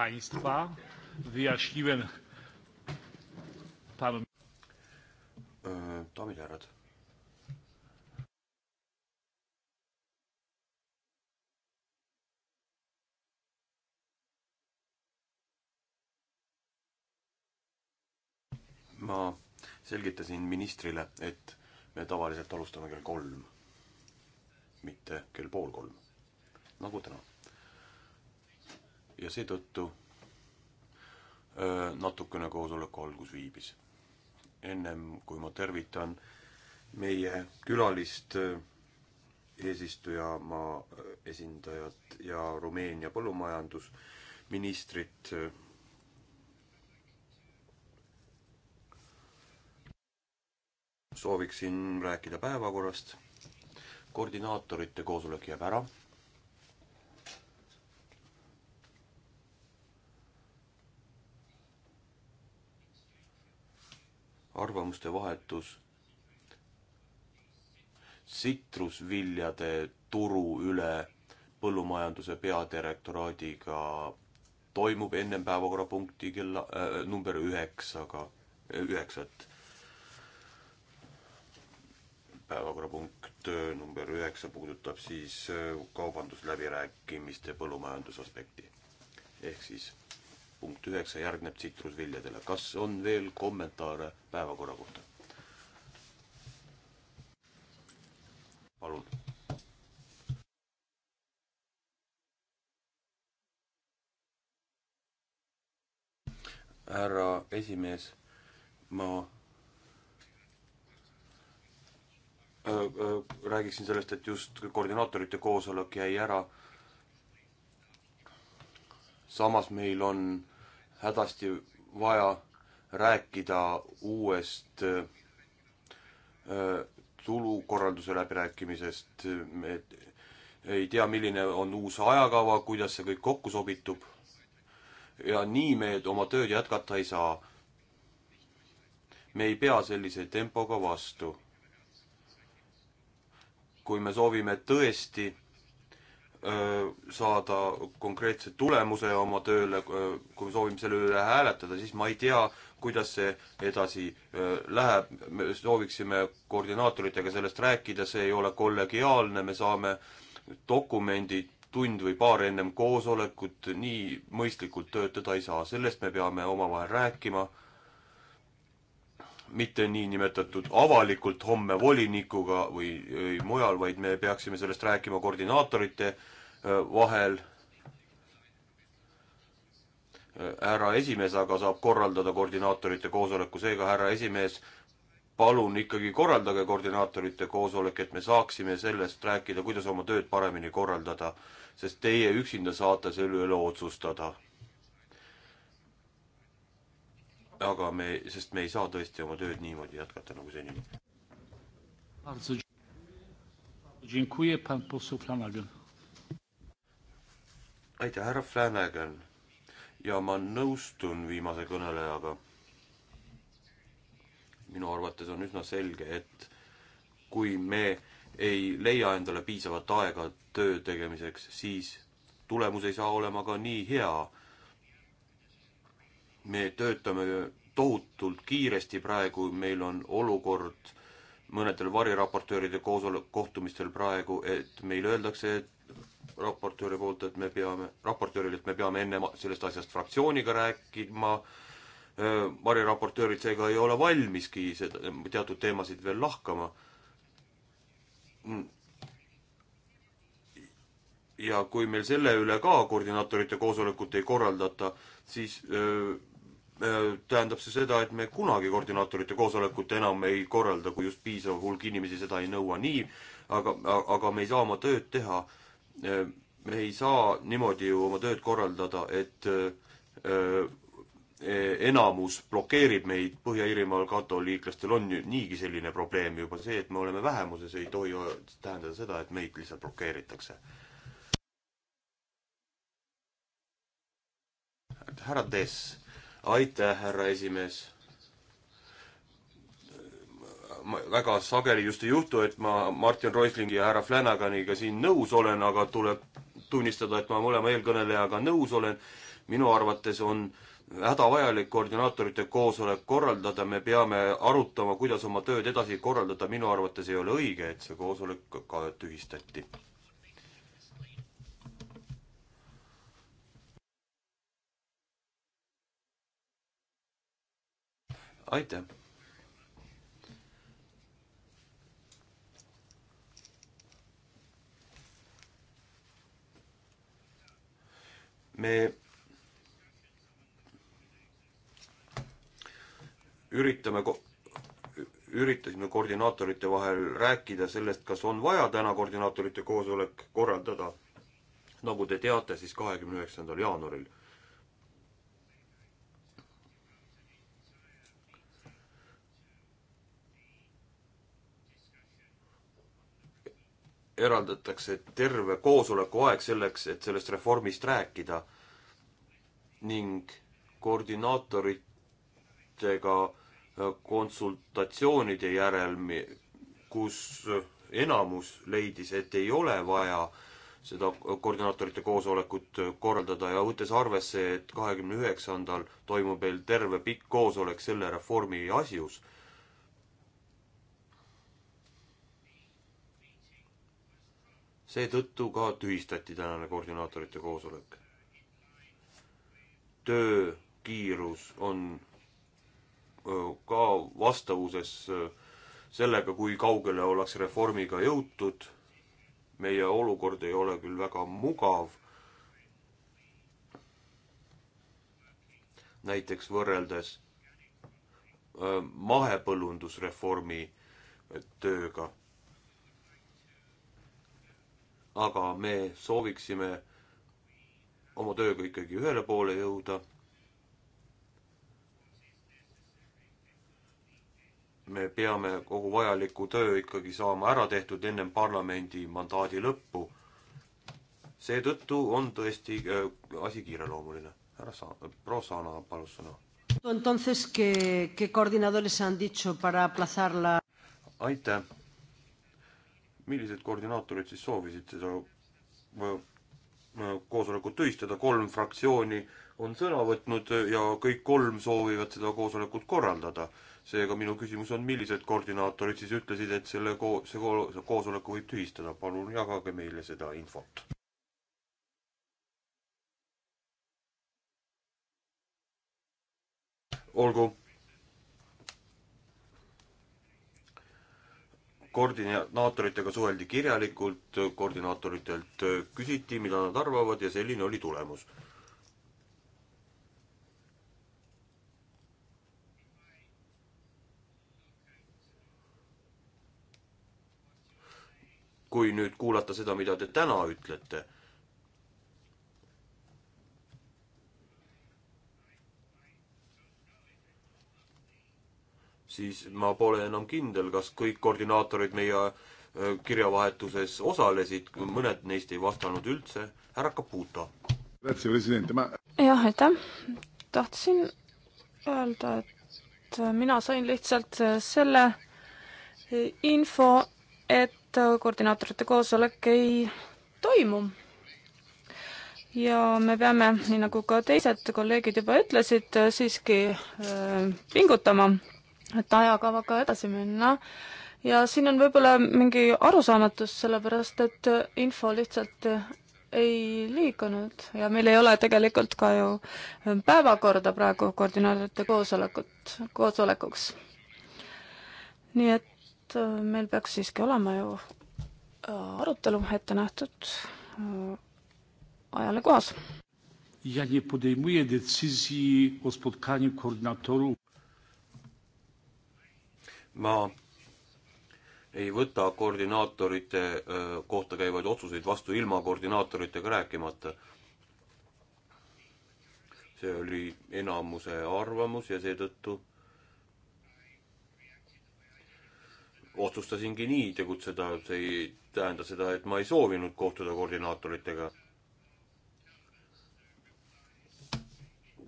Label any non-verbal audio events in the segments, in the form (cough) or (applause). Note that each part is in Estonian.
państwa. Wyjaśniłem panu. Daamid ja härrad. ma selgitasin ministrile, et me tavaliselt alustame kell kolm, mitte kell pool kolm, nagu täna ja seetõttu natukene koosoleku algus viibis. ennem kui ma tervitan meie külalist, eesistuja, maa esindajat ja Rumeenia põllumajandusministrit, sooviksin rääkida päevakorrast. koordinaatorite koosolek jääb ära arvamuste vahetus tsitrusviljade turu üle põllumajanduse peadirektoraadiga toimub ennem päevakorrapunkti kella äh, number üheksaga, äh, üheksat. päevakorrapunkt äh, number üheksa puudutab siis äh, kaubandusläbirääkimiste põllumajandusaspekti. ehk siis punkt üheksa järgneb tsitrusviljadele. kas on veel kommentaare päevakorra kohta? palun. härra esimees, ma äh, äh, räägiksin sellest, et just koordinaatorite koosolek jäi ära. samas meil on hädasti vaja rääkida uuest äh, tulukorralduse läbirääkimisest, me ei tea, milline on uus ajakava, kuidas see kõik kokku sobitub. ja nii me oma tööd jätkata ei saa. me ei pea sellise tempoga vastu. kui me soovime tõesti Äh, saada konkreetse tulemuse oma tööle, äh, kui me soovime selle üle hääletada, siis ma ei tea, kuidas see edasi äh, läheb, me sooviksime koordinaatoritega sellest rääkida, see ei ole kollegiaalne, me saame dokumendid tund või paar ennem koosolekut, nii mõistlikult töötada ei saa, sellest me peame omavahel rääkima, mitte niinimetatud avalikult homme volinikuga või, või mujal, vaid me peaksime sellest rääkima koordinaatorite äh, vahel härra esimees aga saab korraldada koordinaatorite koosoleku, seega härra esimees, palun ikkagi korraldage koordinaatorite koosolek, et me saaksime sellest rääkida, kuidas oma tööd paremini korraldada, sest teie üksinda saate selle üle otsustada. aga me, sest me ei saa tõesti oma tööd niimoodi jätkata nagu senini. Dziękuję pan poseł Flanagan aitäh, härra Flanagan. ja ma nõustun viimase kõnelejaga. minu arvates on üsna selge, et kui me ei leia endale piisavat aega töö tegemiseks, siis tulemus ei saa olema ka nii hea. me töötame tohutult kiiresti praegu, meil on olukord mõnedel variraportööride koosolek-, kohtumistel praegu, et meile öeldakse, et raportööri poolt, et me peame, raportöörilt me peame enne sellest asjast fraktsiooniga rääkima, variraportöörid seega ei ole valmiski seda, teatud teemasid veel lahkama. ja kui meil selle üle ka koordinaatorite koosolekut ei korraldata, siis öö, tähendab see seda, et me kunagi koordinaatorite koosolekut enam ei korralda, kui just piisav hulk inimesi seda ei nõua nii, aga, aga me ei saa oma tööd teha me ei saa niimoodi ju oma tööd korraldada, et äh, e-, enamus blokeerib meid, Põhja-Iirimaal katoliiklastel on ju niigi selline probleem juba see, et me oleme vähemuses, ei tohi tähendada seda, et meid lihtsalt blokeeritakse. härra Dess, aitäh, härra esimees väga sageli just ei juhtu, et ma Martin Roislingi ja härra Flanaganiga siin nõus olen, aga tuleb tunnistada, et ma mõlema eelkõnelejaga nõus olen. minu arvates on hädavajalik koordinaatorite koosolek korraldada, me peame arutama, kuidas oma tööd edasi korraldada, minu arvates ei ole õige, et see koosolek ka tühistati. aitäh! me üritame ko-, üritasime koordinaatorite vahel rääkida sellest, kas on vaja täna koordinaatorite koosolek korraldada. nagu te teate, siis kahekümne üheksandal jaanuaril eraldatakse terve koosoleku aeg selleks, et sellest reformist rääkida ning koordinaatoritega konsultatsioonide järel, kus enamus leidis, et ei ole vaja seda koordinaatorite koosolekut korraldada ja võttes arvesse, et kahekümne üheksandal toimub veel terve pikk koosolek selle reformi asjus seetõttu ka tühistati tänane koordinaatorite koosolek. töö kiirus on ka vastavuses sellega, kui kaugele ollakse reformiga jõutud. meie olukord ei ole küll väga mugav. näiteks võrreldes mahepõllundusreformi tööga aga me sooviksime oma tööga ikkagi ühele poole jõuda. me peame kogu vajaliku töö ikkagi saama ära tehtud ennem parlamendi mandaadi lõppu. seetõttu on tõesti äh, asi kiireloomuline. härra Sa-, äh, proua Sana palus sõna. Entonces, ¿qué, qué coordinadores han dicho para aplazar la? Aitäh millised koordinaatorid siis soovisid seda äh, äh, koosolekut tühistada, kolm fraktsiooni on sõna võtnud ja kõik kolm soovivad seda koosolekut korraldada. seega minu küsimus on, millised koordinaatorid siis ütlesid, et selle ko-, see ko-, koosoleku võib tühistada, palun jagage meile seda infot. olgu koordinaatoritega suheldi kirjalikult, koordinaatoritelt küsiti, mida nad arvavad ja selline oli tulemus. kui nüüd kuulata seda, mida te täna ütlete siis ma pole enam kindel, kas kõik koordinaatorid meie kirjavahetuses osalesid, mõned neist ei vastanud üldse. härra Caputo. jah, aitäh. tahtsin öelda, et mina sain lihtsalt selle info, et koordinaatorite koosolek ei toimu. ja me peame, nii nagu ka teised kolleegid juba ütlesid, siiski pingutama et ajakavaga edasi minna ja siin on võib-olla mingi arusaamatus, sellepärast et info lihtsalt ei liikunud ja meil ei ole tegelikult ka ju päevakorda praegu koordinaatorite koosolekut, koosolekuks. nii et äh, meil peaks siiski olema ju äh, arutelu ette nähtud äh, ajale kohas ma ei võta koordinaatorite kohta käivaid otsuseid vastu ilma koordinaatoritega rääkimata. see oli enamuse arvamus ja seetõttu otsustasingi nii tegutseda, see ei tähenda seda, et ma ei soovinud kohtuda koordinaatoritega.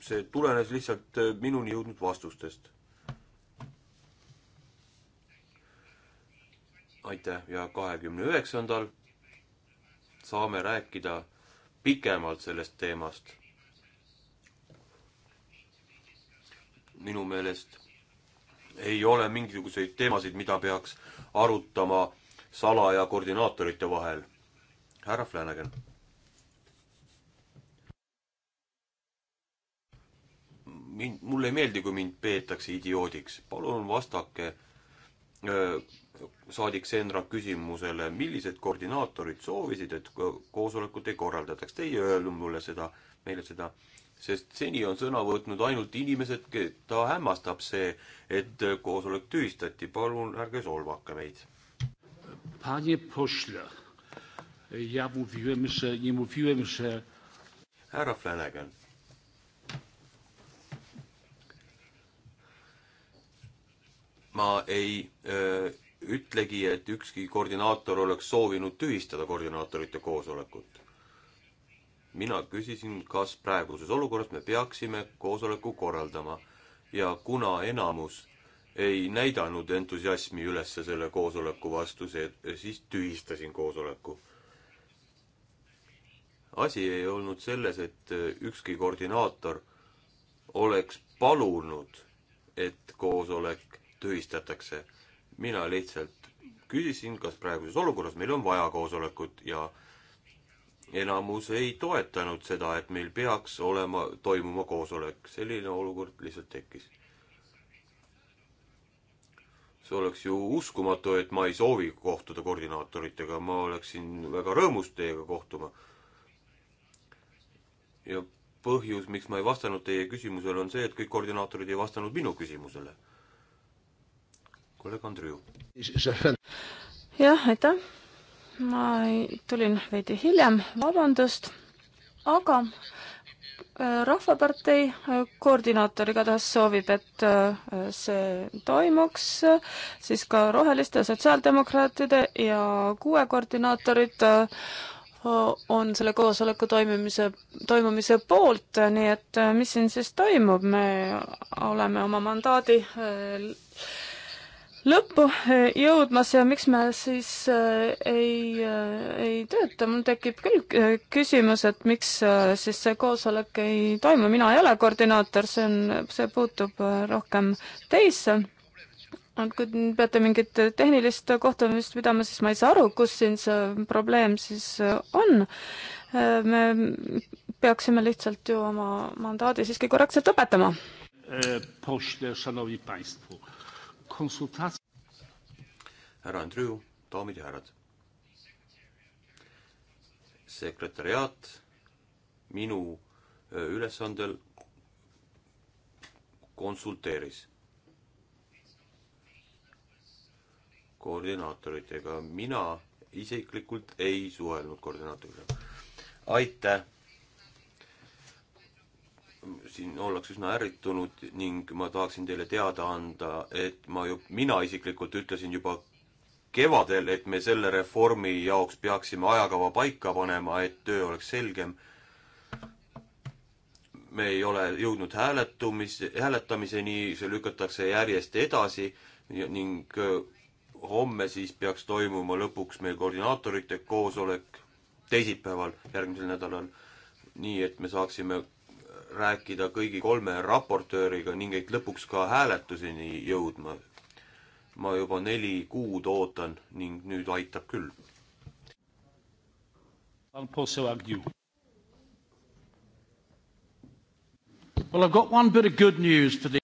see tulenes lihtsalt minuni jõudnud vastustest aitäh ja kahekümne üheksandal saame rääkida pikemalt sellest teemast. minu meelest ei ole mingisuguseid teemasid, mida peaks arutama salaja koordinaatorite vahel. härra Flanagan. mind, mulle ei meeldi, kui mind peetakse idioodiks. palun vastake Äh, saadik Senra küsimusele, millised koordinaatorid soovisid, et koosolekut ei korraldataks. Teie öelge mulle seda, meile seda, sest seni on sõna võtnud ainult inimesed, keda hämmastab see, et koosolek tühistati. palun ärge solvake meid. härra Flanagan ma ei öö, ütlegi, et ükski koordinaator oleks soovinud tühistada koordinaatorite koosolekut. mina küsisin, kas praeguses olukorras me peaksime koosoleku korraldama ja kuna enamus ei näidanud entusiasmi üles selle koosoleku vastu, see, siis tühistasin koosoleku. asi ei olnud selles, et ükski koordinaator oleks palunud, et koosolek tühistatakse. mina lihtsalt küsisin, kas praeguses olukorras meil on vaja koosolekut ja enamus ei toetanud seda, et meil peaks olema, toimuma koosolek. selline olukord lihtsalt tekkis. see oleks ju uskumatu, et ma ei soovi kohtuda koordinaatoritega, ma oleksin väga rõõmus teiega kohtuma. ja põhjus, miks ma ei vastanud teie küsimusele, on see, et kõik koordinaatorid ei vastanud minu küsimusele kolleeg Andreu. jah, aitäh. ma tulin veidi hiljem, vabandust, aga äh, Rahvapartei äh, koordinaator igatahes soovib, et äh, see toimuks, siis ka Roheliste, Sotsiaaldemokraatide ja kuue koordinaatorid on selle koosoleku toimimise, toimumise poolt, nii et mis siin siis toimub, me oleme oma mandaadi lõppu eh, jõudmas ja miks me siis eh, ei, eh, ei tööta, mul tekib küll küsimus, et miks siis see koosolek ei toimu, mina ei ole koordinaator, see on, see puutub rohkem teisse. et kui peate mingit tehnilist kohtumist pidama, siis ma ei saa aru, kus siin see probleem siis on. me peaksime lihtsalt ju oma mandaadi siiski korrektselt õpetama. Pośle, szanowni państwo, konsultatsioon. härra Andreu, daamid ja härrad. sekretäriaat minu ülesandel konsulteeris koordinaatoritega, mina isiklikult ei suhelnud koordinaatoriga. aitäh siin ollakse üsna ärritunud ning ma tahaksin teile teada anda, et ma ju, mina isiklikult ütlesin juba kevadel, et me selle reformi jaoks peaksime ajakava paika panema, et töö oleks selgem. me ei ole jõudnud hääletumis, hääletamiseni, see lükatakse järjest edasi ning äh, homme siis peaks toimuma lõpuks meil koordinaatorite koosolek teisipäeval, järgmisel nädalal, nii et me saaksime rääkida kõigi kolme raportööriga ning et lõpuks ka hääletuseni jõudma. ma juba neli kuud ootan ning nüüd aitab küll. Well, I've got one bit of good news for the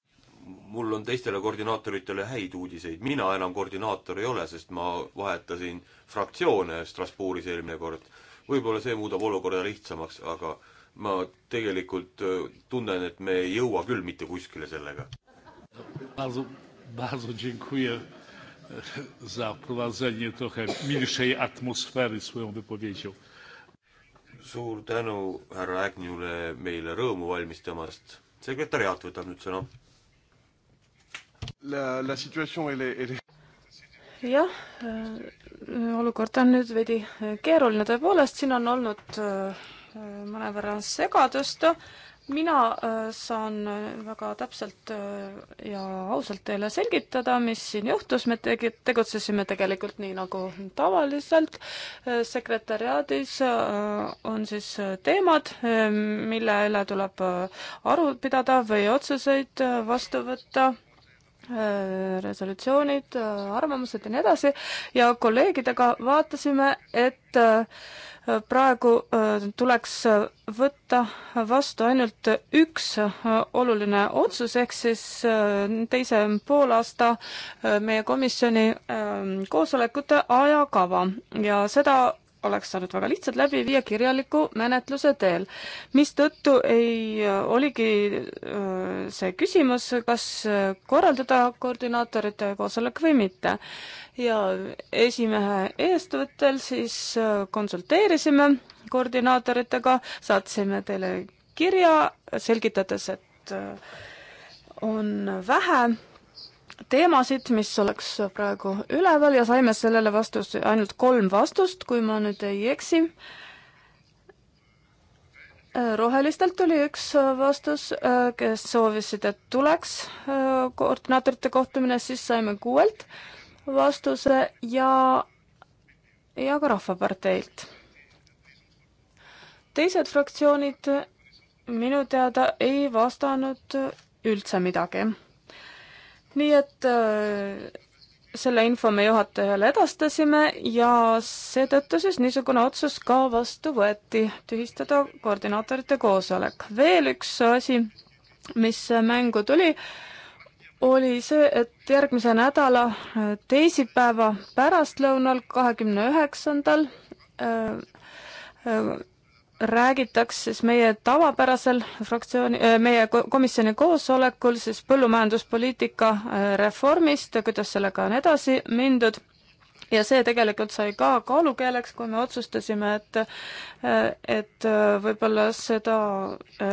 mul on teistele koordinaatoritele häid uudiseid, mina enam koordinaator ei ole, sest ma vahetasin fraktsioone Strasbourgis eelmine kord. võib-olla see muudab olukorda lihtsamaks, aga äh, ma tegelikult äh, tunnen, et me ei jõua küll mitte kuskile sellega. E, suur tänu härra Ägnule meile rõõmu valmistamast. sekretäriaat võtab nüüd sõna. La, la situation elle est, elle est jah, e, olukord on nüüd veidi keeruline, tõepoolest, siin on olnud e, mõnevõrra segadust. mina äh, saan äh, väga täpselt äh, ja ausalt teile selgitada, mis siin juhtus, me tegi-, tegutsesime tegelikult nii, nagu tavaliselt. sekretäriaadis on siis teemad, mille üle tuleb aru pidada või otsuseid vastu võtta resolutsioonid, arvamused ja nii edasi ja kolleegidega vaatasime, et praegu äh, tuleks äh, võtta vastu ainult üks äh, oluline otsus, ehk siis teise poolaasta meie komisjoni ähm, koosolekute ajakava ja seda oleks saanud väga lihtsalt läbi viia kirjaliku menetluse teel, mistõttu ei äh, oligi äh, see küsimus, kas äh, korraldada koordinaatorite koosolek või mitte. ja esimehe eestvõttel siis konsulteerisime koordinaatoritega, saatsime teile kirja selgitades, et on vähe teemasid, mis oleks praegu üleval ja saime sellele vastuse, ainult kolm vastust, kui ma nüüd ei eksi. rohelistelt oli üks vastus, kes soovisid, et tuleks äh, koordinaatorite kohtumine, siis saime kuuelt vastuse ja, ja ka Rahvaparteilt. teised fraktsioonid minu teada ei vastanud üldse midagi nii et äh, selle info me juhatajale edastasime ja seetõttu siis niisugune otsus ka vastu võeti, tühistada koordinaatorite koosolek. veel üks asi, mis mängu tuli, oli see, et järgmise nädala äh, teisipäeva pärastlõunal, kahekümne üheksandal, äh, räägitakse siis meie tavapärasel fraktsiooni, äh, meie komisjoni koosolekul siis põllumajanduspoliitika äh, reformist, kuidas sellega on edasi mindud ja see tegelikult sai ka kaalukeeleks, kui me otsustasime, et äh, et võib-olla seda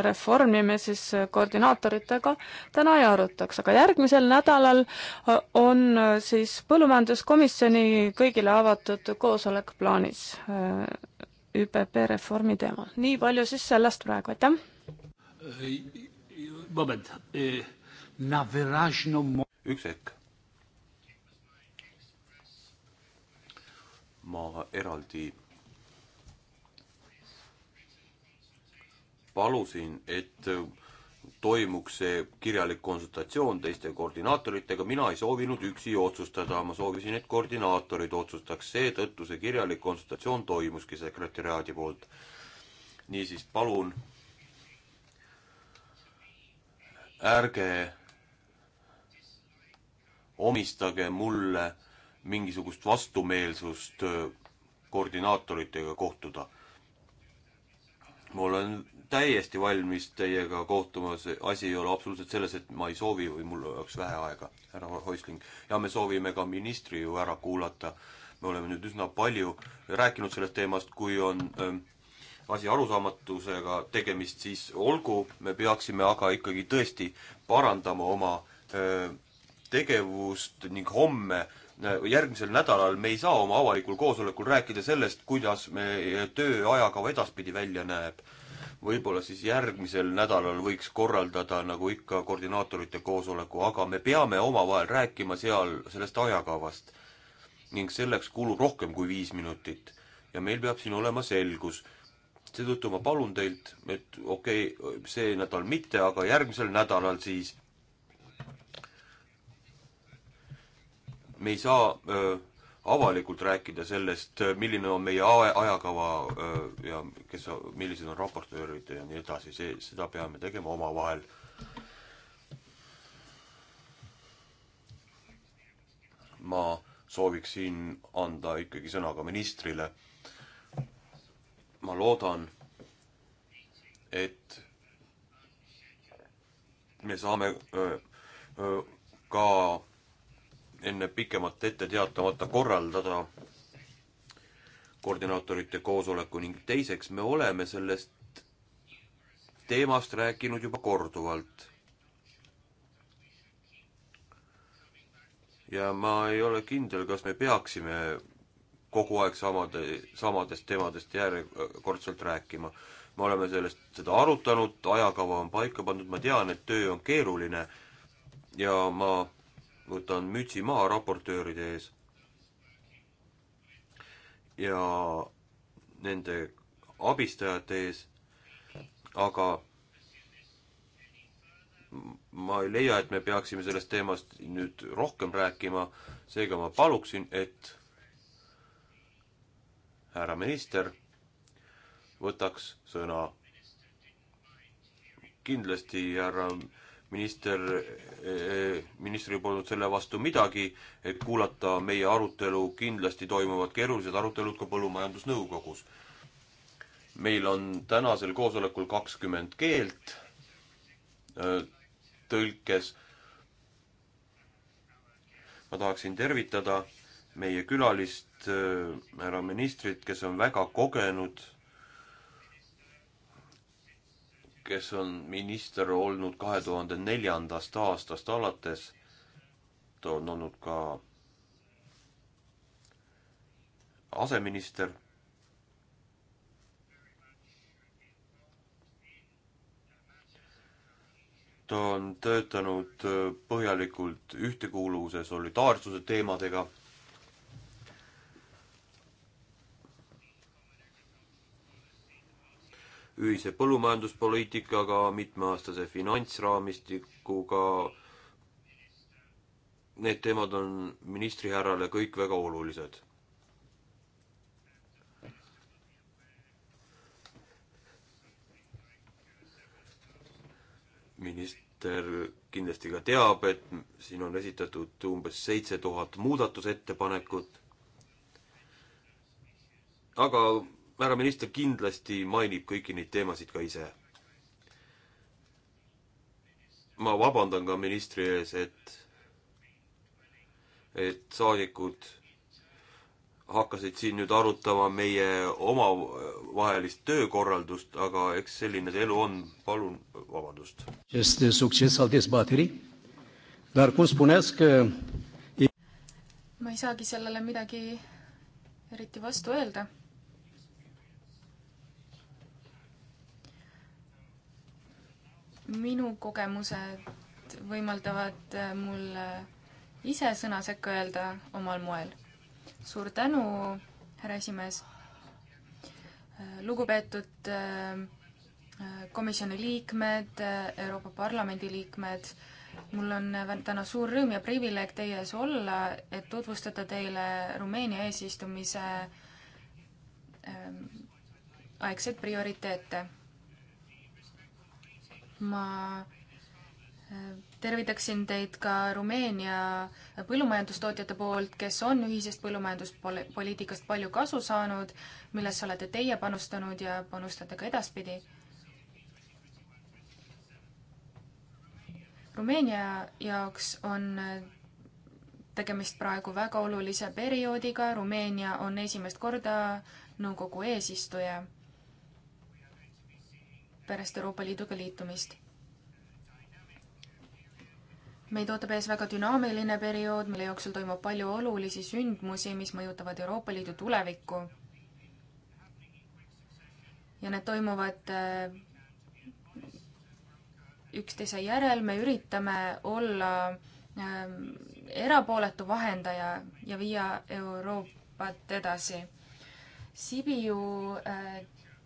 reformi me siis koordinaatoritega täna ei arutaks, aga järgmisel nädalal on siis põllumajanduskomisjoni kõigile avatud koosolek plaanis ÜPP reformi teemal. nii palju siis sellest praegu, aitäh! Äh, moment, äh, na wyraźną... Üks hetk. Ma eraldi palusin, et toimuks see kirjalik konsultatsioon teiste koordinaatoritega, mina ei soovinud üksi otsustada, ma soovisin, et koordinaatorid otsustaks, seetõttu see kirjalik konsultatsioon toimuski sekretäriaadi poolt. niisiis, palun ärge omistage mulle mingisugust vastumeelsust koordinaatoritega kohtuda. ma olen täiesti valmis teiega kohtuma, see asi ei ole absoluutselt selles, et ma ei soovi või mul oleks vähe aega, härra Häusling. ja me soovime ka ministri ju ära kuulata. me oleme nüüd üsna palju rääkinud sellest teemast, kui on ähm, asi arusaamatusega tegemist, siis olgu, me peaksime aga ikkagi tõesti parandama oma öö, ähm, tegevust ning homme, äh, järgmisel nädalal me ei saa oma avalikul koosolekul rääkida sellest, kuidas meie tööajakava edaspidi välja näeb võib-olla siis järgmisel nädalal võiks korraldada nagu ikka koordinaatorite koosoleku, aga me peame omavahel rääkima seal sellest ajakavast. ning selleks kulub rohkem kui viis minutit ja meil peab siin olema selgus. seetõttu ma palun teilt, et okei okay,, see nädal mitte, aga järgmisel nädalal siis me ei saa öö, avalikult rääkida sellest, milline on meie ajakava ja kes, millised on raportöörid ja nii edasi, see, seda peame tegema omavahel. ma sooviksin anda ikkagi sõna ka ministrile. ma loodan, et me saame öö, öö, ka enne pikemat ette teatamata korraldada koordinaatorite koosoleku ning teiseks, me oleme sellest teemast rääkinud juba korduvalt. ja ma ei ole kindel, kas me peaksime kogu aeg samade, samadest teemadest järjekordselt rääkima. me oleme sellest, seda arutanud, ajakava on paika pandud, ma tean, et töö on keeruline ja ma võtan mütsi maha raportööride ees ja nende abistajate ees, aga ma ei leia, et me peaksime sellest teemast nüüd rohkem rääkima, seega ma paluksin, et härra minister võtaks sõna. kindlasti härra minister, eh, ministril polnud selle vastu midagi, et kuulata meie arutelu, kindlasti toimuvad keerulised arutelud ka Põllumajandusnõukogus. meil on tänasel koosolekul kakskümmend keelt eh, tõlkes. ma tahaksin tervitada meie külalist, eh, härra ministrit, kes on väga kogenud kes on minister olnud kahe tuhande neljandast aastast alates. ta on olnud ka aseminister. ta on töötanud põhjalikult ühtekuuluvuse solidaarsuse teemadega ühise põllumajanduspoliitikaga, mitmeaastase finantsraamistikuga. Need teemad on ministrihärrale kõik väga olulised. minister kindlasti ka teab, et siin on esitatud umbes seitse tuhat muudatusettepanekut. aga härra minister kindlasti mainib kõiki neid teemasid ka ise. ma vabandan ka ministri ees, et, et saadikud hakkasid siin nüüd arutama meie omavahelist töökorraldust, aga eks selline see elu on, palun vabandust. E- ma ei saagi sellele midagi eriti vastu öelda minu kogemused võimaldavad äh, mul äh, ise sõna sekka öelda omal moel. suur tänu, härra esimees. Äh, lugupeetud komisjoni liikmed, Euroopa Parlamendi liikmed, mul on täna suur rõõm ja privileeg teie ees olla, et tutvustada teile Rumeenia eesistumise ähm, aegseid prioriteete ma äh, tervitaksin teid ka Rumeenia põllumajandustootjate poolt, kes on ühisest põllumajanduspoliitikast palju kasu saanud, millesse olete teie panustanud ja panustate ka edaspidi. Rumeenia jaoks on äh, tegemist praegu väga olulise perioodiga, Rumeenia on esimest korda nõukogu eesistuja pärast Euroopa Liiduga liitumist. meid ootab ees väga dünaamiline periood, mille jooksul toimub palju olulisi sündmusi, mis mõjutavad Euroopa Liidu tulevikku. ja need toimuvad äh, üksteise järel, me üritame olla äh, erapooletu vahendaja ja viia Euroopat edasi Sibiu äh,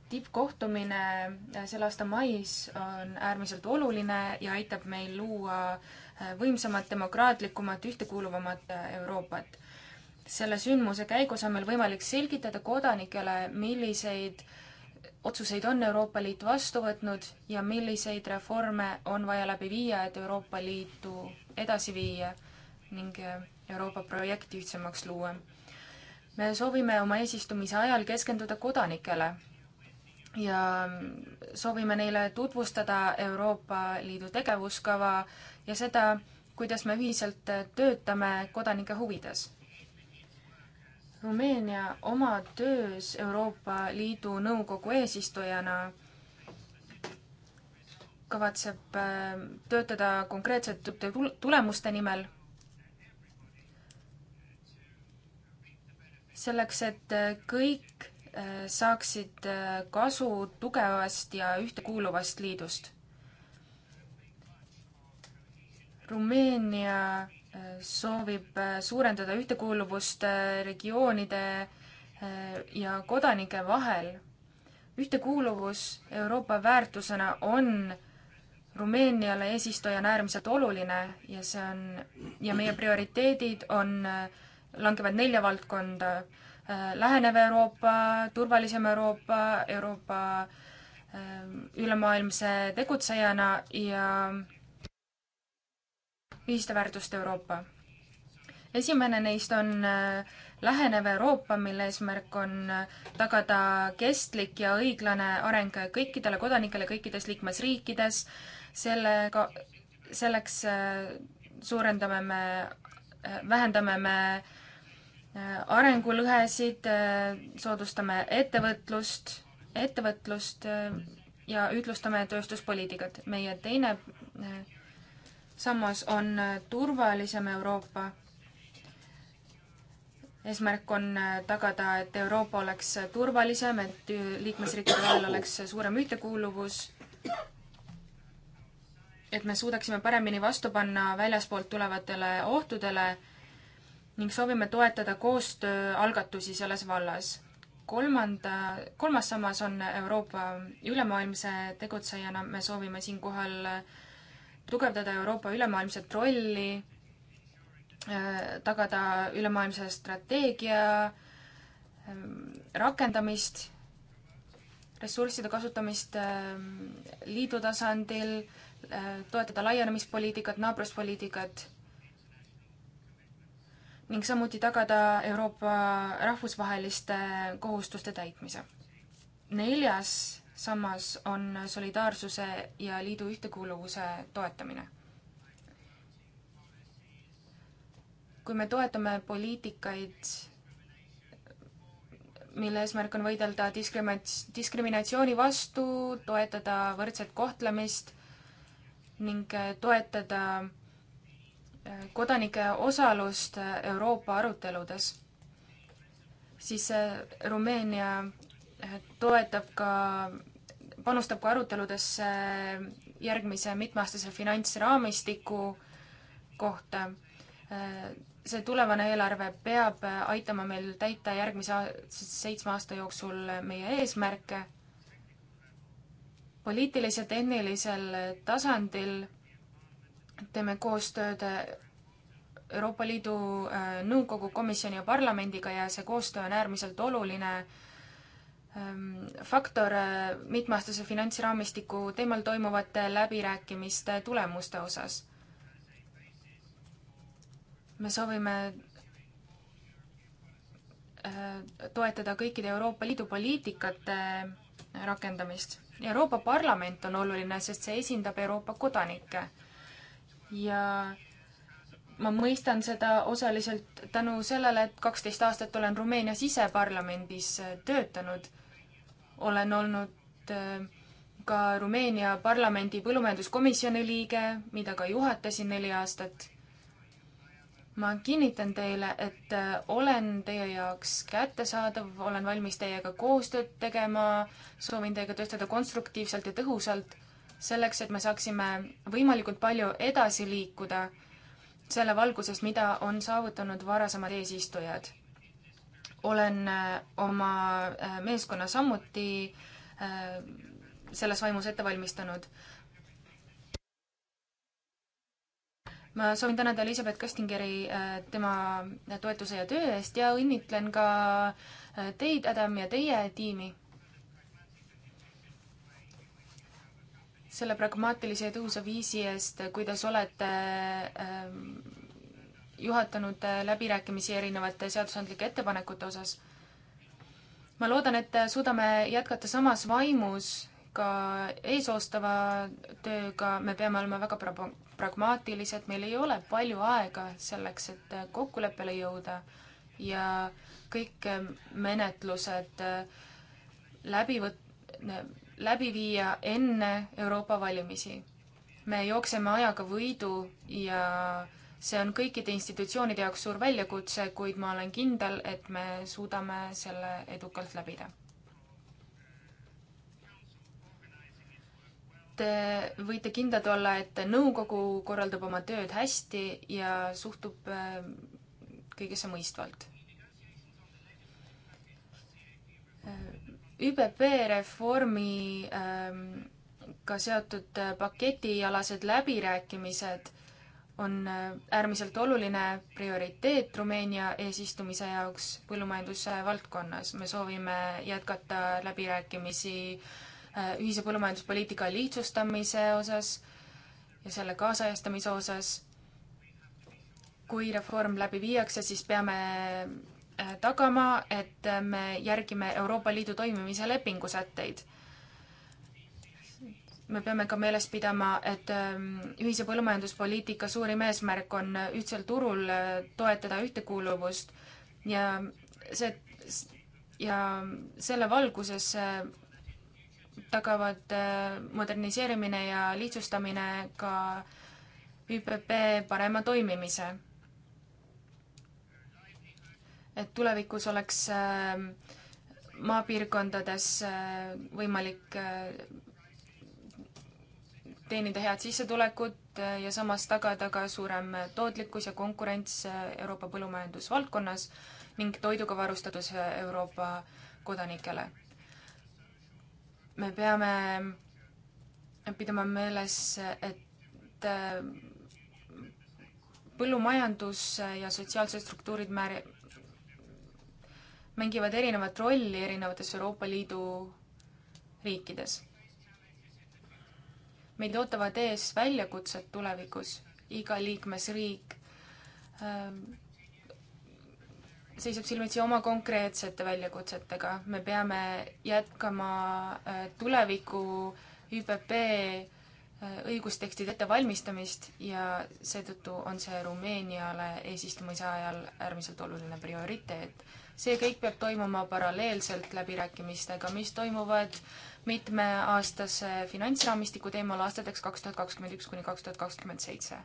tippkohtumine äh, selle aasta mais on äärmiselt oluline ja aitab meil luua äh, võimsamat, demokraatlikumat, ühtekuuluvamat äh, Euroopat. selle sündmuse käigus on meil võimalik selgitada kodanikele, milliseid otsuseid on Euroopa Liit vastu võtnud ja milliseid reforme on vaja läbi viia, et Euroopa Liitu edasi viia ning Euroopa projekti ühtsemaks luua. me soovime oma eesistumise ajal keskenduda kodanikele ja soovime neile tutvustada Euroopa Liidu tegevuskava ja seda, kuidas me ühiselt töötame kodanike huvides. Rumeenia oma töös Euroopa Liidu Nõukogu eesistujana kavatseb äh, töötada konkreetsete tulemuste nimel. selleks, et kõik Äh, saaksid äh, kasu tugevast ja ühtekuuluvast liidust. Rumeenia äh, soovib suurendada ühtekuuluvust regioonide ja kodanike vahel. ühtekuuluvus Euroopa väärtusena on Rumeeniale eesistujana äärmiselt oluline ja see on, ja meie prioriteedid on, langevad nelja valdkonda Äh, lähenev Euroopa, turvalisem Euroopa, Euroopa äh, ülemaailmse tegutsejana ja ühiste väärtuste Euroopa. esimene neist on äh, lähenev Euroopa, mille eesmärk on tagada kestlik ja õiglane areng kõikidele kodanikele kõikides liikmesriikides. sellega, selleks suurendame me, vähendame me arengulõhesid, äh, soodustame ettevõtlust, ettevõtlust äh, ja ühtlustame tööstuspoliitikat. meie teine äh, sammas on turvalisem Euroopa. eesmärk on tagada, et Euroopa oleks turvalisem, et liikmesriikide vahel oleks suurem ühtekuuluvus, et me suudaksime paremini vastu panna väljaspoolt tulevatele ohtudele ning soovime toetada koostööalgatusi selles vallas. kolmanda, kolmas sammas on Euroopa ülemaailmse tegutsejana, me soovime siinkohal äh, tugevdada Euroopa ülemaailmset rolli, äh, tagada ülemaailmse strateegia äh, rakendamist, ressursside kasutamist liidu tasandil, toetada laienemispoliitikat, naabruspoliitikat ning samuti tagada Euroopa rahvusvaheliste kohustuste täitmise. neljas sammas on solidaarsuse ja liidu ühtekuuluvuse toetamine. kui me toetame poliitikaid, mille eesmärk on võidelda diskrimi-, diskriminatsiooni vastu, toetada võrdset kohtlemist ning toetada kodanike osalust Euroopa aruteludes, siis Rumeenia eh, toetab ka, panustab ka aruteludesse järgmise mitmeaastase finantsraamistiku kohta. Eh, see tulevane eelarve peab aitama meil täita järgmise seitsme aasta jooksul meie eesmärke poliitilis- ja tehnilisel tasandil teeme koostööd Euroopa Liidu äh, Nõukogu, komisjoni ja parlamendiga ja see koostöö on äärmiselt oluline ähm, faktor äh, mitmeaastase finantsraamistiku teemal toimuvate läbirääkimiste tulemuste osas. me soovime äh, toetada kõikide Euroopa Liidu poliitikate rakendamist. Euroopa Parlament on oluline, sest see esindab Euroopa kodanikke ja ma mõistan seda osaliselt tänu sellele, et kaksteist aastat olen Rumeenias ise parlamendis äh, töötanud. olen olnud äh, ka Rumeenia parlamendi põllumajanduskomisjoni liige, mida ka juhatasin neli aastat. ma kinnitan teile, et äh, olen teie jaoks kättesaadav, olen valmis teiega koostööd tegema, soovin teiega töötada konstruktiivselt ja tõhusalt selleks, et me saaksime võimalikult palju edasi liikuda selle valguses, mida on saavutanud varasemad eesistujad. olen äh, oma äh, meeskonna samuti äh, selles vaimus ette valmistanud. ma soovin tänada Elizabeth Köstingeri tema toetuse ja töö eest ja õnnitlen ka teid, Adam, ja teie tiimi selle pragmaatilise ja tõhusa viisi eest, kuidas olete ähm, juhatanud äh, läbirääkimisi erinevate seadusandlike ettepanekute osas. ma loodan, et suudame jätkata samas vaimus ka eesoostava tööga, me peame olema väga pragmaatilised, meil ei ole palju aega selleks, et äh, kokkuleppele jõuda ja kõik äh, menetlused läbi võt-, läbi viia enne Euroopa valimisi. me jookseme ajaga võidu ja see on kõikide institutsioonide jaoks suur väljakutse, kuid ma olen kindel, et me suudame selle edukalt läbida. Te võite kindlad olla, et nõukogu korraldab oma tööd hästi ja suhtub äh, kõigesse mõistvalt äh, ÜBB reformi ähm, ka seotud äh, paketialased läbirääkimised on äh, äärmiselt oluline prioriteet Rumeenia eesistumise jaoks põllumajanduse valdkonnas. me soovime jätkata läbirääkimisi äh, ühise põllumajanduspoliitika lihtsustamise osas ja selle kaasajastamise osas. kui reform läbi viiakse, siis peame Äh, tagama, et me järgime Euroopa Liidu toimimise lepingu sätteid. me peame ka meeles pidama, et ähm, ühise põllumajanduspoliitika suurim eesmärk on äh, ühtsel turul äh, toetada ühtekuuluvust ja see ja selle valguses tagavad moderniseerimine ja lihtsustamine ka ÜPP parema toimimise et tulevikus oleks ähm, maapiirkondades äh, võimalik äh, teenida head sissetulekut äh, ja samas tagada ka suurem tootlikkus ja konkurents Euroopa põllumajandusvaldkonnas ning toiduga varustatus Euroopa kodanikele. me peame pidama meeles, et põllumajandus ja sotsiaalsed struktuurid määr-, mängivad erinevat rolli erinevates Euroopa Liidu riikides. meid ootavad ees väljakutsed tulevikus, iga liikmesriik ähm, seisab silmitsi oma konkreetsete väljakutsetega, me peame jätkama äh, tuleviku ÜPP äh, õigustekstide ettevalmistamist ja seetõttu on see Rumeeniale eesistumise ajal äärmiselt oluline prioriteet see kõik peab toimuma paralleelselt läbirääkimistega, mis toimuvad mitmeaastase finantsraamistiku teemal aastateks kaks tuhat kakskümmend üks kuni kaks tuhat kakskümmend seitse.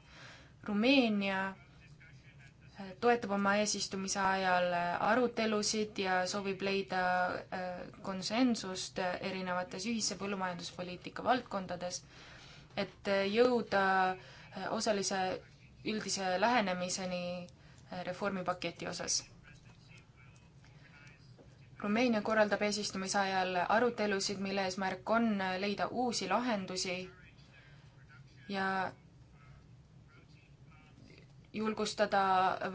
Rumeenia eh, toetab oma eesistumise ajal eh, arutelusid ja soovib leida eh, konsensust erinevates ühise põllumajanduspoliitika valdkondades, et jõuda osalise üldise lähenemiseni reformipaketi osas Rumeenia korraldab eesistumise ajal arutelusid, mille eesmärk on leida uusi lahendusi ja julgustada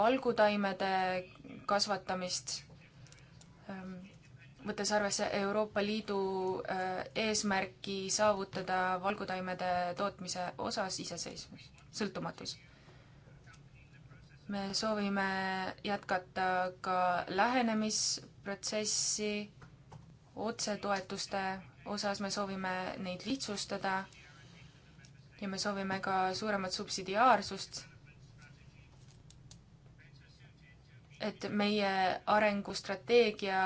valgutaimede kasvatamist, ehm, võttes arvesse Euroopa Liidu eh, eesmärki saavutada valgutaimede tootmise osas iseseisvus, sõltumatus me soovime jätkata ka lähenemisprotsessi otsetoetuste osas, me soovime neid lihtsustada ja me soovime ka suuremat subsidiaarsust. et meie arengustrateegia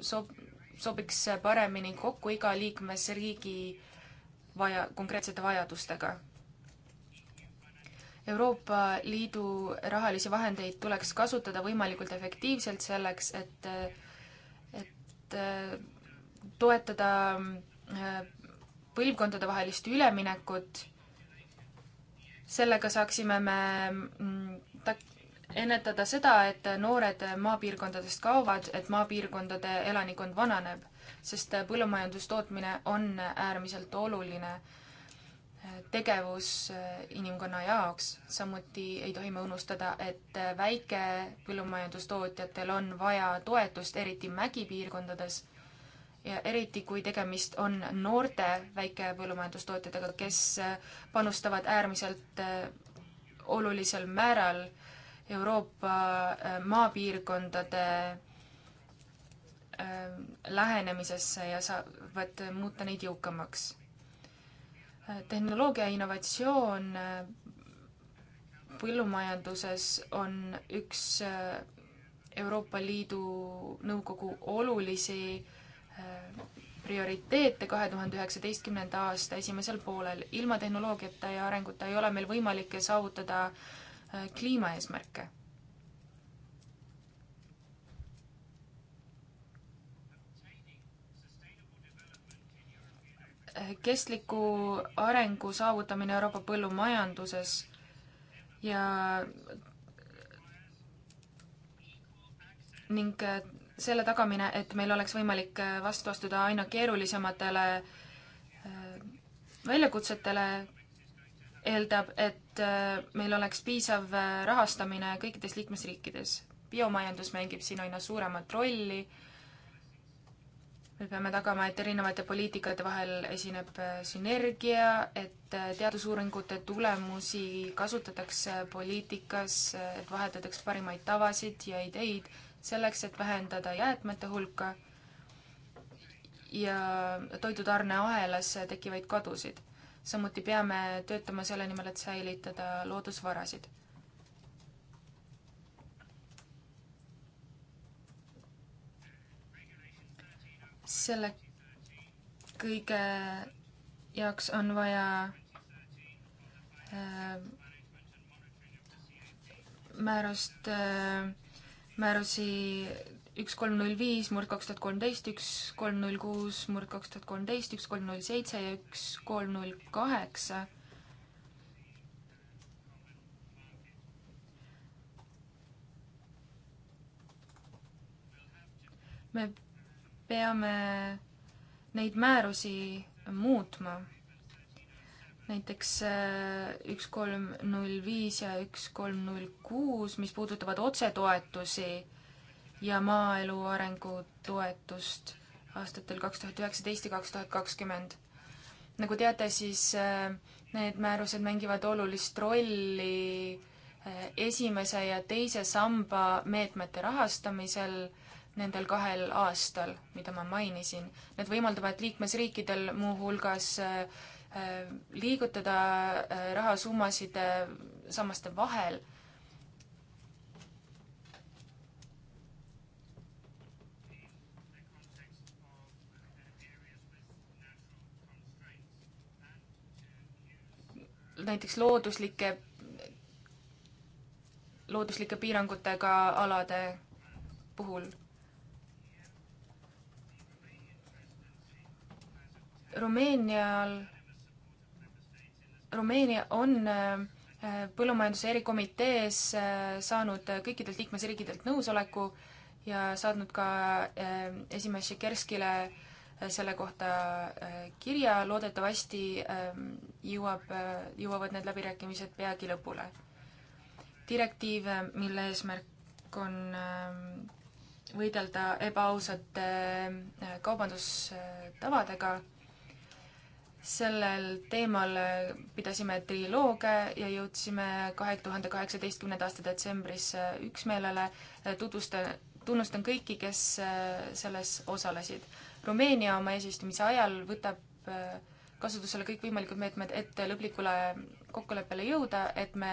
sob-, sobiks paremini kokku iga liikmesriigi vaja, konkreetsete vajadustega Euroopa Liidu rahalisi vahendeid tuleks kasutada võimalikult efektiivselt selleks, et, et äh, toetada äh, põlvkondadevahelist üleminekut. sellega saaksime me mm, tak-, ennetada seda, et noored maapiirkondadest kaovad, et maapiirkondade elanikkond vananeb, sest põllumajandustootmine on äärmiselt oluline tegevus äh, inimkonna jaoks. samuti ei tohi me unustada, et äh, väikepõllumajandustootjatel on vaja toetust, eriti mägipiirkondades. ja eriti, kui tegemist on noorte väikepõllumajandustootjatega, kes äh, panustavad äärmiselt olulisel määral Euroopa maapiirkondade lähenemisesse ja saavad muuta neid jõukamaks tehnoloogia innovatsioon äh, põllumajanduses on üks äh, Euroopa Liidu Nõukogu olulisi äh, prioriteete kahe tuhande üheksateistkümnenda aasta esimesel poolel. ilma tehnoloogiata ja arenguta ei ole meil võimalik saavutada kliimaeesmärke kestliku arengu saavutamine Euroopa põllumajanduses ja ning äh, selle tagamine, et meil oleks võimalik äh, vastu astuda aina keerulisematele äh, väljakutsetele, eeldab, et meil oleks piisav rahastamine kõikides liikmesriikides. biomajandus mängib siin aina suuremat rolli me peame tagama, et erinevate poliitikate vahel esineb äh, sünergia, et äh, teadusuuringute tulemusi kasutatakse poliitikas, äh, et vahetatakse parimaid tavasid ja ideid selleks, et vähendada jäätmete hulka ja toidutarneahelas tekkivaid kadusid. samuti peame töötama selle nimel, et säilitada loodusvarasid selle kõige jaoks on vaja äh, määrust äh,, määrusi üks kolm null viis murd kaks tuhat kolmteist, üks kolm null kuus murd kaks tuhat kolmteist, üks kolm null seitse ja üks kolm null kaheksa. me peame neid määrusi muutma. näiteks äh, üks kolm null viis ja üks kolm null kuus, mis puudutavad otsetoetusi ja maaelu arengu toetust aastatel kaks tuhat üheksateist ja kaks tuhat kakskümmend. nagu teate, siis äh, need määrused mängivad olulist rolli äh, esimese ja teise samba meetmete rahastamisel nendel kahel aastal, mida ma mainisin. Need võimaldavad liikmesriikidel muuhulgas äh, äh, liigutada äh, rahasummasid sammaste vahel. näiteks looduslike, looduslike piirangutega alade puhul Rumeenial, Rumeenia on äh, põllumajanduse erikomitees äh, saanud kõikidelt liikmesriikidelt nõusoleku ja saatnud ka äh, esimees Šikerskile selle kohta kirja, loodetavasti ähm, jõuab, jõuavad need läbirääkimised peagi lõpule. direktiiv, mille eesmärk on ähm, võidelda ebaausate kaubandustavadega sellel teemal pidasime trilooge ja jõudsime kahe tuhande kaheksateistkümnenda aasta detsembris äh, üksmeelele. Äh, tutvustan, tunnustan kõiki, kes äh, selles osalesid. Rumeenia oma eesistumise ajal võtab kasutusele kõikvõimalikud meetmed, et lõplikule kokkuleppele jõuda, et me,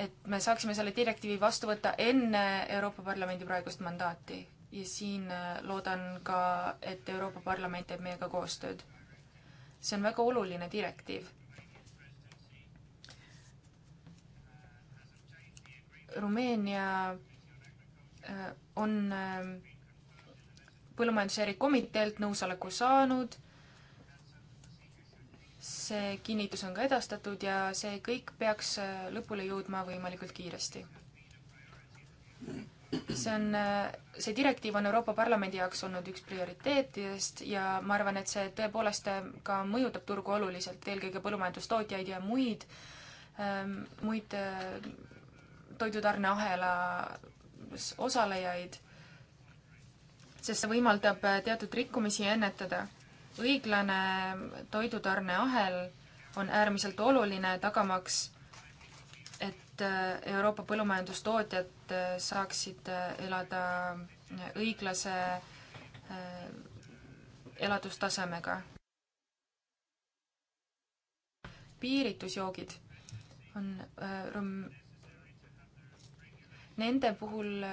et me saaksime selle direktiivi vastu võtta enne Euroopa Parlamendi praegust mandaati. ja siin loodan ka, et Euroopa Parlament teeb meiega koostööd see on väga oluline direktiiv. Rumeenia äh, on äh, põllumajanduse erikomiteelt nõusoleku saanud. see kinnitus on ka edastatud ja see kõik peaks äh, lõpule jõudma võimalikult kiiresti see on, see direktiiv on Euroopa Parlamendi jaoks olnud üks prioriteetidest ja ma arvan, et see tõepoolest ka mõjutab turgu oluliselt, eelkõige põllumajandustootjaid ja muid, ähm, muid äh, toidutarneahelas osalejaid, sest see võimaldab äh, teatud rikkumisi ennetada. õiglane toidutarneahel on äärmiselt oluline, tagamaks et äh, Euroopa põllumajandustootjad äh, saaksid äh, elada õiglase elatustasemega. piiritusjoogid on rum-, nende puhul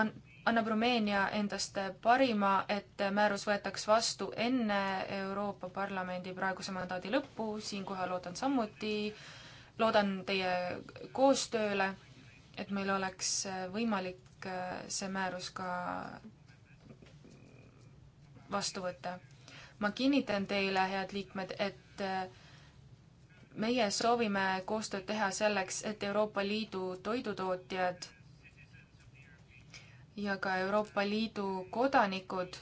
on, annab Rumeenia endast parima, et määrus võetaks vastu enne Euroopa Parlamendi praeguse mandaadi lõppu, siinkohal ootan samuti äh, loodan teie koostööle, et meil oleks äh, võimalik äh, see määrus ka vastu võtta. ma kinnitan teile, head liikmed, et äh, meie soovime koostööd teha selleks, et Euroopa Liidu toidutootjad ja ka Euroopa Liidu kodanikud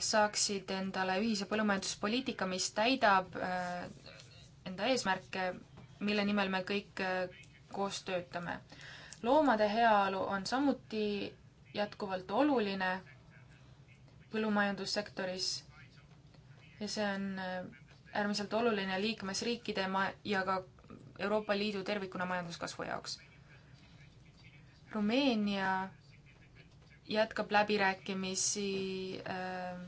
saaksid endale ühise põllumajanduspoliitika, mis täidab enda eesmärke, mille nimel me kõik äh, koos töötame. loomade heaolu on samuti jätkuvalt oluline põllumajandussektoris ja see on äh, äärmiselt oluline liikmesriikide ma- ja ka Euroopa Liidu tervikuna majanduskasvu jaoks. Rumeenia jätkab läbirääkimisi äh,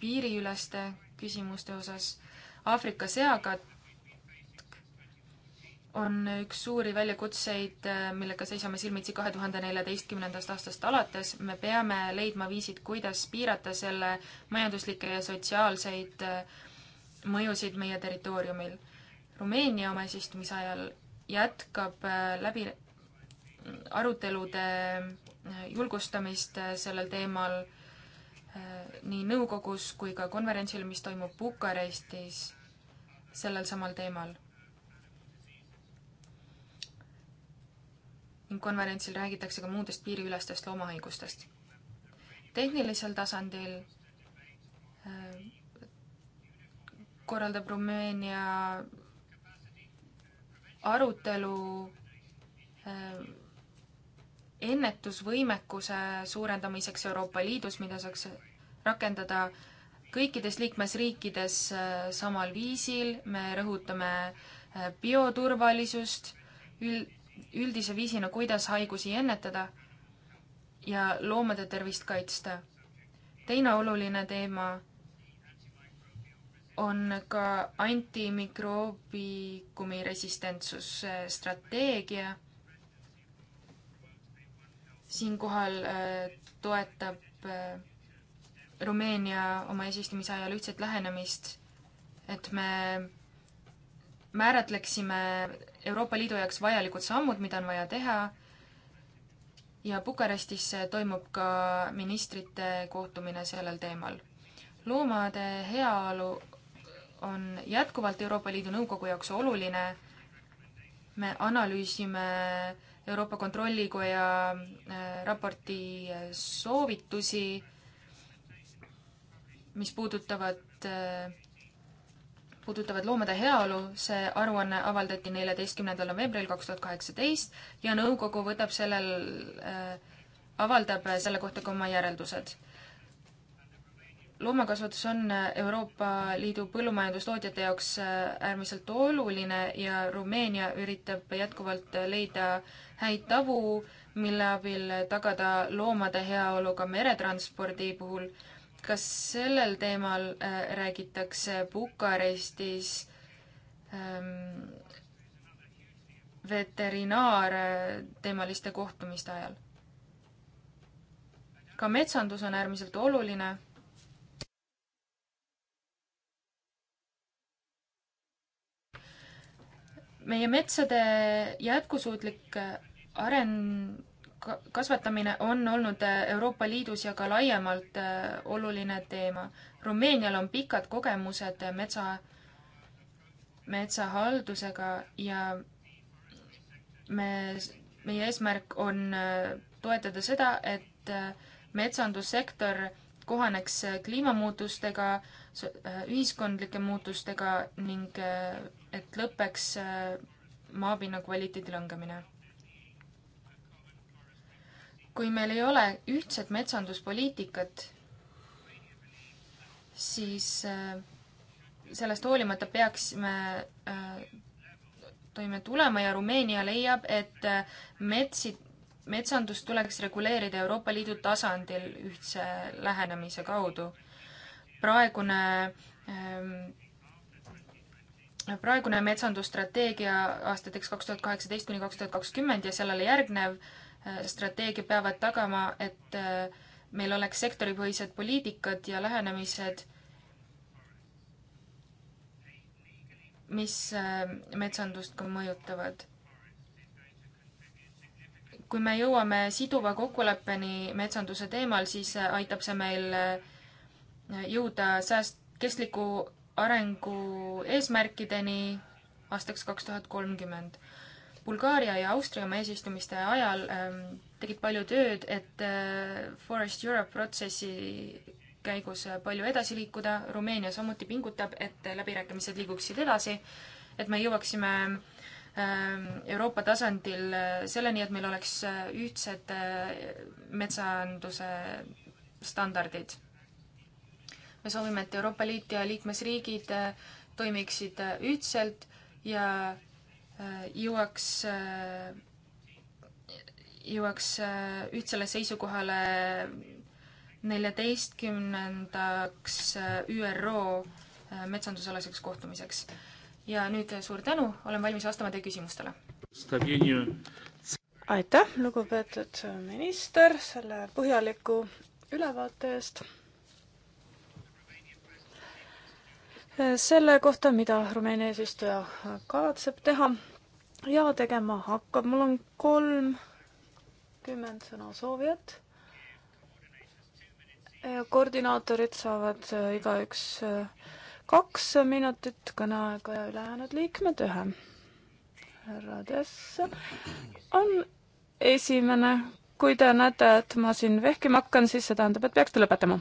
piiriüleste küsimuste osas. Aafrika seakatt on üks suuri väljakutseid, äh, millega seisame silmitsi kahe tuhande neljateistkümnendast aastast alates. me peame leidma viisid, kuidas piirata selle majanduslikke ja sotsiaalseid äh, mõjusid meie territooriumil. Rumeenia oma eesistumise ajal jätkab äh, läbi arutelude julgustamist sellel teemal nii nõukogus kui ka konverentsil, mis toimub Bukarestis sellel samal teemal konverentsil räägitakse ka muudest piiriülestest loomaõigustest. tehnilisel tasandil äh, korraldab Rumeenia arutelu äh, ennetusvõimekuse suurendamiseks Euroopa Liidus, mida saaks rakendada kõikides liikmesriikides äh, samal viisil, me rõhutame bioturvalisust, üld, üldise viisina, kuidas haigusi ennetada ja loomade tervist kaitsta. teine oluline teema on ka antimikroobikumi resistentsus strateegia. siinkohal äh, toetab äh, Rumeenia oma eesistumise ajal ühtset lähenemist, et me määratleksime Euroopa Liidu jaoks vajalikud sammud, mida on vaja teha ja Bukarestis toimub ka ministrite kohtumine sellel teemal. loomade heaolu on jätkuvalt Euroopa Liidu Nõukogu jaoks oluline. me analüüsime Euroopa Kontrollikoja äh, raporti äh, soovitusi, mis puudutavad äh, puudutavad loomade heaolu, see aruanne avaldati neljateistkümnendal novembril kaks tuhat kaheksateist ja nõukogu võtab sellel äh,, avaldab selle kohta ka oma järeldused. loomakasvatus on Euroopa Liidu põllumajandustootjate jaoks äh, äärmiselt oluline ja Rumeenia üritab jätkuvalt leida häid tavu, mille abil tagada loomade heaolu ka meretranspordi puhul kas sellel teemal äh, räägitakse Bukarestis ähm, veterinaarteemaliste äh, kohtumiste ajal? ka metsandus on äärmiselt oluline meie metsade jätkusuutlik äh, areng kasvatamine on olnud äh, Euroopa Liidus ja ka laiemalt äh, oluline teema. Rumeenial on pikad kogemused äh, metsa, metsahaldusega ja me, meie eesmärk on toetada seda, et metsandussektor kohaneks kliimamuutustega, ühiskondlike muutustega ning et lõpeks maapinna kvaliteedi langemine kui meil ei ole ühtset metsanduspoliitikat, siis äh, sellest hoolimata peaksime äh, toime tulema ja Rumeenia leiab, et äh, metsi, metsandust tuleks reguleerida Euroopa Liidu tasandil ühtse lähenemise kaudu. praegune ähm, praegune metsandusstrateegia aastateks kaks tuhat kaheksateist kuni kaks tuhat kakskümmend ja sellele järgnev äh, Äh, strateegia peavad tagama, et äh, meil oleks sektoripõhised poliitikad ja lähenemised, mis äh, metsandust ka mõjutavad. kui me jõuame siduva kokkuleppeni metsanduse teemal, siis aitab see meil jõuda sääst-, kestliku arengu eesmärkideni aastaks kaks tuhat kolmkümmend Bulgaaria ja Austria oma eesistumiste ajal ähm, tegid palju tööd, et äh, Forest Europe protsessi käigus äh, palju edasi liikuda, Rumeenia samuti pingutab, et äh, läbirääkimised liiguksid edasi, et me jõuaksime ähm, Euroopa tasandil äh, selleni, et meil oleks ühtsed metsanduse standardid. me soovime, et Euroopa Liit ja liikmesriigid toimiksid ühtselt ja Äh, jõuaks, äh, jõuaks äh, ühtsele seisukohale neljateistkümnendaks ÜRO metsandusalaseks kohtumiseks. ja nüüd suur tänu, olen valmis vastama teie küsimustele. aitäh, lugupeetud minister, selle põhjaliku ülevaate eest selle kohta, mida Rumeenia eesistuja kavatseb teha ja tegema hakkab. mul on kolmkümmend sõnasoovijat. koordinaatorid saavad äh, igaüks äh, kaks minutit kõneaega ja ülejäänud liikmed ühe. härra Tess on esimene. kui te näete, et ma siin vehkima hakkan, siis see tähendab, et peaksite lõpetama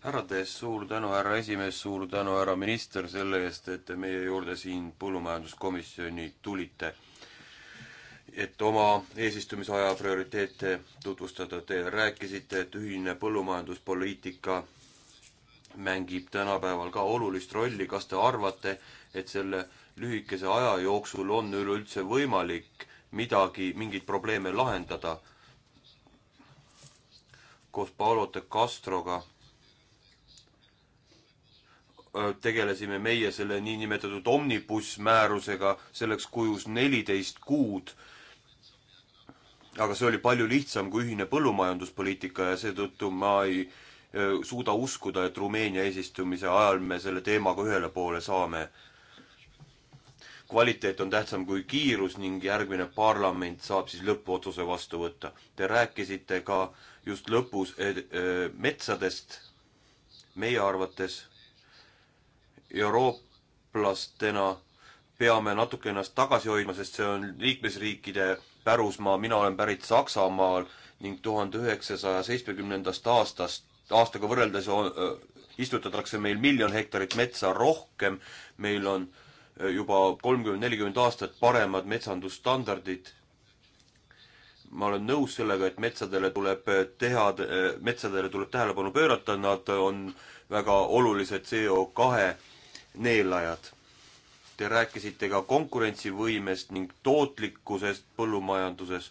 härra Tess, suur tänu, härra esimees, suur tänu, härra minister, selle eest, et te meie juurde siin põllumajanduskomisjoni tulite. et oma eesistumisaja prioriteete tutvustada, te rääkisite, et ühine põllumajanduspoliitika mängib tänapäeval ka olulist rolli, kas te arvate, et selle lühikese aja jooksul on üleüldse võimalik midagi, mingeid probleeme lahendada koos Paolo de Castroga Äh, tegelesime meie selle niinimetatud omnibus määrusega, selleks kujus neliteist kuud. aga see oli palju lihtsam kui ühine põllumajanduspoliitika ja seetõttu ma ei äh, suuda uskuda, et Rumeenia eesistumise ajal me selle teemaga ühele poole saame. kvaliteet on tähtsam kui kiirus ning järgmine parlament saab siis lõppotsuse vastu võtta. Te rääkisite ka just lõpus et, et, äh, metsadest. meie arvates eurooplastena peame natuke ennast tagasi hoidma, sest see on liikmesriikide pärusmaa, mina olen pärit Saksamaal ning tuhande üheksasaja seitsmekümnendast aastast, aastaga võrreldes on, istutatakse meil miljon hektarit metsa rohkem, meil on juba kolmkümmend, nelikümmend aastat paremad metsandusstandardid. ma olen nõus sellega, et metsadele tuleb teha, metsadele tuleb tähelepanu pöörata, nad on väga olulised CO kahe neelajad. Te rääkisite ka konkurentsivõimest ning tootlikkusest põllumajanduses.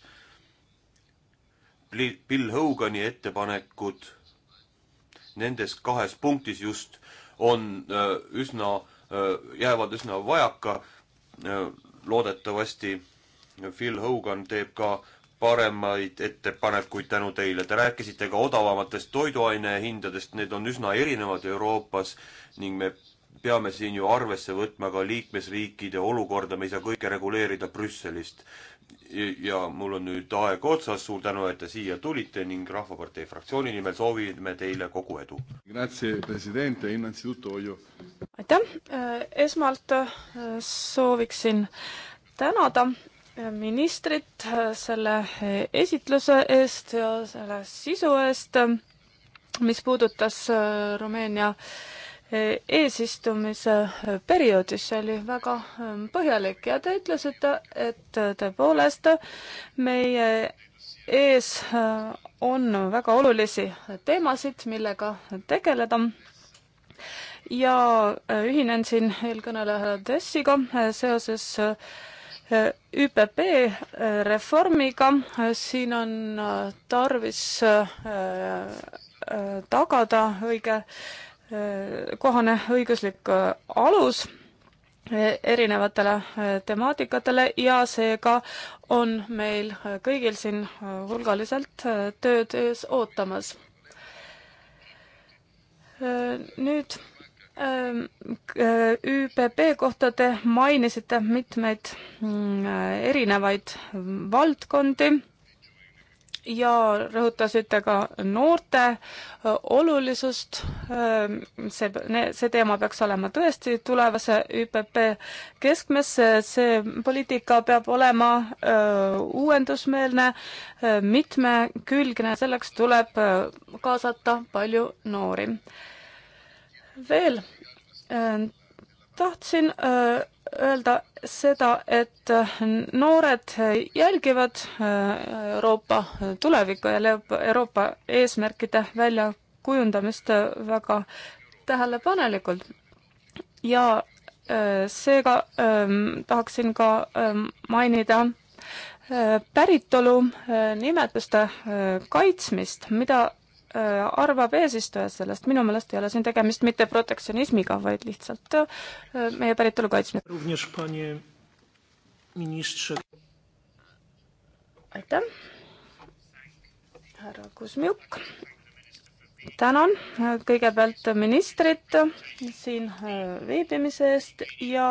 Bill Hogani ettepanekud nendes kahes punktis just on äh, üsna, äh, jäävad üsna vajaka. Äh, loodetavasti Phil Hogan teeb ka paremaid ettepanekuid tänu teile. Te rääkisite ka odavamatest toiduainehindadest, need on üsna erinevad Euroopas ning me peame siin ju arvesse võtma ka liikmesriikide olukorda, me ei saa kõike reguleerida Brüsselist. ja mul on nüüd aeg otsas, suur tänu, et te siia tulite ning Rahvapartei fraktsiooni nimel soovime teile kogu edu. aitäh, äh, esmalt äh, sooviksin tänada äh, ministrit selle esitluse eest ja selle sisu eest, mis puudutas Rumeenia äh, eesistumise perioodis, see oli väga ähm, põhjalik ja te ütlesite, et äh, tõepoolest meie ees äh, on väga olulisi teemasid, millega tegeleda. ja äh, ühinen siin eelkõneleja Tessiga seoses ÜPP reformiga, siin on tarvis tagada õige äh, kohane õiguslik äh, alus äh, erinevatele äh, temaatikatele ja seega on meil kõigil siin hulgaliselt tööd ees ootamas. nüüd ähm, ÜPP kohta te mainisite mitmeid mm, erinevaid mm, valdkondi ja rõhutasite ka noorte äh, olulisust. Ähm, see, see teema peaks olema tõesti tulevase ÜPP keskmes, see poliitika peab olema äh, uuendusmeelne, äh, mitmekülgne, selleks tuleb kaasata palju noori. veel tahtsin äh, öelda seda, et äh, noored jälgivad äh, Euroopa tulevikku ja Euroopa eesmärkide väljakujundamist väga tähelepanelikult. ja seega ähm, tahaksin ka ähm, mainida päritolu nimetuste kaitsmist, mida arvab eesistuja sellest, minu meelest ei ole siin tegemist mitte protektsionismiga, vaid lihtsalt meie päritolu kaitsmisega. aitäh, härra Kuzmjuk tänan äh, kõigepealt ministrit siin äh, viibimise eest ja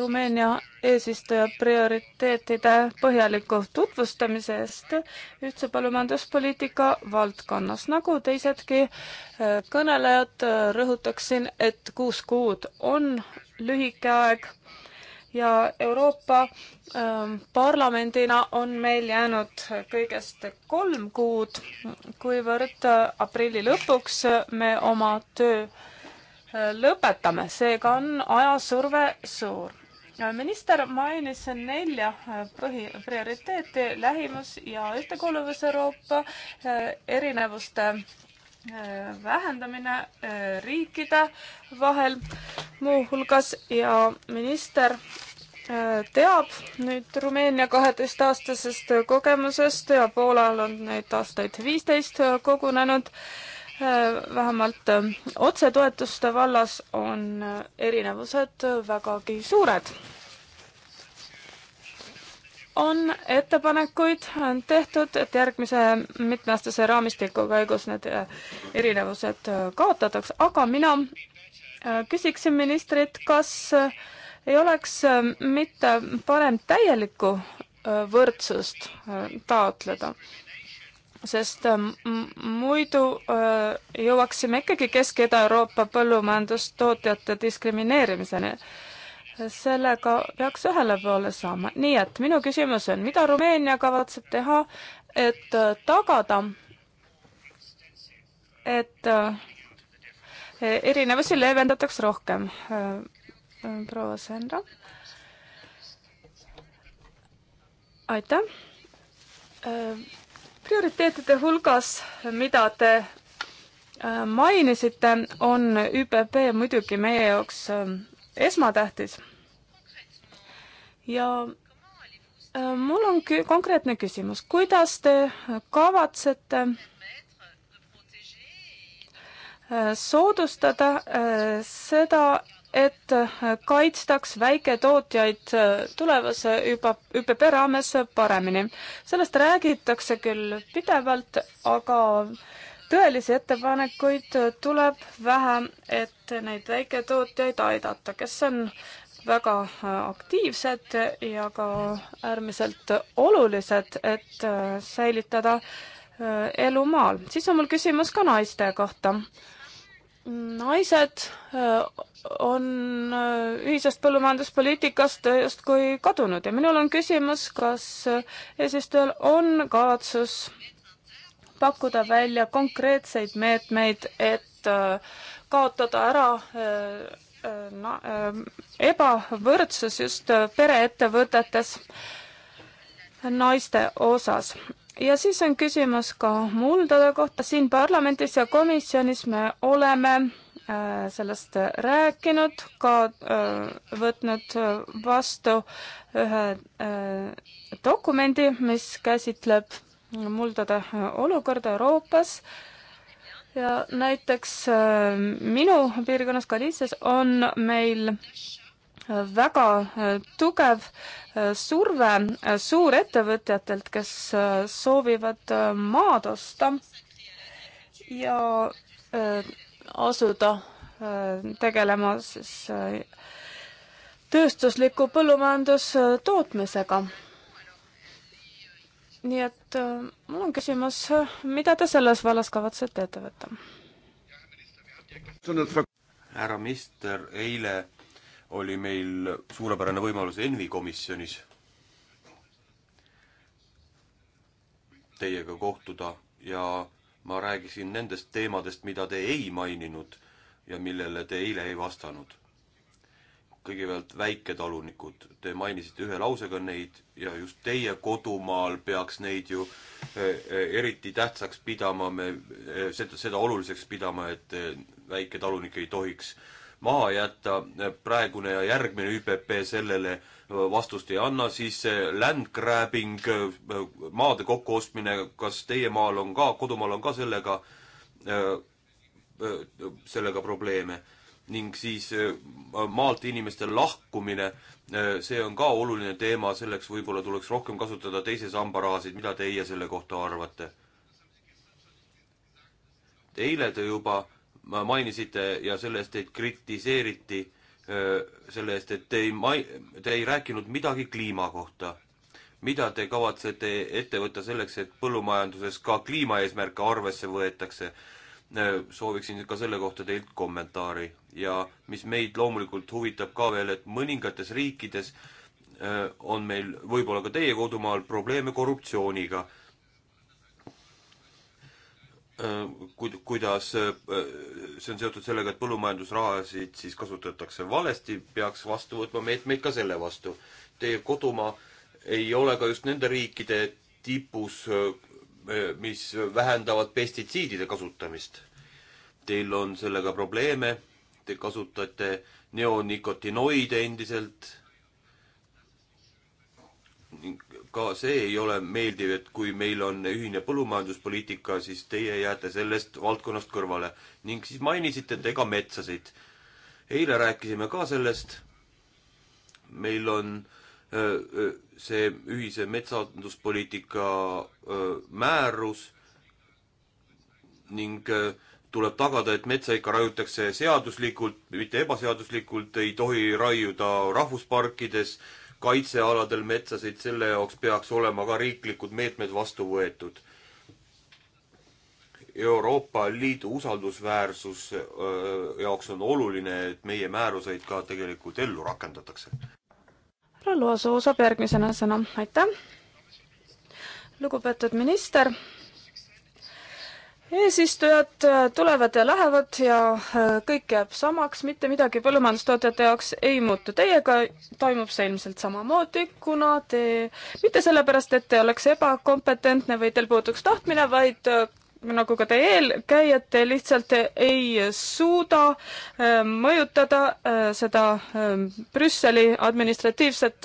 Rumeenia eesistuja prioriteetide põhjaliku tutvustamise eest ühtse põllumajanduspoliitika valdkonnas. nagu teisedki äh, kõnelejad, rõhutaksin, et kuus kuud on lühike aeg ja Euroopa ähm, Parlamendina on meil jäänud kõigest kolm kuud, kuivõrd äh, aprilli lõpuks me oma töö äh, lõpetame, seega on ajasurve suur. Äh, minister mainis nelja põhiprioriteeti, lähimus ja ühtekuuluvus Euroopa, erinevuste Äh, vähendamine äh, riikide vahel muuhulgas ja minister äh, teab nüüd Rumeenia kaheteistaastasest kogemusest ja Poolal on neid aastaid viisteist kogunenud. vähemalt otsetoetuste vallas on erinevused vägagi suured on ettepanekuid on tehtud, et järgmise mitmeaastase raamistiku käigus need äh, erinevused äh, kaotataks, aga mina äh, küsiksin ministrit, kas ei oleks mitte parem täielikku võrdsust taotleda? sest muidu jõuaksime ikkagi Kesk-Ida-Euroopa põllumajandustootjate diskrimineerimiseni sellega peaks ühele poole saama. nii et minu küsimus on, mida Rumeenia kavatseb teha, et äh, tagada, et äh, erinevusi leevendataks rohkem? Äh, proua Sandra. aitäh. prioriteetide hulgas, mida te mainisite, on ÜPP muidugi meie jaoks esmatähtis ja äh, mul on kü-, konkreetne küsimus, kuidas te kavatsete äh, soodustada äh, seda, et kaitstaks väiketootjaid tulevase juba ÜPP raames paremini. sellest räägitakse küll pidevalt, aga tõelisi ettepanekuid tuleb vähe, et neid väiketootjaid aidata, kes on väga äh, aktiivsed ja ka äärmiselt olulised, et äh, säilitada äh, elu maal. siis on mul küsimus ka naiste kohta. naised on ühisest põllumajanduspoliitikast justkui kadunud ja minul on küsimus, kas eesistujal on kavatsus pakkuda välja konkreetseid meetmeid, et kaotada ära Äh, na-, äh, ebavõrdsus just äh, pereettevõtetes naiste osas. ja siis on küsimus ka muldade kohta. siin parlamendis ja komisjonis me oleme sellest rääkinud, ka võtnud vastu ühe dokumendi, mis käsitleb muldade olukorda Euroopas ja näiteks äh, minu piirkonnas Galiitsias on meil äh, väga äh, tugev surve suurettevõtjatelt, kes soovivad maad osta ja asuda tegelema siis tööstusliku põllumajandustootmisega nii et äh, mul on küsimus, mida te selles vallas kavatsete ette võtta? härra minister, eile oli meil suurepärane võimalus ENVI komisjonis teiega kohtuda ja ma rääkisin nendest teemadest, mida te ei maininud ja millele te eile ei vastanud kõigepealt väiketalunikud, te mainisite ühe lausega neid ja just teie kodumaal peaks neid ju eh, eh, eriti tähtsaks pidama, me eh, seda, seda oluliseks pidama, et väiketalunikke ei tohiks maha jätta, praegune ja järgmine ÜPP sellele vastust ei anna, siis see land grabbing, maade kokkuostmine, kas teie maal on ka, kodumaal on ka sellega, sellega probleeme ning siis äh, maalt inimeste lahkumine, äh, see on ka oluline teema, selleks võib-olla tuleks rohkem kasutada teise samba rahasid, mida teie selle kohta arvate? eile te juba mainisite ja selle eest teid kritiseeriti, äh, selle eest, et te ei mai-, te ei rääkinud midagi kliima kohta. mida te kavatsete ette võtta selleks, et põllumajanduses ka kliimaeesmärke arvesse võetakse? Äh, sooviksin ka selle kohta teilt kommentaari ja mis meid loomulikult huvitab ka veel, et mõningates riikides äh, on meil võib-olla ka teie kodumaal probleeme korruptsiooniga. Äh, Kuid-, kuidas, see on seotud sellega, et põllumajandusrahasid siis kasutatakse valesti, peaks vastu võtma meetmeid ka selle vastu. Teie kodumaa ei ole ka just nende riikide tipus Eh, mis vähendavad pestitsiidide kasutamist. Teil on sellega probleeme, te kasutate neonikotinoide endiselt. ka see ei ole meeldiv, et kui meil on ühine põllumajanduspoliitika, siis teie jääte sellest valdkonnast kõrvale ning siis mainisite te ka metsasid. eile rääkisime ka sellest. meil on äh, see ühise metsanduspoliitika määrus ning tuleb tagada, et metsa ikka raiutakse seaduslikult, mitte ebaseaduslikult, ei tohi raiuda rahvusparkides, kaitsealadel metsasid, selle jaoks peaks olema ka riiklikud meetmed vastu võetud. Euroopa Liidu usaldusväärsus öö, jaoks on oluline, et meie määruseid ka tegelikult ellu rakendatakse härra Loasoo saab järgmisena sõna, aitäh. lugupeetud minister eesistujad tulevad ja lähevad ja äh, kõik jääb samaks, mitte midagi põllumajandustootjate jaoks ei muutu. Teiega toimub see ilmselt samamoodi, kuna te, mitte sellepärast, et te oleks ebakompetentne või teil puuduks tahtmine, vaid äh, nagu ka teie eelkäijad lihtsalt ei suuda äh, mõjutada äh, seda äh, Brüsseli administratiivset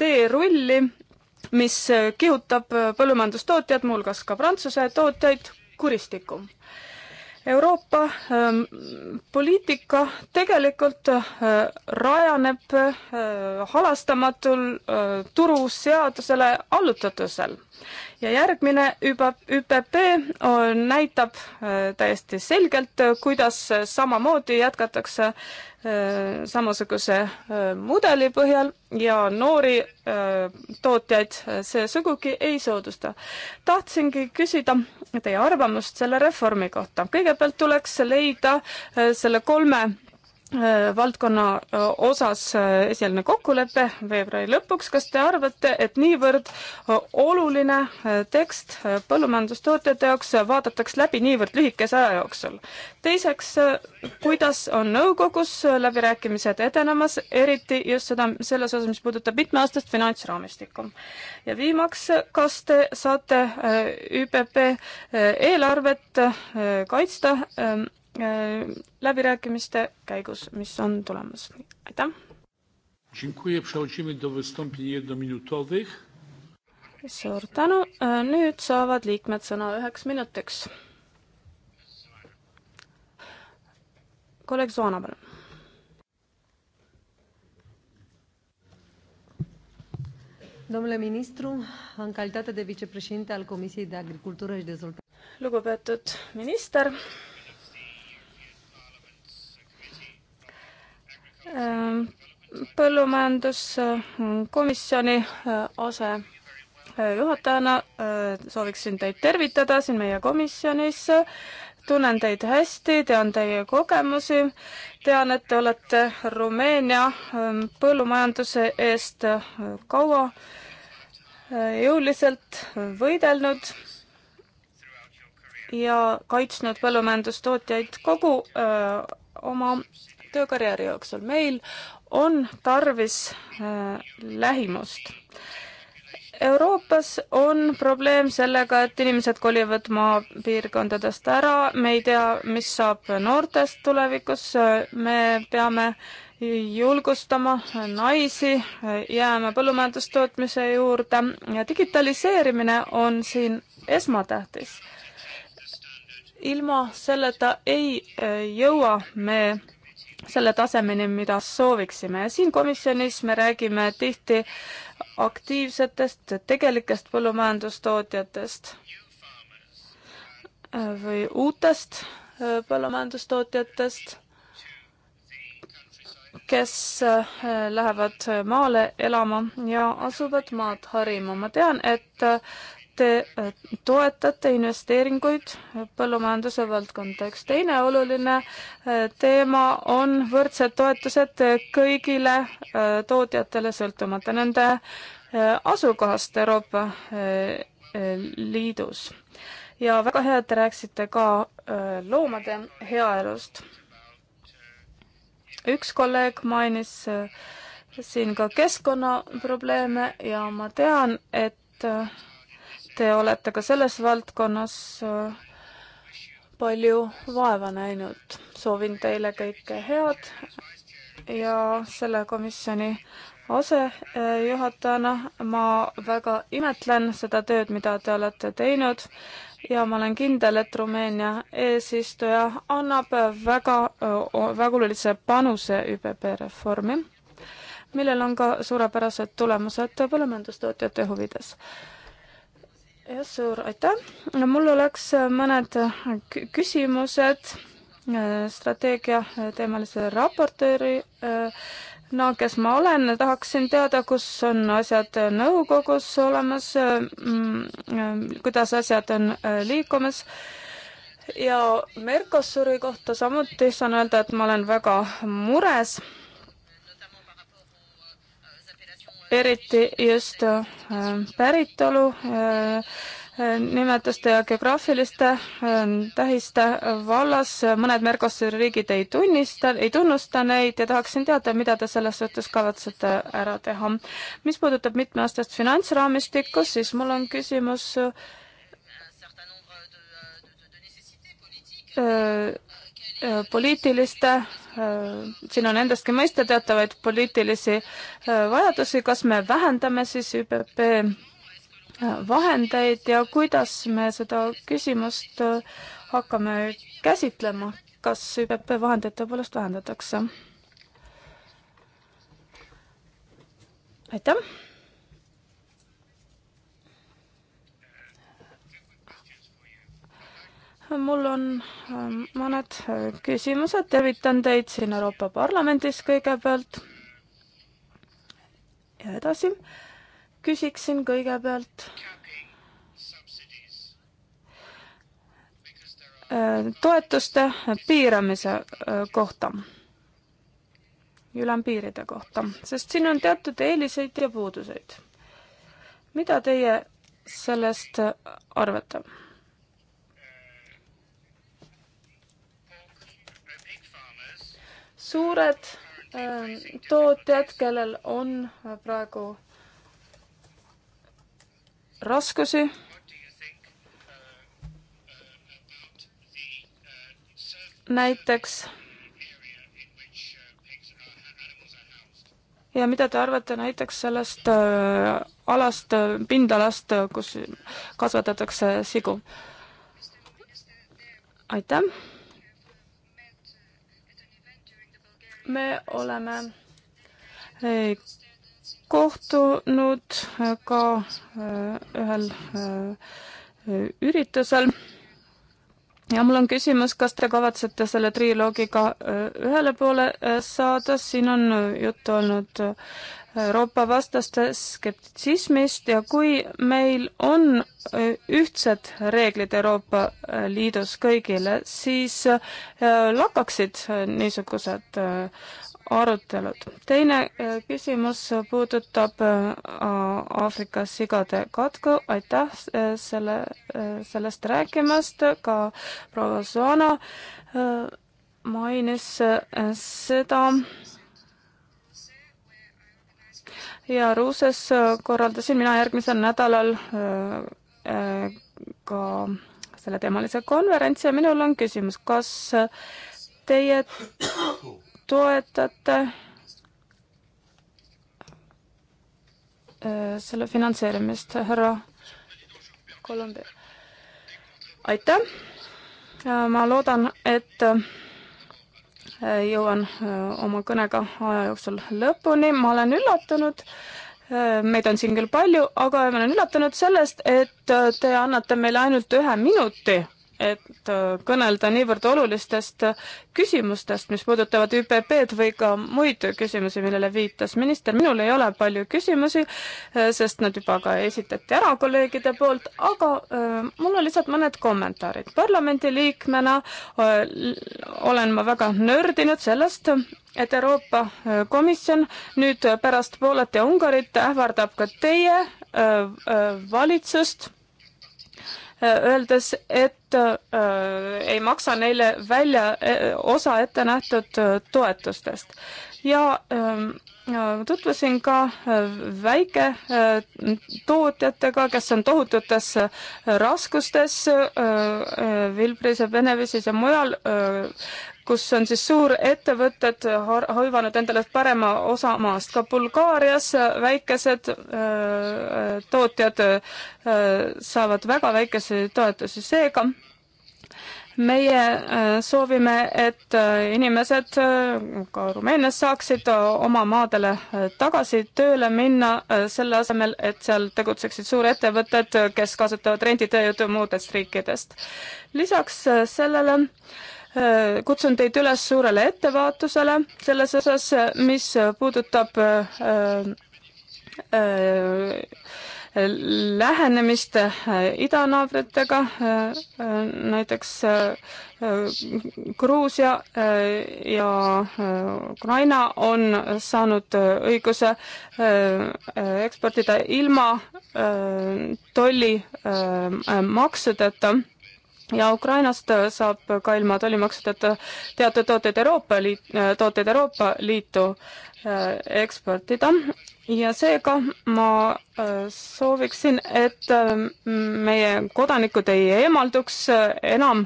teerulli, mis kihutab põllumajandustootjad, muuhulgas ka Prantsuse tootjaid, kuristikku. Euroopa ähm, poliitika tegelikult äh, rajaneb äh, halastamatul äh, turuseadusele allutatusel ja järgmine ÜBA, ÜPP on, näitab äh, täiesti selgelt, äh, kuidas samamoodi jätkatakse äh, samasuguse mudeli põhjal ja noori tootjaid see sugugi ei soodusta. tahtsingi küsida teie arvamust selle reformi kohta. kõigepealt tuleks leida selle kolme Äh, valdkonna äh, osas äh, esialgne kokkulepe veebruari lõpuks. kas te arvate, et niivõrd oluline tekst põllumajandustootjate jaoks vaadatakse läbi niivõrd lühikese aja jooksul? teiseks, kuidas on nõukogus läbirääkimised edenemas, eriti just seda, selles osas, mis puudutab mitmeaastast finantsraamistikku? ja viimaks, kas te saate ÜPP eelarvet kaitsta ähm, Äh, läbirääkimiste käigus, mis on tulemas. aitäh! suur tänu, äh, nüüd saavad liikmed sõna üheks minutiks. kolleeg Soana, palun. Domnule ministru, în calitate de vicepreședinte al Comisiei de Agricultură și Dezvoltare. Lugupeetud minister, Äh, põllumajanduskomisjoni äh, asejuhatajana äh, sooviksin teid tervitada siin meie komisjonis. tunnen teid hästi, tean teie kogemusi, tean, et te olete Rumeenia ähm, põllumajanduse eest kaua jõuliselt võidelnud ja kaitsnud põllumajandustootjaid kogu öö, oma töökarjääri jooksul. meil on tarvis äh, lähimust. Euroopas on probleem sellega, et inimesed kolivad maapiirkondadest ära, me ei tea, mis saab noortest tulevikus, me peame julgustama naisi jääma põllumajandustootmise juurde ja digitaliseerimine on siin esmatähtis ilma selleta ei äh, jõua me selle tasemeni, mida sooviksime ja siin komisjonis me räägime tihti aktiivsetest tegelikest põllumajandustootjatest või uutest äh, põllumajandustootjatest, kes äh, lähevad maale elama ja asuvad maad harima. ma tean, et äh, te äh, toetate investeeringuid põllumajanduse valdkonda. üks teine oluline äh, teema on võrdsed toetused kõigile äh, tootjatele, sõltumata nende asukohast Euroopa Liidus. ja väga hea, et te rääkisite ka loomade heaelust. üks kolleeg mainis siin ka keskkonnaprobleeme ja ma tean, et Te olete ka selles valdkonnas äh, palju vaeva näinud. soovin teile kõike head ja selle komisjoni asejuhatajana ma väga imetlen seda tööd, mida te olete teinud ja ma olen kindel, et Rumeenia eesistuja annab väga, äh, väga olulise panuse ÜBB reformi, millel on ka suurepärased tulemused põllumajandustootjate huvides jah, suur aitäh. mul oleks äh, mõned äh, küsimused äh, strateegia teemalise raportööri no kes ma olen, tahaksin teada, kus on asjad nõukogus olemas, mm, kuidas asjad on liikumas. ja Mercosuri kohta samuti saan öelda, et ma olen väga mures eriti just äh, päritolu äh, äh, nimetuste ja geograafiliste tähiste vallas. mõned Mercosuri riigid ei tunnista, ei tunnusta neid ja tahaksin teada, mida te selles suhtes kavatsete ära teha. mis puudutab mitmeaastast finantsraamistikku, siis mul on küsimus poliitiliste Äh, siin on endastki mõista teatavaid poliitilisi äh, vajadusi, kas me vähendame siis ÜPP äh, vahendeid ja kuidas me seda küsimust hakkame käsitlema, kas ÜPP vahendeid tõepoolest vähendatakse? aitäh! mul on ähm, mõned äh, küsimused, tervitan teid siin Euroopa Parlamendis kõigepealt. ja edasi küsiksin kõigepealt äh, toetuste piiramise äh, kohta, ülempiiride kohta, sest siin on teatud eeliseid ja puuduseid. mida teie sellest arvate? suured ähm, tootjad, kellel on äh, praegu raskusi näiteks. ja mida te arvate näiteks sellest äh, alast, äh, pindalast, äh, kus kasvatatakse sigu? aitäh! me oleme eh, kohtunud eh, ka eh, ühel üritusel ja mul on küsimus, kas te kavatsete selle triloogiga ühele poole saada, siin on juttu olnud Euroopa vastaste skeptitsismist ja kui meil on ühtsed reeglid Euroopa Liidus kõigile, siis lakkaksid niisugused arutelud. teine äh, küsimus puudutab äh, Aafrika sigade katku, aitäh äh, selle, sellest rääkimast, ka proua Suana mainis seda ja Ruuses korraldasin mina järgmisel nädalal ka selleteemalise konverentsi ja minul on küsimus, kas teie toetate äh, selle finantseerimist, härra Kolumbi. aitäh, äh, ma loodan, et äh, jõuan oma kõnega aja jooksul lõpuni, ma olen üllatunud, meid on siin küll palju, aga ma olen üllatunud sellest, et te annate meile ainult ühe minuti et äh, kõnelda niivõrd olulistest äh, küsimustest, mis puudutavad ÜPP-d või ka muid küsimusi, millele viitas minister. minul ei ole palju küsimusi, äh, sest nad juba ka esitati ära kolleegide poolt, aga mul on lihtsalt mõned kommentaarid. parlamendiliikmena olen ma väga nördinud sellest, et Euroopa Komisjon nüüd pärast Poolat ja Ungarit ähvardab ka teie valitsust öeldes, et äh, ei maksa neile välja e, osa ette nähtud äh, toetustest. ja ähm, äh, tutvusin ka väiketootjatega, kes on tohututes raskustes Vilbris ja Benevisis ja mujal kus on siis suurettevõtted hoivanud endale parema osa maast. ka Bulgaarias väikesed öö, tootjad öö, saavad väga väikese toetusi, seega meie soovime, et inimesed ka Rumeenias saaksid oma maadele tagasi tööle minna, selle asemel, et seal tegutseksid suurettevõtted, kes kasutavad renditööjõudu muudest riikidest. lisaks sellele äh, Äh, kutsun teid üles suurele ettevaatusele selles osas, mis puudutab äh, äh, lähenemist idanaabritega, näiteks Gruusia ja Ukraina on saanud õiguse eksportida ilma tollimaksudeta ja Ukrainast äh, saab ka ilma tollimaksudeta teatud tooteid Euroopa Liit, äh, tooteid Euroopa Liitu äh, eksportida ja seega ma sooviksin, et meie kodanikud ei eemalduks enam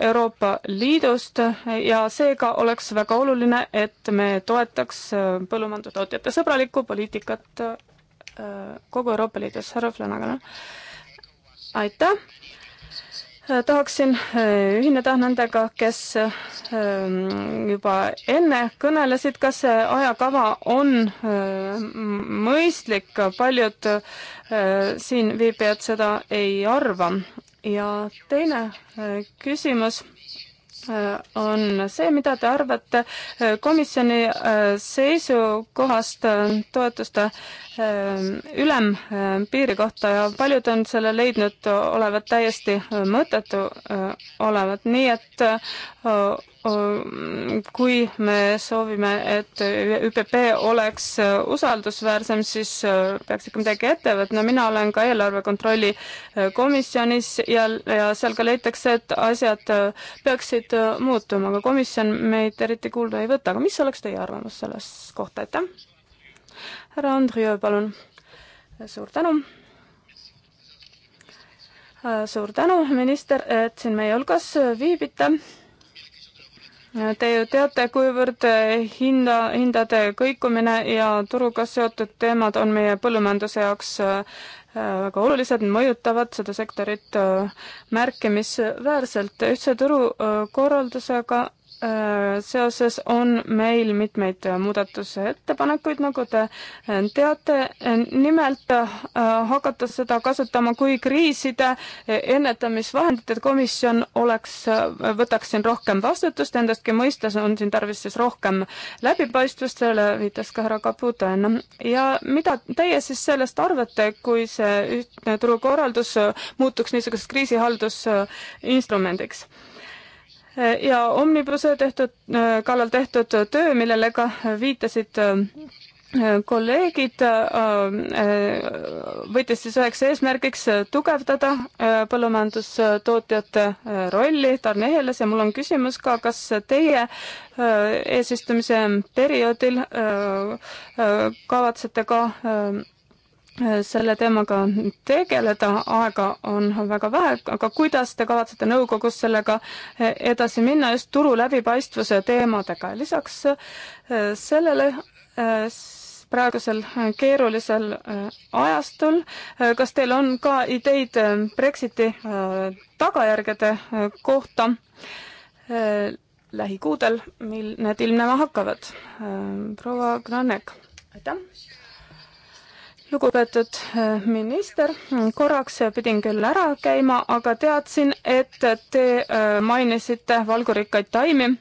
Euroopa Liidust ja seega oleks väga oluline, et me toetaks põllumajandustootjate sõbralikku poliitikat kogu Euroopa Liidus. härra Flanagan, aitäh! tahaksin äh, ühineda nendega, kes ähm, juba enne kõnelesid, kas see ajakava on äh, mõistlik, paljud äh, siinviibijad seda ei arva. ja teine küsimus on see, mida te arvate komisjoni seisukohast toetuste Ehm, ülempiiri ehm, kohta ja paljud on selle leidnud olevat täiesti ehm, mõttetu olevat, nii et eh, mm, kui me soovime, et ÜPP oleks eh, usaldusväärsem, siis eh, peaks ikka midagi ette võtma no,, mina olen ka eelarve kontrolli komisjonis ja, ja seal ka leitakse, et asjad peaksid muutuma, aga komisjon meid eriti kuulda ei võta, aga mis oleks teie arvamus selles kohta, aitäh? härra Andriöö, palun. suur tänu. suur tänu, minister, et siin meie hulgas viibite. Te ju teate, kuivõrd hinda, hindade kõikumine ja turuga seotud teemad on meie põllumajanduse jaoks äh, väga olulised, mõjutavad seda sektorit äh, märkimisväärselt. ühtse turukorraldusega Äh, seoses on meil mitmeid äh, muudatusettepanekuid, nagu te äh, teate. nimelt hakata seda kasutama kui kriiside ennetamisvahendit, et komisjon oleks, võtaks siin rohkem vastutust, endastki mõistes on siin tarvis siis rohkem läbipaistvust, sellele viitas ka härra Caputo enne. ja mida teie siis sellest arvate, kui see ühtne turukorraldus muutuks niisuguseks kriisihaldusinstrumendiks? ja Omnibuse tehtud, äh, kallal tehtud töö, millele ka viitasid äh, kolleegid äh, võttis siis üheks eesmärgiks tugevdada põllumajandustootjate rolli tarneahelas ja mul on küsimus ka, kas teie eesistumise perioodil kavatsete ka selle teemaga tegeleda, aega on väga vähe, aga kuidas te kavatsete nõukogus sellega e, edasi minna just turu läbipaistvuse teemadega, lisaks e, sellele e, praegusel keerulisel ajastul. kas teil on ka ideid Brexiti tagajärgede kohta lähikuudel, mil need ilmnema hakkavad? proua Granek, aitäh! lugupeetud äh, minister, korraks pidin küll ära käima, aga teadsin, et te äh, mainisite valgurikkaid taimi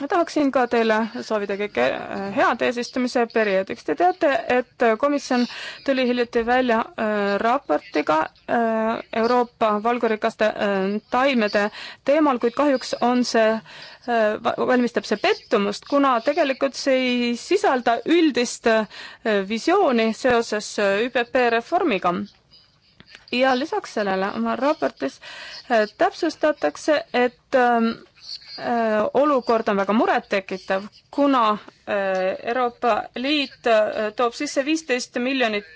ma tahaksin ka teile soovida kõike äh, head eesistumise perioodiks. Te teate, et komisjon tuli hiljuti välja äh, raportiga äh, Euroopa valgurikaste taimede teemal, kuid kahjuks on see, valmistab see pettumust, kuna tegelikult see ei sisalda üldist visiooni seoses ÜPP reformiga ja lisaks sellele oma raportis täpsustatakse, et ähm, Äh, olukord on väga murettekitav, kuna äh, Euroopa Liit äh, toob sisse viisteist miljonit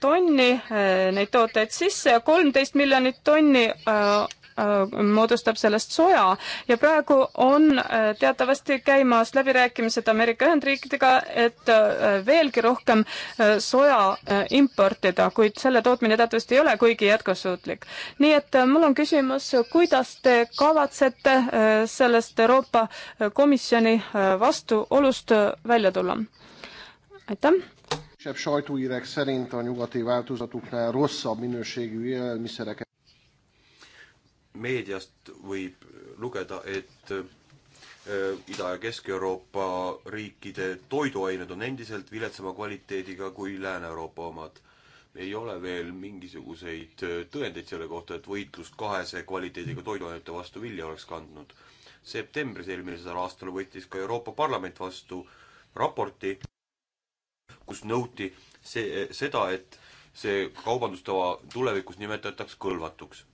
tonni neid tooteid sisse ja kolmteist miljonit tonni Äh, moodustab sellest soja ja praegu on äh, teatavasti käimas läbirääkimised Ameerika Ühendriikidega, et äh, veelgi rohkem soja importida, kuid selle tootmine teatavasti ei ole kuigi jätkusuutlik. nii et mul on küsimus, kuidas te kavatsete sellest Euroopa Komisjoni vastuolust välja tulla? aitäh! kisebb sajtóírek szerint a nyugati változatuknál rosszabb minőségű élelmiszereket meediast võib lugeda, et äh, Ida- ja Kesk-Euroopa riikide toiduained on endiselt viletsama kvaliteediga kui Lääne-Euroopa omad. ei ole veel mingisuguseid äh, tõendeid selle kohta, et võitlus kahese kvaliteediga toiduainete vastu vilja oleks kandnud. septembris eelmisel aastal võttis ka Euroopa Parlament vastu raporti, kus nõuti see, seda, et see kaubandustava tulevikus nimetataks kõlvatuks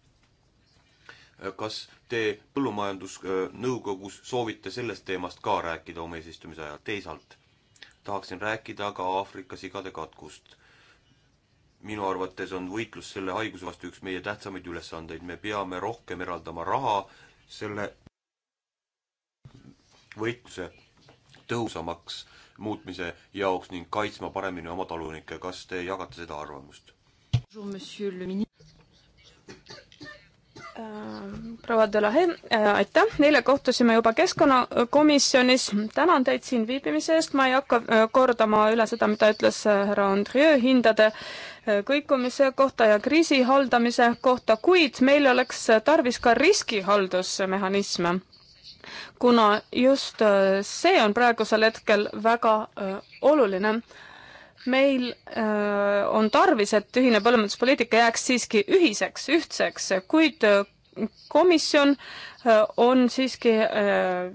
kas te Põllumajandusnõukogus soovite sellest teemast ka rääkida oma eesistumise ajal? teisalt tahaksin rääkida ka Aafrika sigade katkust. minu arvates on võitlus selle haiguse vastu üks meie tähtsamaid ülesandeid, me peame rohkem eraldama raha selle võitluse tõhusamaks muutmise jaoks ning kaitsma paremini oma talunikke, kas te jagate seda arvamust? proua Delahe, äh, aitäh, eile kohtusime juba keskkonnakomisjonis, tänan teid siin viibimise eest, ma ei hakka äh, kordama üle seda, mida ütles äh, härra Andrei hindade kõikumise kohta ja kriisi haldamise kohta, kuid meil oleks tarvis ka riskihaldusmehhanisme. kuna just see on praegusel hetkel väga oluline meil öö, äh, on tarvis, et ühine põllumajanduspoliitika jääks siiski ühiseks, ühtseks, kuid äh, komisjon äh, on siiski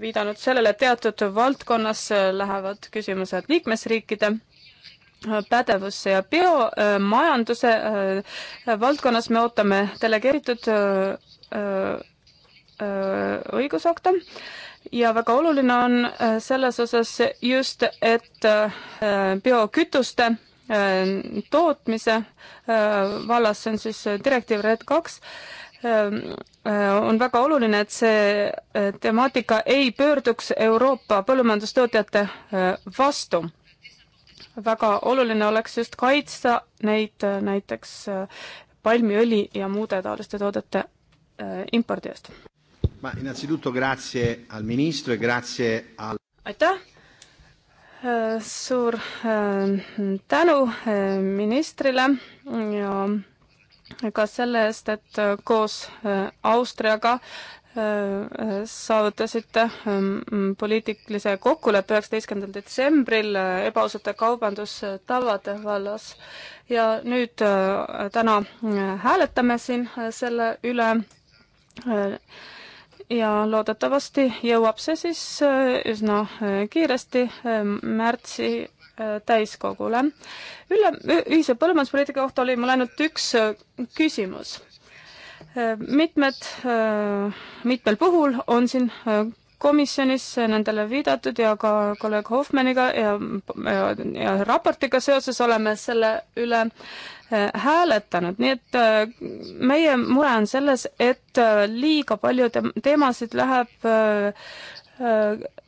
viidanud sellele, et teatud valdkonnas lähevad küsimused liikmesriikide pädevusse ja biomajanduse valdkonnas me ootame delegeeritud õigusakte ja väga oluline on äh, selles osas just, et äh, biokütuste äh, tootmise vallas, see on siis direktiiv RED kaks, ähm, on väga oluline, et see temaatika ei pöörduks Euroopa põllumajandustootjate vastu. väga oluline oleks just kaitsta neid näiteks palmiõli ja muude taoliste toodete impordi eest. E aitäh, äh, suur äh, tänu äh, ministrile ja ka selle eest, et koos Austriaga saavutasite ähm, mm, poliitilise kokkuleppe üheksateistkümnendal detsembril ebaausate kaubandustavade vallas ja nüüd täna hääletame siin selle üle ja loodetavasti jõuab see siis äh, üsna äh, kiiresti äh, märtsi täiskogule. üle, ühise põllumajanduspoliitika kohta oli mul ainult üks küsimus mitmed, mitmel puhul on siin komisjonis nendele viidatud ja ka kolleeg Hoffmanniga ja, ja, ja raportiga seoses oleme selle üle äh, hääletanud, nii et äh, meie mure on selles, et äh, liiga palju te teemasid läheb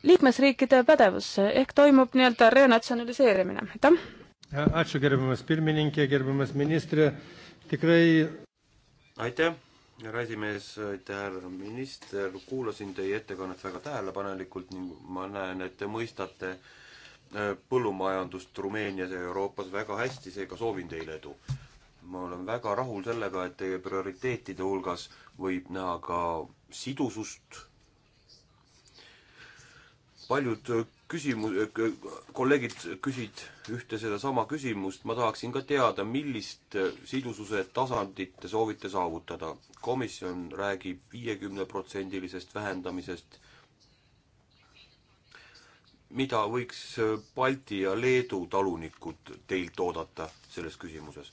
liikmesriikide pädevusse ehk toimub nii-öelda renatsionaliseerimine, aitäh. aitäh. aitäh härra esimees, aitäh, härra minister, kuulasin teie ettekannet väga tähelepanelikult ning ma näen, et te mõistate äh, põllumajandust Rumeenias ja Euroopas väga hästi, seega soovin teile edu. ma olen väga rahul sellega, et teie prioriteetide hulgas võib näha ka sidusust. paljud küsimus, äh, kolleegid küsid ühte sedasama küsimust, ma tahaksin ka teada, millist äh, sidususe tasandit te soovite saavutada. komisjon räägib viiekümneprotsendilisest vähendamisest, mida võiks äh, Balti ja Leedu talunikud teilt oodata selles küsimuses?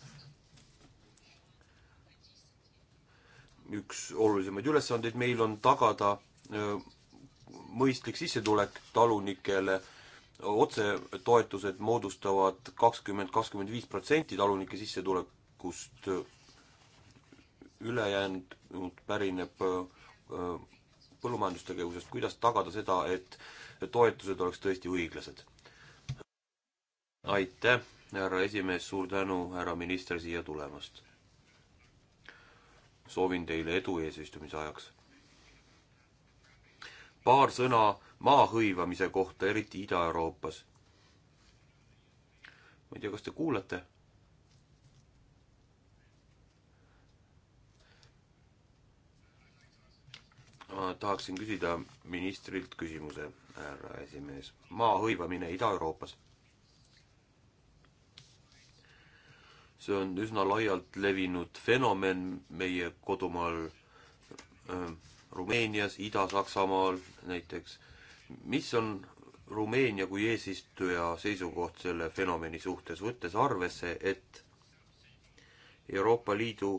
üks olulisemaid ülesandeid meil on tagada mõistlik sissetulek talunikele, otsetoetused moodustavad kakskümmend, kakskümmend viis protsenti talunike sissetulekust, ülejäänud pärineb äh, põllumajandustegevusest, kuidas tagada seda, et toetused oleks tõesti õiglased? aitäh, härra esimees, suur tänu, härra minister, siia tulemast! soovin teile edu eesistumise ajaks paar sõna maa hõivamise kohta, eriti Ida-Euroopas. ma ei tea, kas te kuulete? ma tahaksin küsida ministrilt küsimuse, härra esimees. maa hõivamine Ida-Euroopas. see on üsna laialt levinud fenomen meie kodumaal äh, Rumeenias, Ida-Saksamaal näiteks. mis on Rumeenia kui eesistuja seisukoht selle fenomeni suhtes, võttes arvesse, et Euroopa Liidu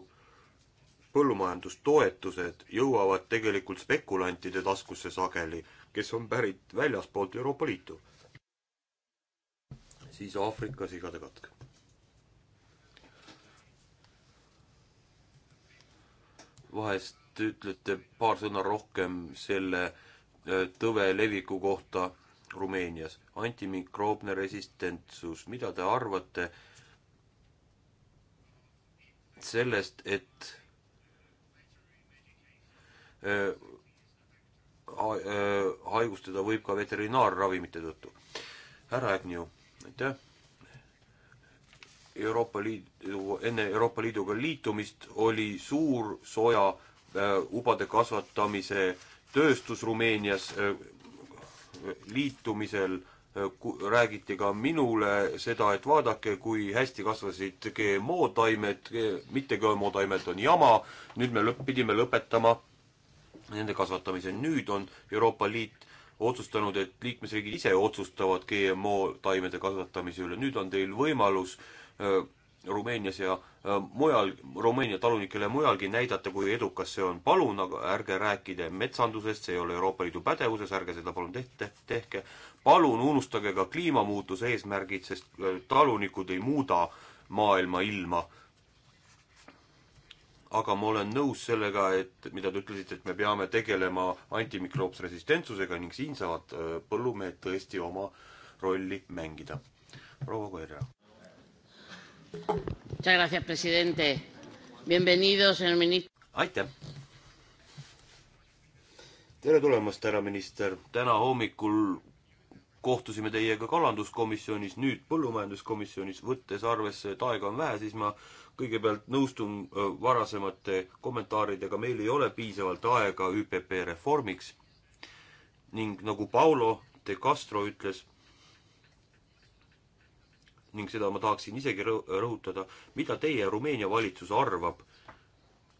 põllumajandustoetused jõuavad tegelikult spekulantide taskusse sageli, kes on pärit väljaspoolt Euroopa Liitu. siis Aafrika sigade katk. vahest te ütlete paar sõna rohkem selle äh, tõve leviku kohta Rumeenias. antimikroobne resistentsus, mida te arvate sellest, et äh, äh, haigustada võib ka veterinaarravimite tõttu? härra Ägniu, aitäh! Euroopa Liidu, enne Euroopa Liiduga liitumist oli suur soja Äh, ubade kasvatamise tööstus Rumeenias äh, liitumisel äh, räägiti ka minule seda, et vaadake, kui hästi kasvasid GMO-taimed, mitte GMO-taimed on jama, nüüd me lõpp, pidime lõpetama nende kasvatamise. nüüd on Euroopa Liit otsustanud, et liikmesriigid ise otsustavad GMO-taimede kasvatamise üle. nüüd on teil võimalus öö, Rumeenias ja äh, mujal, Rumeenia talunikele mujalgi näidata, kui edukas see on. palun aga ärge rääkige metsandusest, see ei ole Euroopa Liidu pädevuses, ärge seda palun tehte, tehke. palun unustage ka kliimamuutuse eesmärgid, sest äh, talunikud ei muuda maailma ilma. aga ma olen nõus sellega, et mida te ütlesite, et me peame tegelema antimikroopse resistentsusega ning siin saavad äh, põllumehed tõesti oma rolli mängida. proua Koerja Gracias, presidente. Bienvenido, señor minister. aitäh! tere tulemast, härra minister! täna hommikul kohtusime teiega kalanduskomisjonis, nüüd põllumajanduskomisjonis, võttes arvesse, et aega on vähe, siis ma kõigepealt nõustun äh, varasemate kommentaaridega, meil ei ole piisavalt aega ÜPP reformiks ning nagu Paulo de Castro ütles, ning seda ma tahaksin isegi rõhutada, mida teie Rumeenia valitsus arvab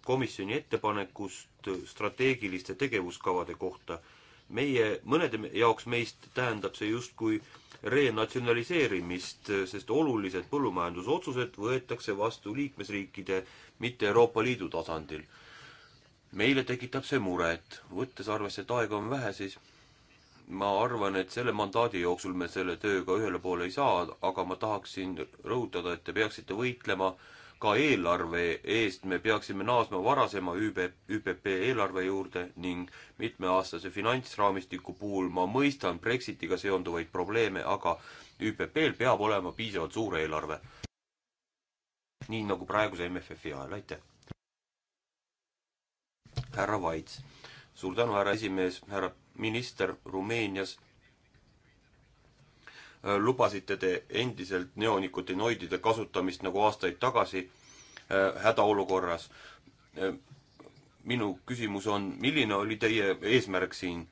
komisjoni ettepanekust strateegiliste tegevuskavade kohta. meie, mõnede jaoks meist tähendab see justkui renatsionaliseerimist, sest olulised põllumajandusotsused võetakse vastu liikmesriikide, mitte Euroopa Liidu tasandil. meile tekitab see muret, võttes arvesse, et aega on vähe, siis ma arvan, et selle mandaadi jooksul me selle tööga ühele poole ei saa, aga ma tahaksin rõhutada, et te peaksite võitlema ka eelarve eest, me peaksime naasma varasema ÜB, ÜPP eelarve juurde ning mitmeaastase finantsraamistiku puhul ma mõistan Brexitiga seonduvaid probleeme, aga ÜPP-l peab olema piisavalt suur eelarve. nii nagu praeguse MFF-i ajal, aitäh! härra Vaits. suur tänu, härra esimees, härra minister Rumeenias äh, lubasite te endiselt neonikotinoidide kasutamist nagu aastaid tagasi äh, hädaolukorras. Äh, minu küsimus on, milline oli teie eesmärk siin?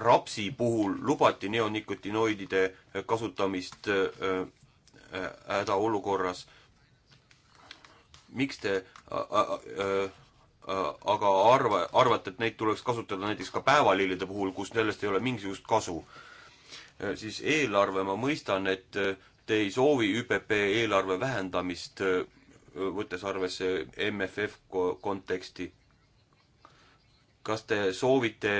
rapsi puhul lubati neonikotinoidide kasutamist hädaolukorras. miks te Äh, aga arva, arvata, et neid tuleks kasutada näiteks ka päevalillede puhul, kus sellest ei ole mingisugust kasu, äh, siis eelarve, ma mõistan, et äh, te ei soovi ÜPP eelarve vähendamist, võttes arvesse MFF konteksti. kas te soovite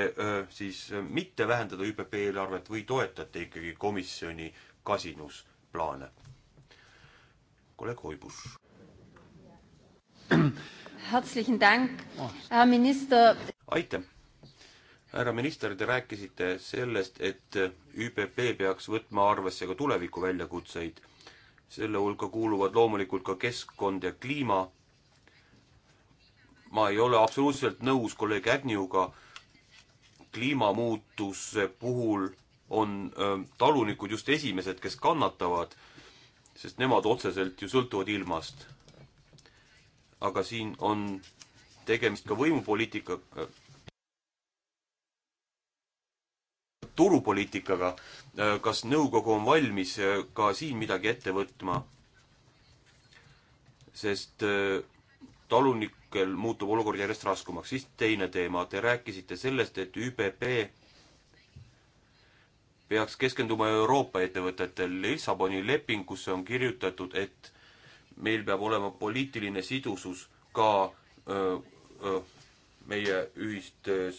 siis mitte vähendada ÜPP eelarvet või toetate ikkagi komisjoni kasinus plaane? kolleeg Hoibus (clears throat) herzlichen Dank, härra minister. aitäh. härra minister, te rääkisite sellest, et ÜPP peaks võtma arvesse ka tuleviku väljakutseid. selle hulka kuuluvad loomulikult ka keskkond ja kliima. ma ei ole absoluutselt nõus kolleeg Ägniuga. kliimamuutuse puhul on talunikud just esimesed, kes kannatavad, sest nemad otseselt ju sõltuvad ilmast aga siin on tegemist ka võimupoliitika, turupoliitikaga. kas nõukogu on valmis ka siin midagi ette võtma? sest eh, talunikel muutub olukord järjest raskemaks. siis teine teema, te rääkisite sellest, et ÜPP peaks keskenduma Euroopa ettevõtetel. Lissaboni lepingusse on kirjutatud, et meil peab olema poliitiline sidusus ka öö, öö, meie ühistes,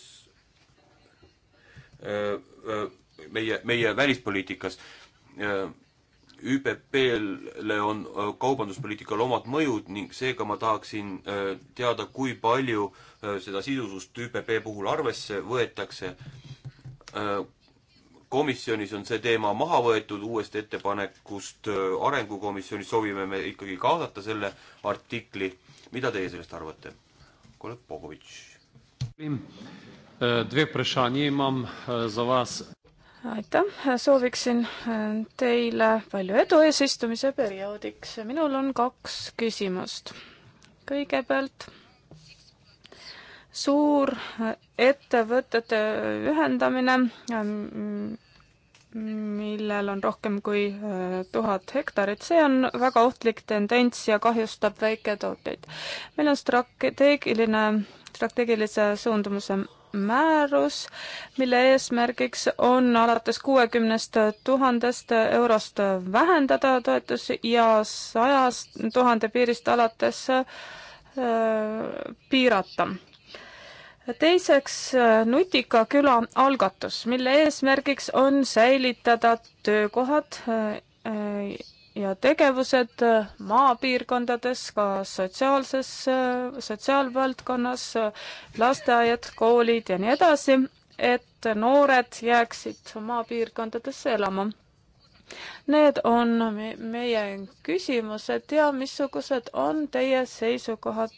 meie, meie välispoliitikas. ÜPP-le on kaubanduspoliitikal omad mõjud ning seega ma tahaksin teada, kui palju seda sidusust ÜPP puhul arvesse võetakse komisjonis on see teema maha võetud uuest ettepanekust, arengukomisjonis soovime me ikkagi kaasata selle artikli. mida teie sellest arvate? kolleeg Bogovitš. aitäh, sooviksin teile palju edu eesistumise perioodiks. minul on kaks küsimust. kõigepealt suurettevõtete ühendamine, millel on rohkem kui äh, tuhat hektarit, see on väga ohtlik tendents ja kahjustab väiketootjaid. meil on strateegiline, strateegilise suundumuse määrus, mille eesmärgiks on alates kuuekümnest tuhandest eurost vähendada toetusi ja sajast tuhande piirist alates äh, piirata teiseks äh, Nutika küla algatus, mille eesmärgiks on säilitada töökohad äh, äh, ja tegevused maapiirkondades, ka sotsiaalses, sotsiaalvaldkonnas, lasteaiad, koolid ja nii edasi, et noored jääksid maapiirkondadesse elama Need on meie küsimused ja missugused on teie seisukohad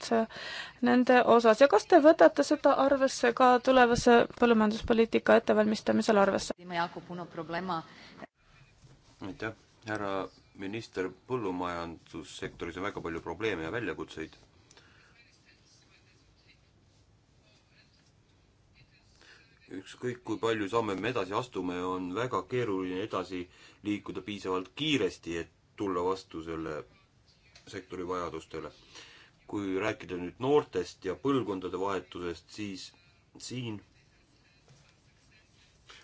nende osas ja kas te võtate seda arvesse ka tulevase põllumajanduspoliitika ettevalmistamisel arvesse? aitäh, härra minister, põllumajandussektoris on väga palju probleeme ja väljakutseid ükskõik kui palju samme me edasi astume, on väga keeruline edasi liikuda piisavalt kiiresti, et tulla vastu selle sektori vajadustele. kui rääkida nüüd noortest ja põlvkondade vahetusest, siis siin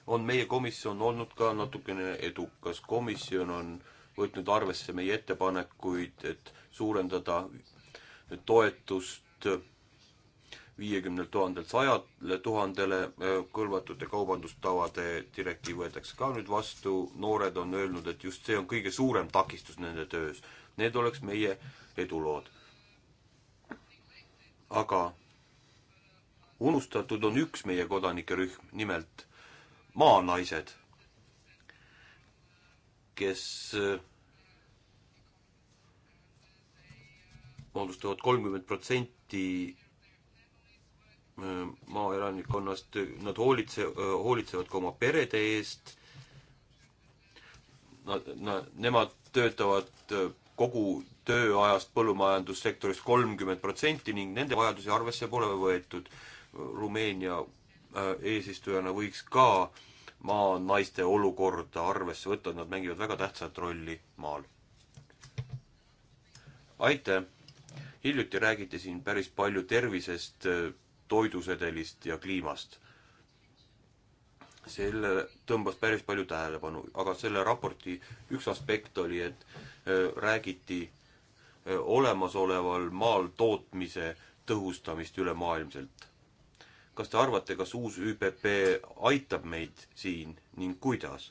on meie komisjon olnud ka natukene edukas. komisjon on võtnud arvesse meie ettepanekuid, et suurendada toetust viiekümnelt tuhandelt sajale tuhandele, e, kõlvatute kaubandustavade direktiiv võetakse ka nüüd vastu, noored on öelnud, et just see on kõige suurem takistus nende töös. Need oleks meie edulood. aga unustatud on üks meie kodanike rühm, nimelt maanaised, kes e, moodustavad kolmkümmend protsenti Äh, maaelanikkonnast, nad hoolitse, äh, hoolitsevad ka oma perede eest. Nad, nad, nemad töötavad äh, kogu tööajast põllumajandussektoris kolmkümmend protsenti ning nende vajadusi arvesse pole võetud. Rumeenia eesistujana võiks ka maanaiste olukorda arvesse võtta, nad mängivad väga tähtsat rolli maal. aitäh! hiljuti räägiti siin päris palju tervisest toidusedelist ja kliimast. selle tõmbas päris palju tähelepanu, aga selle raporti üks aspekt oli, et äh, räägiti äh, olemasoleval maal tootmise tõhustamist ülemaailmselt. kas te arvate, kas uus ÜPP aitab meid siin ning kuidas?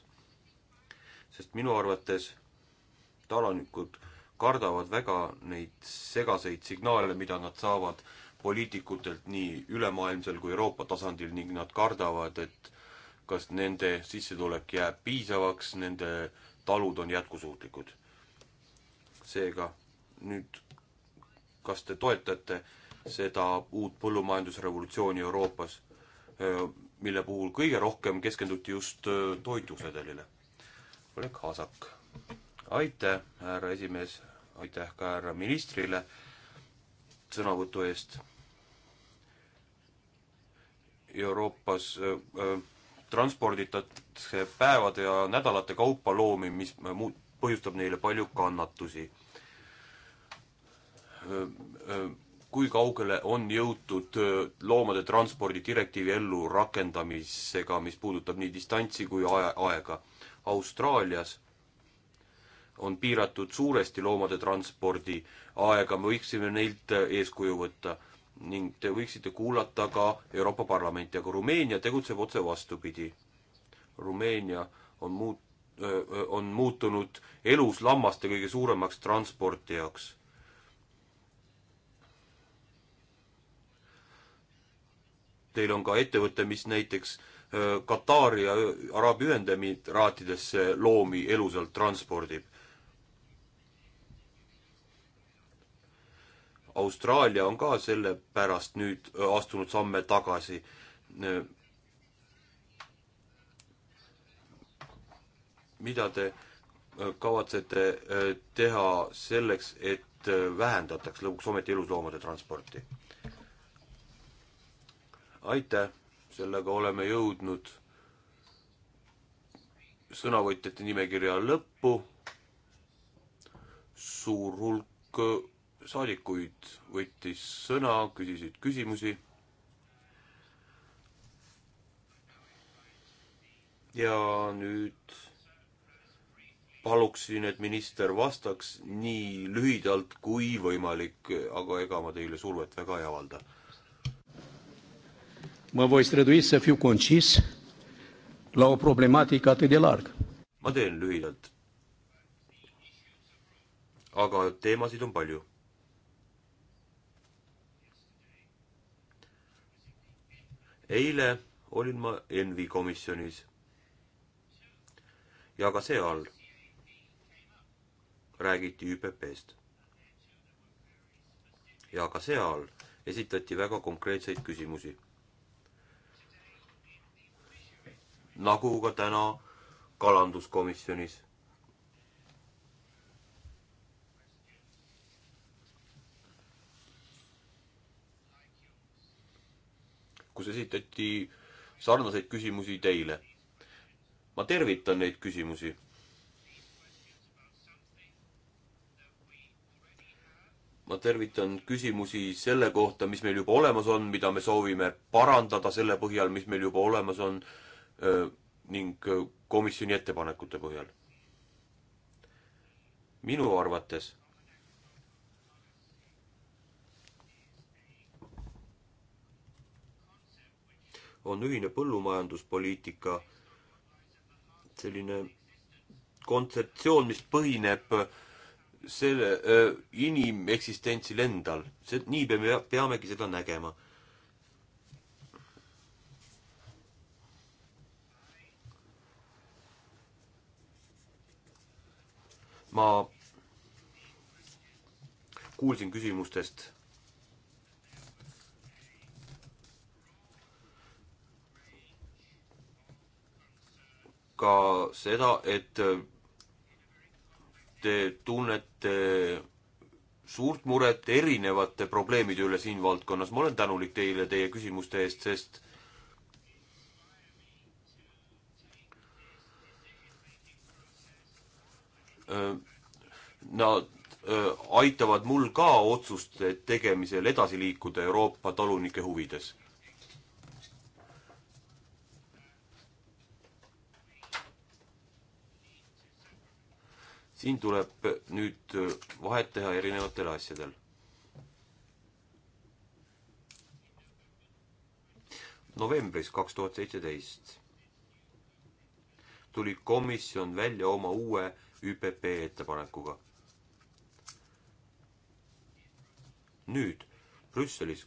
sest minu arvates talanikud kardavad väga neid segaseid signaale, mida nad saavad äh, poliitikutelt nii ülemaailmsel kui Euroopa tasandil ning nad kardavad, et kas nende sissetulek jääb piisavaks, nende talud on jätkusuutlikud. seega nüüd, kas te toetate seda uut põllumajandusrevolutsiooni Euroopas, mille puhul kõige rohkem keskenduti just toidusedelile? kolleeg Haasak. aitäh, härra esimees, aitäh ka härra ministrile sõnavõtu eest Euroopas äh, äh, transporditakse päevade ja nädalate kaupa loomi, mis äh, muud, põhjustab neile palju kannatusi. kui kaugele on jõutud loomade transpordi direktiivi ellurakendamisega, mis puudutab nii distantsi kui aega? Austraalias on piiratud suuresti loomade transpordi aega, me võiksime neilt eeskuju võtta ning te võiksite kuulata ka Euroopa Parlamenti, aga Rumeenia tegutseb otse vastupidi. Rumeenia on muut-, on muutunud elus lammaste kõige suuremaks transportijaks. Teil on ka ettevõte, mis näiteks Katari ja Araabia Ühendemiraatidesse loomi elusalt transpordib. Austraalia on ka selle pärast nüüd äh, astunud samme tagasi. mida te äh, kavatsete äh, teha selleks, et vähendataks lõpuks ometi elusloomade transporti? aitäh, sellega oleme jõudnud sõnavõtjate nimekirja lõppu. suur hulk saadikuid võttis sõna, küsisid küsimusi. ja nüüd paluksin, et minister vastaks nii lühidalt kui võimalik, aga ega ma teile survet väga ei avalda. ma võin traduisse fiu concis la o problematică atât de largă. Ma teen lühidalt. Aga teemasid on palju. eile olin ma Envi komisjonis. ja ka seal räägiti ÜPP-st. ja ka seal esitati väga konkreetseid küsimusi. nagu ka täna kalanduskomisjonis kus esitati sarnaseid küsimusi teile. ma tervitan neid küsimusi. ma tervitan küsimusi selle kohta, mis meil juba olemas on, mida me soovime parandada selle põhjal, mis meil juba olemas on ning komisjoni ettepanekute põhjal. minu arvates on ühine põllumajanduspoliitika selline kontseptsioon, mis põhineb selle öö, inimekstentsil endal. see, nii me peamegi seda nägema. ma kuulsin küsimustest ka seda, et te tunnete suurt muret erinevate probleemide üle siin valdkonnas. ma olen tänulik teile teie küsimuste eest, sest nad äh, aitavad mul ka otsuste tegemisel edasi liikuda Euroopa talunike huvides siin tuleb nüüd vahet teha erinevatel asjadel. novembris kaks tuhat seitseteist tuli komisjon välja oma uue ÜPP ettepanekuga. nüüd Brüsselis,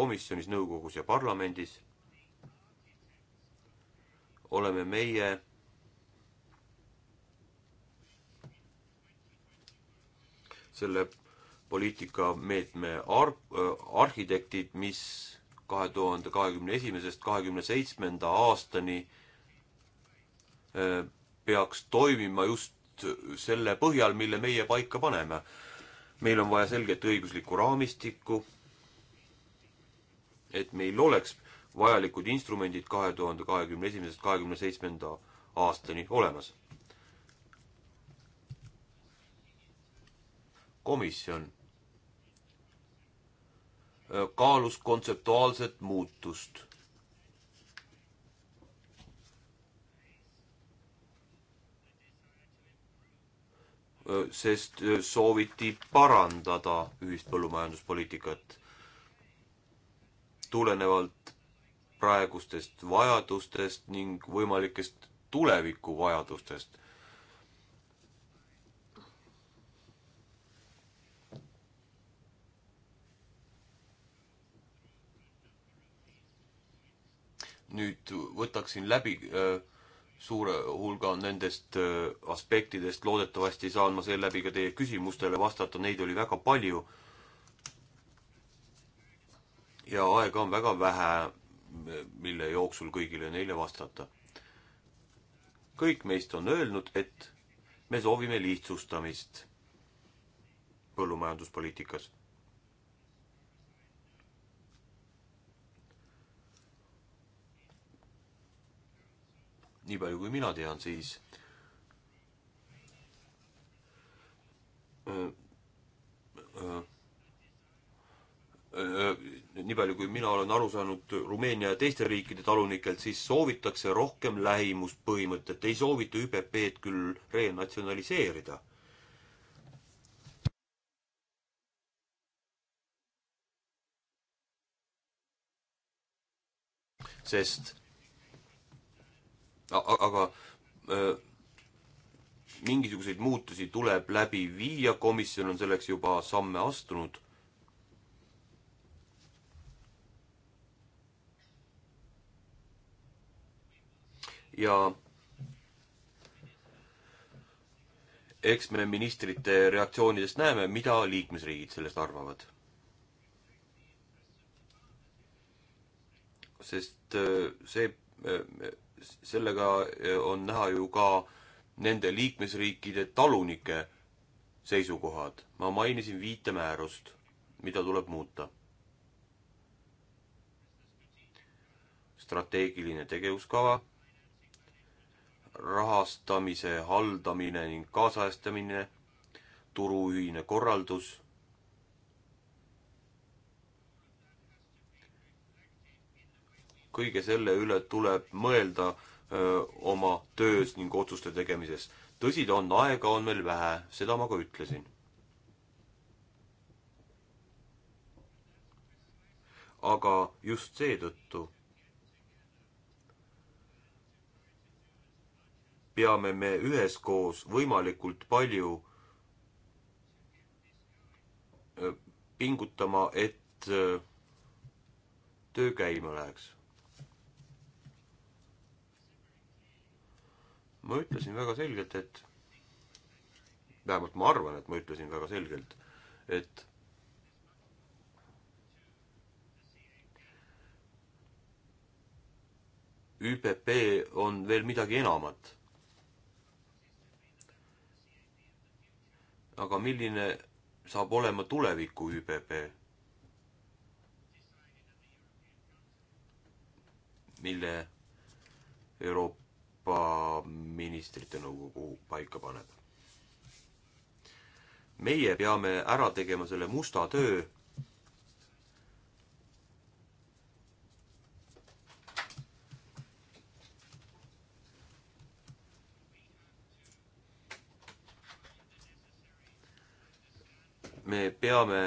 komisjonis, nõukogus ja parlamendis oleme meie selle poliitikameetme ar-, äh, arhitektid, mis kahe tuhande kahekümne esimesest kahekümne seitsmenda aastani äh, peaks toimima just selle põhjal, mille meie paika paneme. meil on vaja selget õiguslikku raamistikku, et meil oleks vajalikud instrumendid kahe tuhande kahekümne esimesest kahekümne seitsmenda aastani olemas komisjon kaalus kontseptuaalset muutust. sest sooviti parandada ühist põllumajanduspoliitikat tulenevalt praegustest vajadustest ning võimalikest tulevikuvajadustest nüüd võtaksin läbi äh, suure hulga nendest äh, aspektidest, loodetavasti saan ma seeläbi ka teie küsimustele vastata, neid oli väga palju. ja aega on väga vähe, mille jooksul kõigile neile vastata. kõik meist on öelnud, et me soovime lihtsustamist põllumajanduspoliitikas nii palju kui mina tean, siis öö, öö, nii palju, kui mina olen aru saanud Rumeenia ja teiste riikide talunikelt, siis soovitakse rohkem lähimuspõhimõtet, ei soovita ÜPP-d küll renatsionaliseerida. sest aga mingisuguseid muutusi tuleb läbi viia, komisjon on selleks juba samme astunud. ja eks me ministrite reaktsioonidest näeme, mida liikmesriigid sellest arvavad. sest see sellega e, on näha ju ka nende liikmesriikide talunike seisukohad. ma mainisin viite määrust, mida tuleb muuta. strateegiline tegevuskava, rahastamise haldamine ning kaasajastamine, turuühine korraldus kõige selle üle tuleb mõelda öö, oma töös ning otsuste tegemises. tõsi ta on, aega on meil vähe, seda ma ka ütlesin. aga just seetõttu peame me üheskoos võimalikult palju öö, pingutama, et öö, töö käima läheks ma ütlesin väga selgelt, et vähemalt ma arvan, et ma ütlesin väga selgelt, et ÜPP on veel midagi enamat. aga milline saab olema tuleviku ÜPP? mille Euroopa Euroopa Ministrite Nõukogu paika paneb. meie peame ära tegema selle musta töö. me peame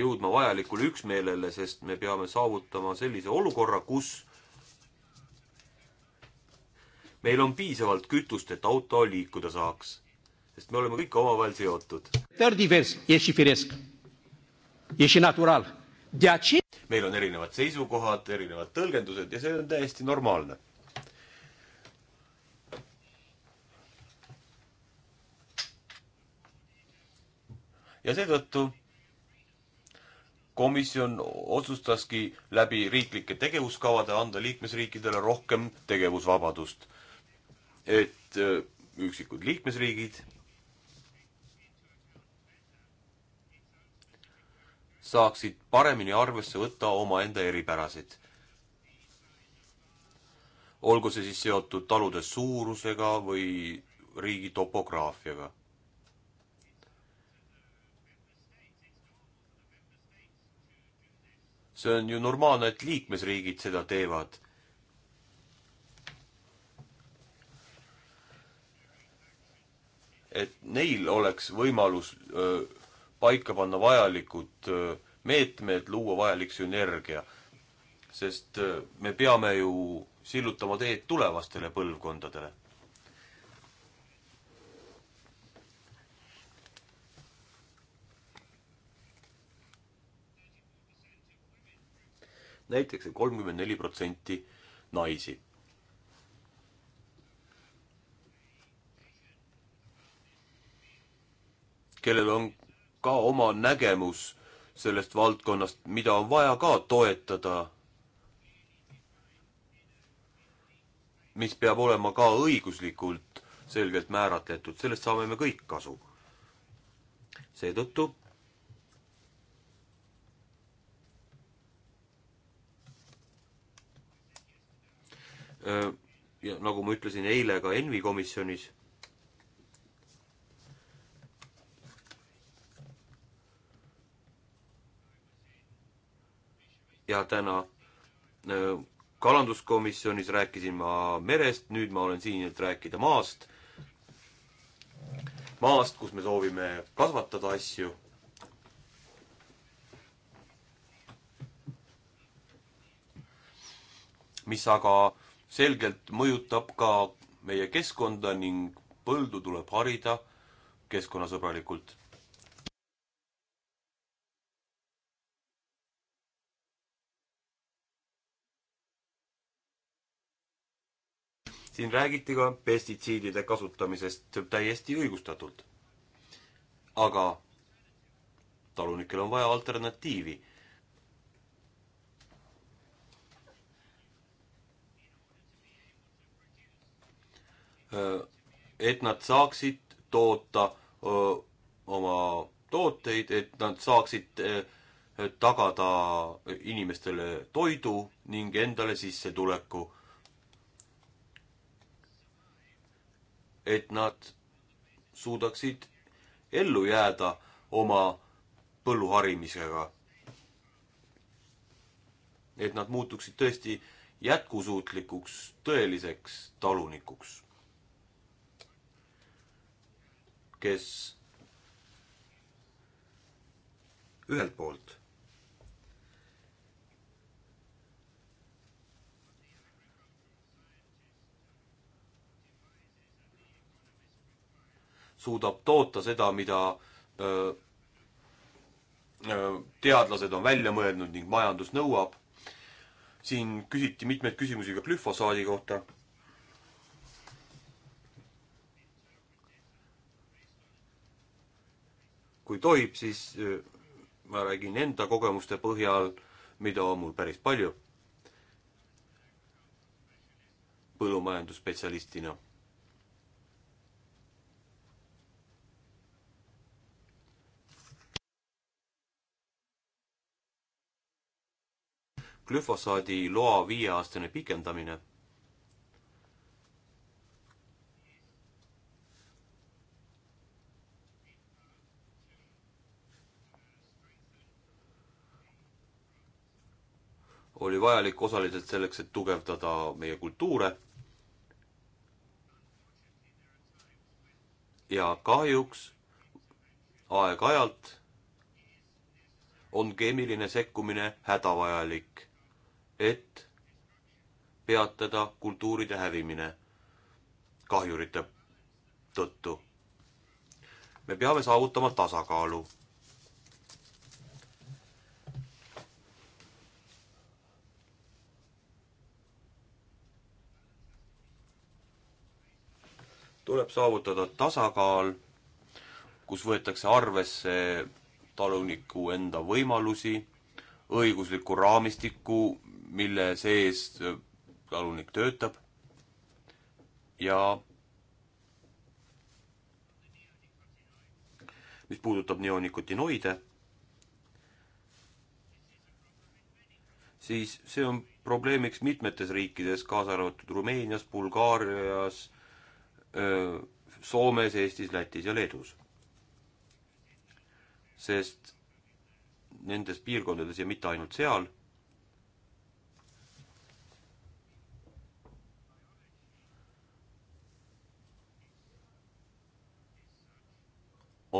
jõudma vajalikule üksmeelele, sest me peame saavutama sellise olukorra, kus meil on piisavalt kütust, et auto liikuda saaks. sest me oleme kõik omavahel seotud. meil on erinevad seisukohad, erinevad tõlgendused ja see on täiesti normaalne. ja seetõttu komisjon otsustaski läbi riiklike tegevuskavade anda liikmesriikidele rohkem tegevusvabadust et äh, üksikud liikmesriigid saaksid paremini arvesse võtta omaenda eripärasid. olgu see siis seotud talude suurusega või riigi topograafiaga. see on ju normaalne, et liikmesriigid seda teevad et neil oleks võimalus öö, paika panna vajalikud öö, meetmed, luua vajalik sünergia. sest öö, me peame ju sillutama teed tulevastele põlvkondadele. näiteks kolmkümmend neli protsenti naisi kellel on ka oma nägemus sellest valdkonnast, mida on vaja ka toetada. mis peab olema ka õiguslikult selgelt määratletud, sellest saame me kõik kasu. seetõttu ja nagu ma ütlesin eile ka ENVI komisjonis ja täna äh, kalanduskomisjonis rääkisin ma merest, nüüd ma olen siin, et rääkida maast. maast, kus me soovime kasvatada asju. mis aga selgelt mõjutab ka meie keskkonda ning põldu tuleb harida keskkonnasõbralikult siin räägiti ka pestitsiidide kasutamisest täiesti õigustatult. aga talunikel on vaja alternatiivi. et nad saaksid toota öö, oma tooteid, et nad saaksid öö, tagada inimestele toidu ning endale sissetuleku et nad suudaksid ellu jääda oma põlluharimisega. et nad muutuksid tõesti jätkusuutlikuks tõeliseks talunikuks, kes ühelt poolt suudab toota seda, mida öö, teadlased on välja mõelnud ning majandus nõuab. siin küsiti mitmeid küsimusi ka glüfosaadi kohta. kui tohib, siis ma räägin enda kogemuste põhjal, mida on mul päris palju põllumajandusspetsialistina glüfosaadi loa viieaastane pikendamine. oli vajalik osaliselt selleks, et tugevdada meie kultuure. ja kahjuks aeg-ajalt on keemiline sekkumine hädavajalik et peatada kultuuride hävimine kahjurite tõttu. me peame saavutama tasakaalu. tuleb saavutada tasakaal, kus võetakse arvesse taluniku enda võimalusi, õigusliku raamistiku mille sees talunik äh, töötab ja mis puudutab neonikotinoide, siis see on probleemiks mitmetes riikides, kaasa arvatud Rumeenias, Bulgaarias, äh, Soomes, Eestis, Lätis ja Leedus. sest nendes piirkondades ja mitte ainult seal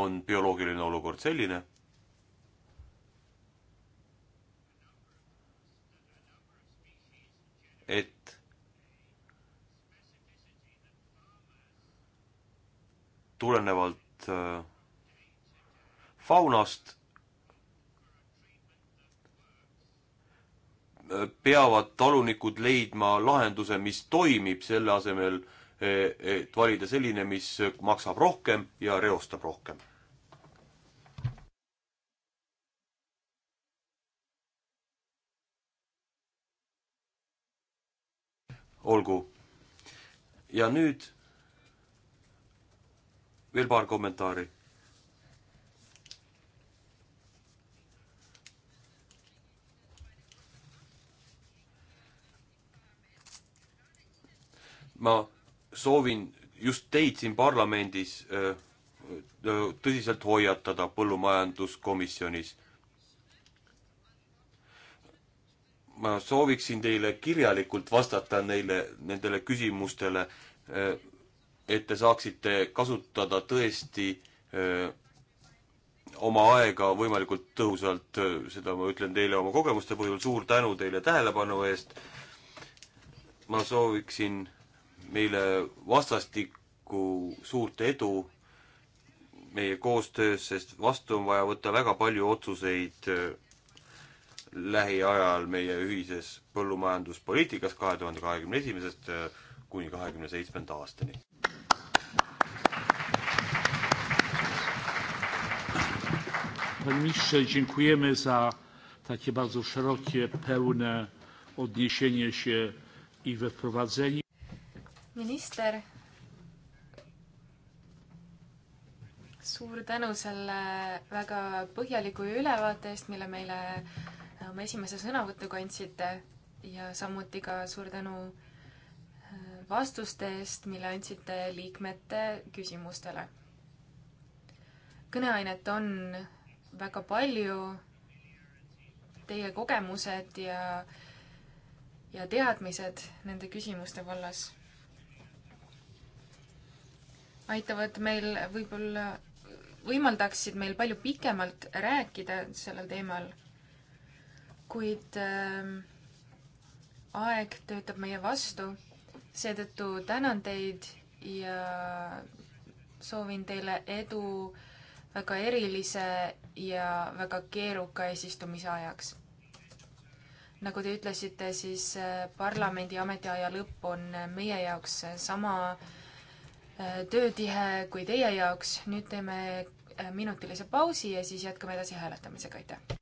on bioloogiline olukord selline, et tulenevalt äh, faunast äh, peavad talunikud leidma lahenduse, mis toimib, selle asemel et e, valida selline, mis maksab rohkem ja reostab rohkem. olgu. ja nüüd veel paar kommentaari. ma soovin just teid siin parlamendis tõsiselt hoiatada põllumajanduskomisjonis. ma sooviksin teile kirjalikult vastata neile, nendele küsimustele, et te saaksite kasutada tõesti oma aega võimalikult tõhusalt, seda ma ütlen teile oma kogemuste põhjal, suur tänu teile tähelepanu eest. ma sooviksin meile vastastikku suurt edu meie koostöös, sest vastu on vaja võtta väga palju otsuseid äh, lähiajal meie ühises põllumajanduspoliitikas kahe tuhande kahekümne esimesest äh, kuni kahekümne seitsmenda aastani. Panie ministrze, dziękujemy za takie bardzo szerokie, pełne odniesienie się i we wprowadzeniu minister, suur tänu selle väga põhjaliku ülevaate eest, mille meile äh, oma esimese sõnavõtuga andsite ja samuti ka suur tänu äh, vastuste eest, mille andsite liikmete küsimustele. kõneainet on väga palju. Teie kogemused ja, ja teadmised nende küsimuste vallas aitavad meil võib-olla, võimaldaksid meil palju pikemalt rääkida sellel teemal, kuid äh, aeg töötab meie vastu, seetõttu tänan teid ja soovin teile edu väga erilise ja väga keeruka eesistumise ajaks nagu te ütlesite, siis äh, parlamendi ametiaja lõpp on meie jaoks sama Äh, töötihe kui teie jaoks. nüüd teeme äh, minutilise pausi ja siis jätkame edasi hääletamisega, aitäh!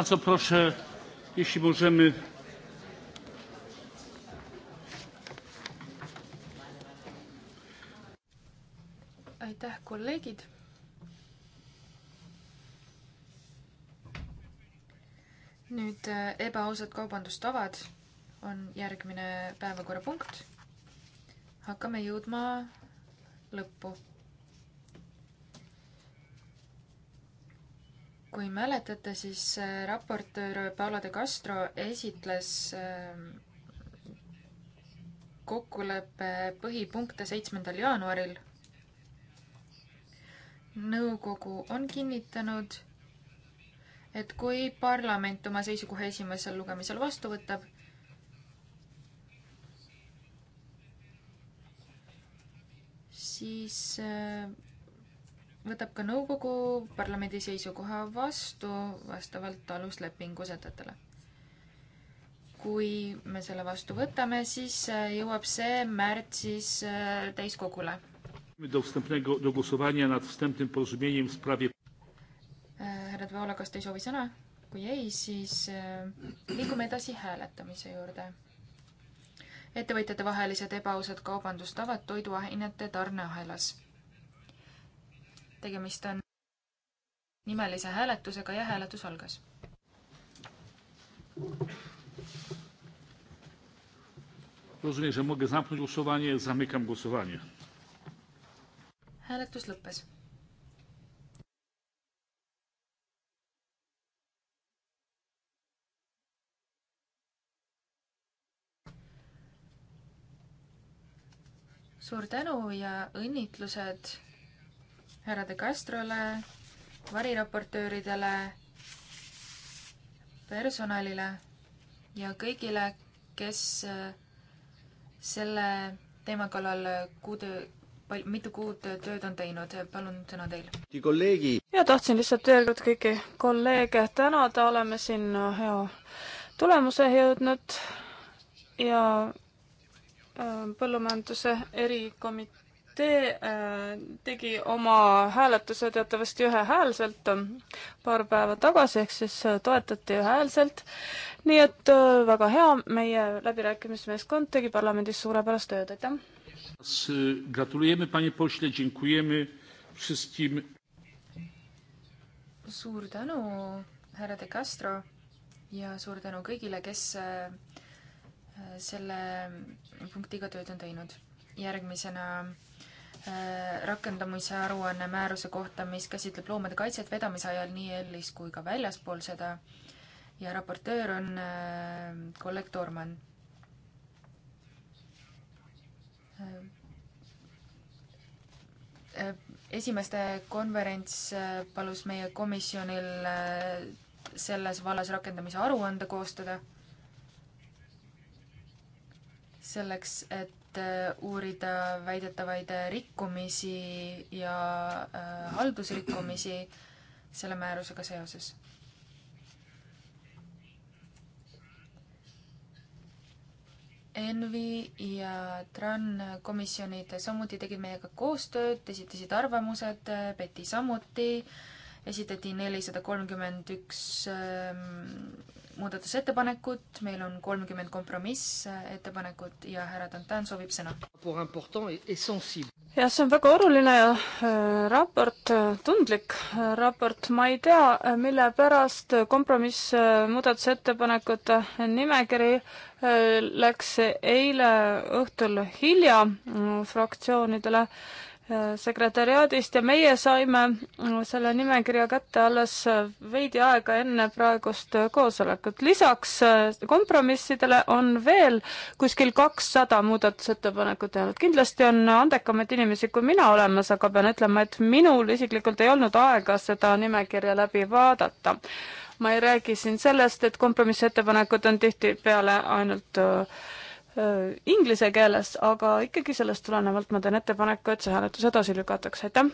Bardzo proszę, jeśli możemy. aitäh, kolleegid. nüüd äh, ebaausad kaubandustavad on järgmine päevakorrapunkt. hakkame jõudma lõppu mäletate, siis äh, raportöör Paolo de Castro esitles ähm, kokkuleppe põhipunkte seitsmendal jaanuaril. nõukogu on kinnitanud, et kui parlament oma seisukoha esimesel lugemisel vastu võtab, võtdi seisukoha vastu vastavalt aluslepingu sätetele. kui me selle vastu võtame, siis äh, jõuab see märtsis äh, täiskogule. Äh, härra Dvola, kas te ei soovi sõna? kui ei, siis liigume edasi hääletamise juurde ettevõtjatevahelised ebaausad kaubandustavad toiduainete tarneahelas. tegemist on nimelise hääletusega ja hääletus algas. Rozumiem, że mogę zamknąć głosowanie. Zamykam głosowanie. Hääletus lõppes. suur tänu ja õnnitlused härra De Castrole variraportööridele, personalile ja kõigile, kes äh, selle teema kallal äh, kuude, mitu kuud tööd on teinud, palun sõna teil. ja tahtsin lihtsalt veel kord kõiki kolleege tänada, oleme siin hea tulemuse jõudnud ja äh, põllumajanduse erikomitee Te äh, tegi oma hääletuse teatavasti ühehäälselt äh, paar päeva tagasi, ehk siis äh, toetati ühehäälselt. nii et väga hea, meie läbirääkimismeeskond tegi parlamendis suurepärast tööd, aitäh! suur tänu, härra De Castro ja suur tänu kõigile, kes selle punktiga tööd on teinud. järgmisena Äh, rakendamise aruanne määruse kohta, mis käsitleb loomade kaitset vedamise ajal nii EL-is kui ka väljaspool seda ja raportöör on äh, kolleeg Toormann. Äh, esimeste konverents palus meie komisjonil selles vallas rakendamise aruande koostada, selleks et et äh, uurida väidetavaid äh, rikkumisi ja äh, haldusrikkumisi selle määrusega seoses. Envi ja TRAN komisjonid samuti tegid meiega koostööd, esitasid arvamused, Peti samuti, esitati nelisada kolmkümmend üks ähm, muudatusettepanekut, meil on kolmkümmend kompromissettepanekut ja härra Tantan soovib sõna. jah, see on väga oluline äh, raport, äh, tundlik äh, raport, ma ei tea, mille pärast kompromiss muudatusettepanekute nimekiri läks eile õhtul hilja mm, fraktsioonidele sekretäriaadist ja meie saime selle nimekirja kätte alles veidi aega enne praegust koosolekut. lisaks äh, kompromissidele on veel kuskil kakssada muudatusettepanekut jäänud. kindlasti on andekamaid inimesi kui mina olemas, aga pean ütlema, et minul isiklikult ei olnud aega seda nimekirja läbi vaadata. ma ei räägi siin sellest, et kompromissettepanekud on tihtipeale ainult uh, inglise keeles, aga ikkagi sellest tulenevalt ma teen ettepaneku, et see hääletus edasi lükatakse, aitäh.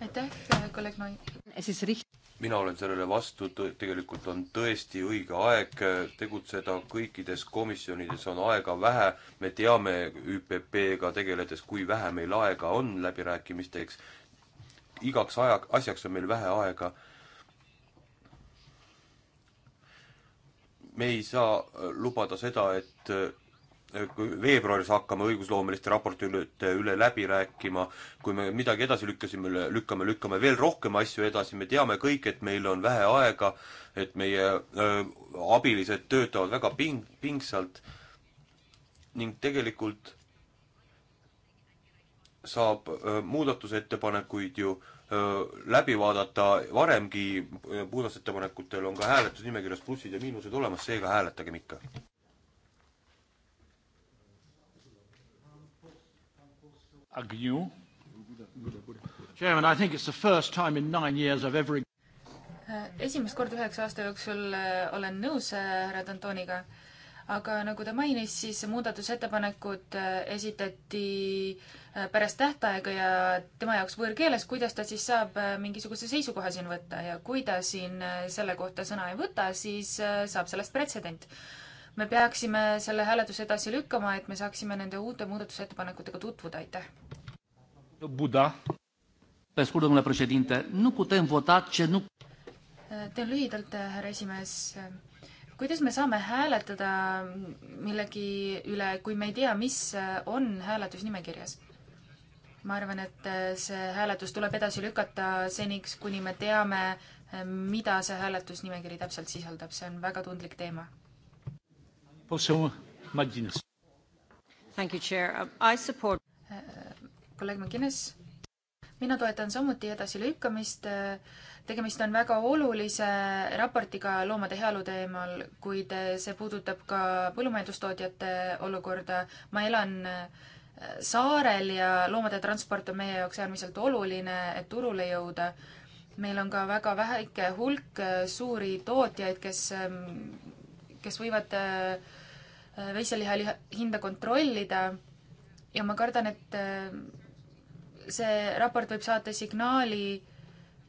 aitäh, kolleeg Noi-. siis riht-. mina olen sellele vastu, tegelikult on tõesti õige aeg äh, tegutseda, kõikides komisjonides on aega vähe, me teame ÜPP-ga tegeledes, kui vähe meil aega on läbirääkimisteks, igaks aja, asjaks on meil vähe aega me ei saa äh, lubada seda, et äh, kui veebruaris hakkame õigusloomeliste raportite üle läbi rääkima, kui me midagi edasi lükkasime, lükkame, lükkame veel rohkem asju edasi, me teame kõik, et meil on vähe aega, et meie öö, äh, abilised töötavad väga ping-, pingsalt ning tegelikult saab muudatusettepanekuid ju öö, läbi vaadata varemgi, muudatusettepanekutel on ka hääletusnimekirjas plussid ja miinused olemas, seega hääletagem ikka. Agnew. Chairman, I think it's the first time in nine years I've ever esimest korda üheksa aasta jooksul olen nõus äh, härra Dantoniga äh, aga nagu ta mainis, siis muudatusettepanekud äh, esitati äh, pärast tähtaega ja tema jaoks võõrkeeles, kuidas ta siis saab äh, mingisuguse seisukoha siin võtta ja kui ta siin selle kohta sõna ei võta, siis saab sellest pretsedent. me peaksime selle hääletuse edasi lükkama, et me saaksime nende uute muudatusettepanekutega tutvuda, aitäh. Buda. Pe scurt, domnule președinte, nu putem vota ce nu... Teen lühidalt, härra esimees kuidas me saame hääletada millegi üle, kui me ei tea, mis on hääletusnimekirjas? ma arvan, et see hääletus tuleb edasi lükata seniks, kuni me teame, mida see hääletusnimekiri täpselt sisaldab, see on väga tundlik teema. Um, äh, kolleeg McGuinness, mina toetan samuti edasilükkamist tegemist on väga olulise raportiga loomade heaolu teemal, kuid see puudutab ka põllumajandustootjate olukorda. ma elan äh, saarel ja loomade transport on meie jaoks äärmiselt oluline, et turule jõuda. meil on ka väga väike hulk äh, suuri tootjaid, kes, ähm, kes võivad äh, veiseliha hinda kontrollida ja ma kardan, et see raport võib saata signaali äh,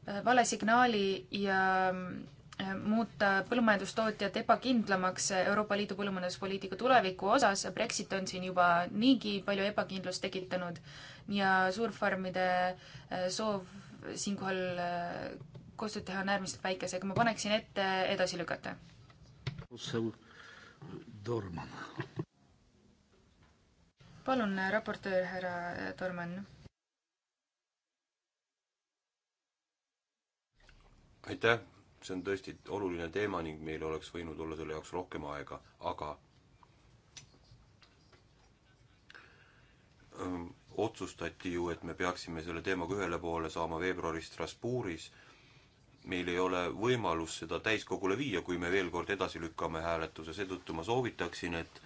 Äh, vale signaali ja äh, muuta põllumajandustootjad ebakindlamaks Euroopa Liidu põllumajanduspoliitika tuleviku osas. Brexit on siin juba niigi palju ebakindlust tekitanud ja suurfarmide äh, soov siinkohal koostööd teha on äärmiselt väike, seega ma paneksin ette edasi lükata. palun, raportöör härra Tormann aitäh, see on tõesti oluline teema ning meil oleks võinud olla selle jaoks rohkem aega, aga öö, ähm, otsustati ju, et me peaksime selle teemaga ühele poole saama veebruaris Strasbourgis. meil ei ole võimalus seda täiskogule viia, kui me veel kord edasi lükkame hääletuse, seetõttu ma soovitaksin, et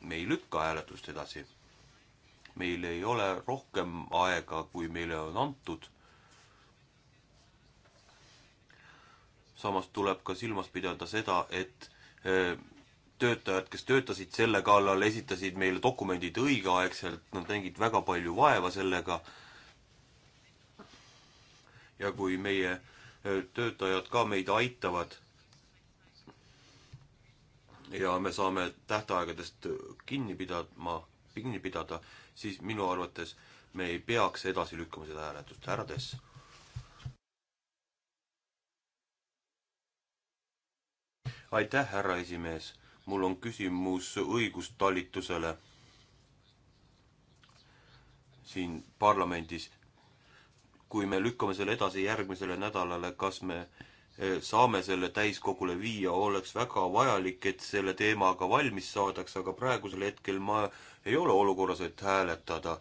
me ei lükka hääletust edasi. meil ei ole rohkem aega, kui meile on antud samas tuleb ka silmas pidada seda, et eh, töötajad, kes töötasid selle kallal, esitasid meile dokumendid õigeaegselt, nad nägid väga palju vaeva sellega. ja kui meie eh, töötajad ka meid aitavad ja me saame tähtaegadest kinni pidama, kinni pidada, siis minu arvates me ei peaks edasi lükkama seda hääletust. härra Tess aitäh, härra esimees. mul on küsimus õigustalitusele siin parlamendis. kui me lükkame selle edasi järgmisele nädalale, kas me eh, saame selle täiskogule viia, oleks väga vajalik, et selle teemaga valmis saadaks, aga praegusel hetkel ma ei ole olukorras, et hääletada.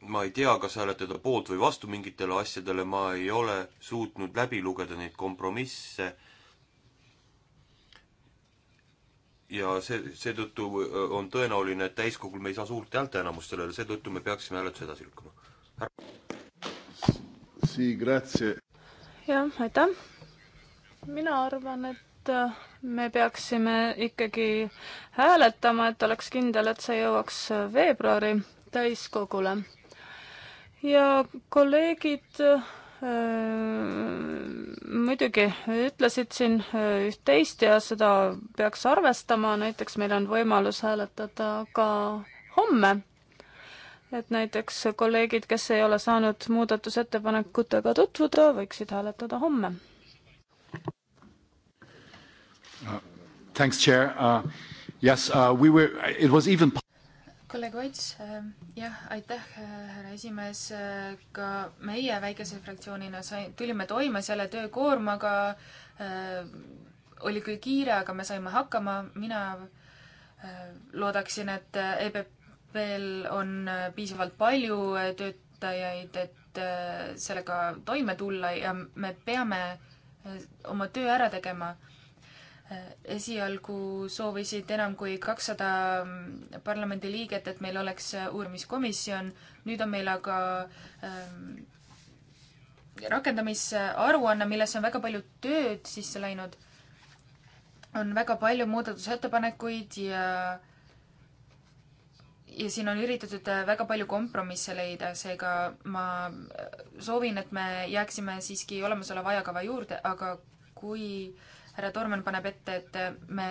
ma ei tea, kas hääletada poolt või vastu mingitele asjadele, ma ei ole suutnud läbi lugeda neid kompromisse ja see, seetõttu on tõenäoline, et täiskogul me ei saa suurt häälteenamust sellele, seetõttu me peaksime hääletuse edasi lükkama. jah, aitäh. mina arvan, et äh, me peaksime ikkagi hääletama, et oleks kindel, et see jõuaks äh, veebruari täiskogule. ja kolleegid äh, Äh, muidugi ütlesid siin äh, üht-teist ja seda peaks arvestama, näiteks meil on võimalus hääletada ka homme. et näiteks kolleegid, kes ei ole saanud muudatusettepanekutega tutvuda, võiksid hääletada homme uh,. Thanks, chair uh,. Yes uh,, we were, it was even kolleeg Ots, äh, jah, aitäh, äh, härra esimees. Äh, ka meie väikese fraktsioonina sai, tulime toime selle töökoormaga äh,. oli küll kiire, aga me saime hakkama. mina äh, loodaksin, et EPP-l on piisavalt palju töötajaid, et äh, sellega toime tulla ja me peame oma töö ära tegema äh, esialgu soovisid enam kui kakssada parlamendiliiget, et meil oleks uurimiskomisjon, nüüd on meil aga ähm, rakendamisaruanne, millesse on väga palju tööd sisse läinud. on väga palju muudatusettepanekuid ja ja siin on üritatud väga palju kompromisse leida, seega ma soovin, et me jääksime siiski olemasoleva ajakava juurde, aga kui äh, härra Torman paneb ette, et me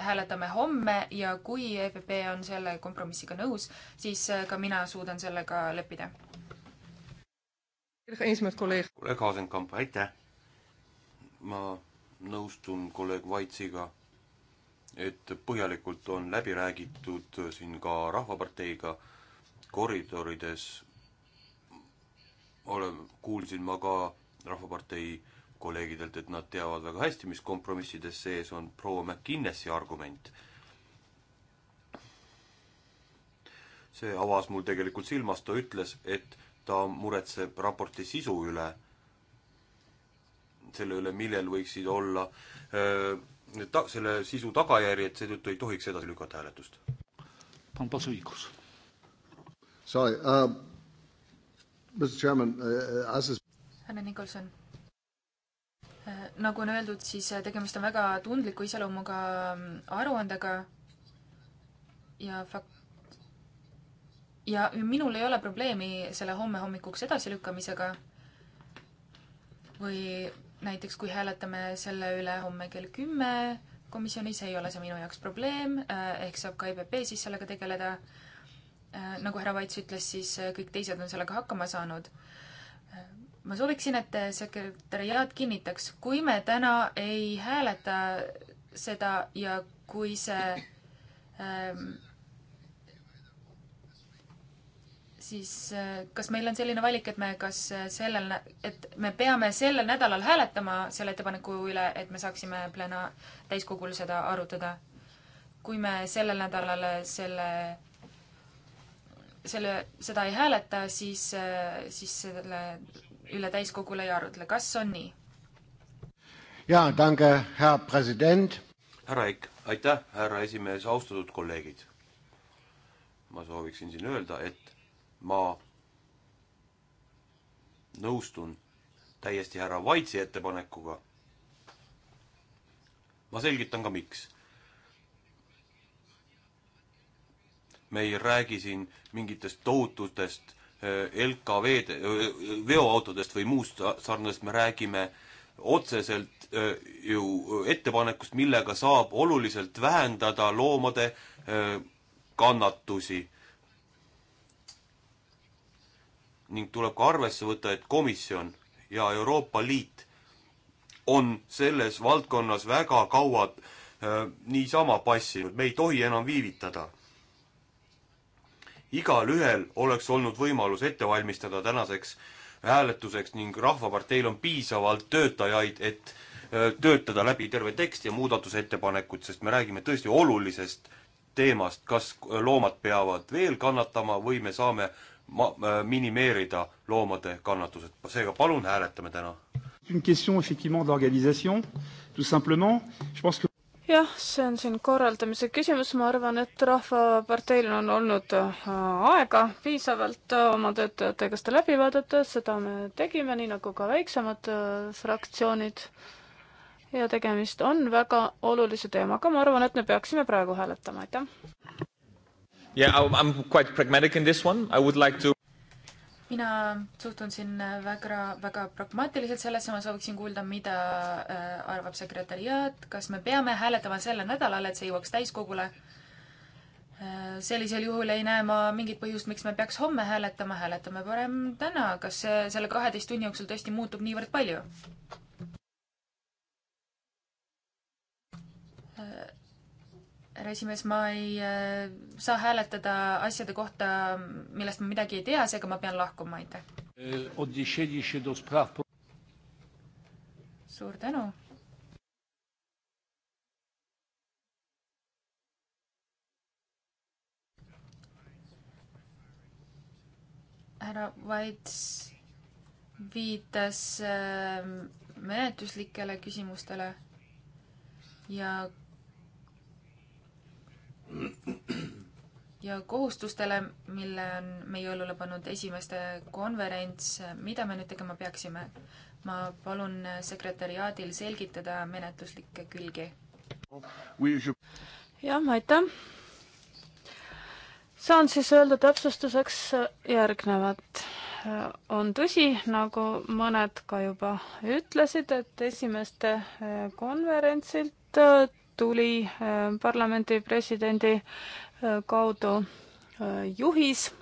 hääletame homme ja kui EPP on selle kompromissiga nõus, siis ka mina suudan sellega leppida. kolleeg Asenkamp, aitäh! ma nõustun kolleeg Vaitsiga, et põhjalikult on läbi räägitud siin ka Rahvaparteiga koridorides, olen, kuulsin ma ka Rahvapartei äh, kolleegidelt, et nad teavad väga hästi, mis kompromissides sees on proua McInnesi argument. see avas mul tegelikult silmas, ta ütles, et ta muretseb raporti sisu üle, selle üle, millel võiksid olla öö, äh, ta-, selle sisu tagajärjed, seetõttu ei tohiks edasi lükata hääletust. Pampas õigus. Sorry uh,, Mr Chairman uh, uh,, as is härra Nicholson nagu on öeldud, siis äh, tegemist on väga tundliku iseloomuga mm, aruandega ja fakt-, ja minul ei ole probleemi selle homme hommikuks edasilükkamisega või näiteks kui hääletame selle üle homme kell kümme komisjonis, ei ole see minu jaoks probleem, äh, ehk saab ka EPP siis sellega tegeleda. Äh, nagu härra Vaits ütles, siis kõik teised on sellega hakkama saanud ma sooviksin, et sekretäriaat kinnitaks, kui me täna ei hääleta seda ja kui see ähm, siis äh, kas meil on selline valik, et me kas sellel, et me peame sellel nädalal hääletama selle ettepaneku üle, et me saaksime plena-, täiskogul seda arutada? kui me sellel nädalal selle, selle, seda ei hääleta, siis, äh, siis selle üle täiskogule ja arutle, kas on nii? jaa, tänke, hea president. härra Eik, aitäh, härra esimees, austatud kolleegid. ma sooviksin siin öelda, et ma nõustun täiesti härra Vaitsi ettepanekuga. ma selgitan ka, miks. me ei räägi siin mingitest tohututest Äh, LKV-d, äh, äh, veoautodest või muust sarnasest me räägime otseselt ju ettepanekust, millega saab oluliselt vähendada loomade kannatusi. ning tuleb ka arvesse võtta, et komisjon ja Euroopa Liit on selles valdkonnas väga kaua niisama passinud, me ei tohi enam viivitada igalühel oleks olnud võimalus ette valmistada tänaseks hääletuseks ning Rahvaparteil on piisavalt töötajaid, et töötada läbi terve tekst ja muudatusettepanekud, sest me räägime tõesti olulisest teemast, kas loomad peavad veel kannatama või me saame ma-, minimeerida loomade kannatused, seega palun hääletame täna. Une question effectivement d'organisation, tout simplement, je pense que jah, see on siin korraldamise küsimus, ma arvan, et Rahvaparteil on olnud äh, aega piisavalt äh, oma töötajate käest läbi vaadata, seda me tegime, nii nagu ka väiksemad äh, fraktsioonid. ja tegemist on väga olulise teemaga, ma arvan, et me peaksime praegu hääletama, aitäh. Yeah, I am quite pragmatic in this one, I would like to mina suhtun siin väga, väga pragmaatiliselt sellesse, ma sooviksin kuulda, mida äh, arvab sekretäriaat, kas me peame hääletama sellel nädalal, et see jõuaks täiskogule. Äh, sellisel juhul ei näe ma mingit põhjust, miks me peaks homme hääletama, hääletame parem täna, kas see selle kaheteist tunni jooksul tõesti muutub niivõrd palju? Äh, härra esimees, ma ei äh, saa hääletada asjade kohta, millest ma midagi ei tea, seega ma pean lahkuma, aitäh. Äh, suur tänu. härra Vaits viitas äh, menetluslikele küsimustele ja ja kohustustele, mille on meie õlule pannud esimeste konverents, mida me nüüd tegema peaksime? ma palun sekretäriaadil selgitada menetluslikke külgi. jah, aitäh. saan siis öelda täpsustuseks järgnevat. on tõsi, nagu mõned ka juba ütlesid, et esimeste konverentsilt tuli äh, parlamendi presidendi äh, kaudu äh, juhis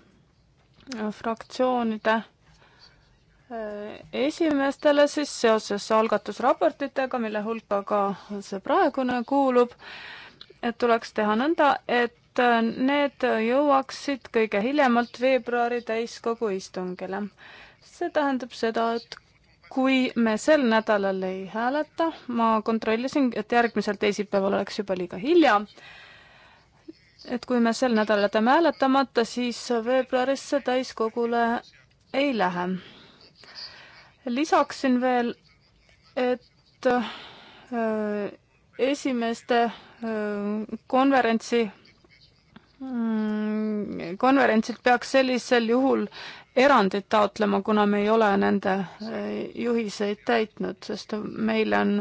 fraktsioonide esimestele siis seoses algatusraportitega, mille hulka ka see praegune kuulub, et tuleks teha nõnda, et need jõuaksid kõige hiljemalt veebruari täiskogu istungile. see tähendab seda, et kui me sel nädalal ei hääleta, ma kontrollisin, et järgmisel teisipäeval oleks juba liiga hilja, et kui me sel nädalal jätame hääletamata, siis veebruarisse täiskogule ei lähe. lisaksin veel, et äh, esimeste äh, konverentsi mm, konverentsilt peaks sellisel juhul erandit taotlema, kuna me ei ole nende eh, juhiseid täitnud, sest meile on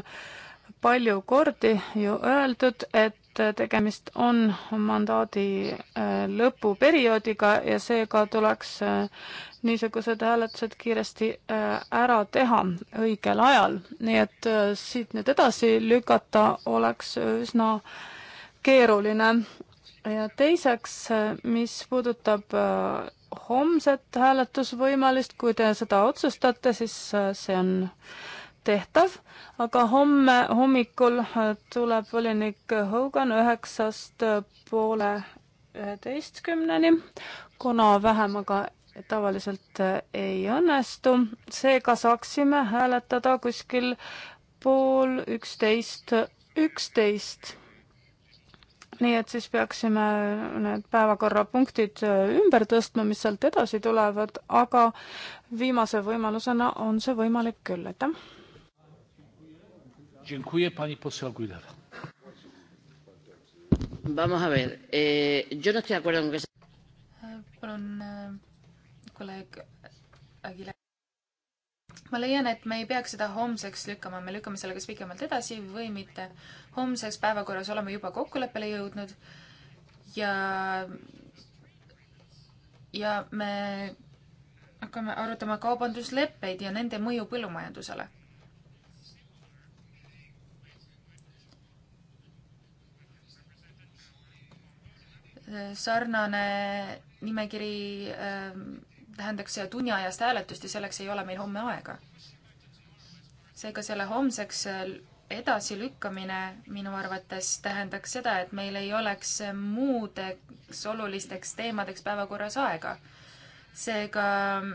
palju kordi ju öeldud, et tegemist on mandaadi eh, lõpuperioodiga ja seega tuleks eh, niisugused hääletused kiiresti ära teha õigel ajal, nii et siit nüüd edasi lükata oleks üsna keeruline. ja teiseks, mis puudutab homset hääletusvõimalist, kui te seda otsustate, siis äh, see on tehtav, aga homme hommikul äh, tuleb volinik Hogan üheksast äh, poole üheteistkümneni, kuna vähem aga tavaliselt ei õnnestu, seega saaksime hääletada kuskil pool üksteist, üksteist nii et siis peaksime need päevakorrapunktid äh, ümber tõstma, mis sealt edasi tulevad, aga viimase võimalusena on see võimalik küll, aitäh. palun kolleeg Agile ma leian, et me ei peaks seda homseks lükkama, me lükkame selle kas pikemalt edasi või mitte. homseks päevakorras oleme juba kokkuleppele jõudnud ja, ja me hakkame arutama kaubandusleppeid ja nende mõju põllumajandusele. sarnane nimekiri äh, tähendaks tunniajast hääletust ja selleks ei ole meil homme aega. seega selle homseks äh, edasilükkamine minu arvates tähendaks seda, et meil ei oleks äh, muudeks olulisteks teemadeks päevakorras aega. seega äh,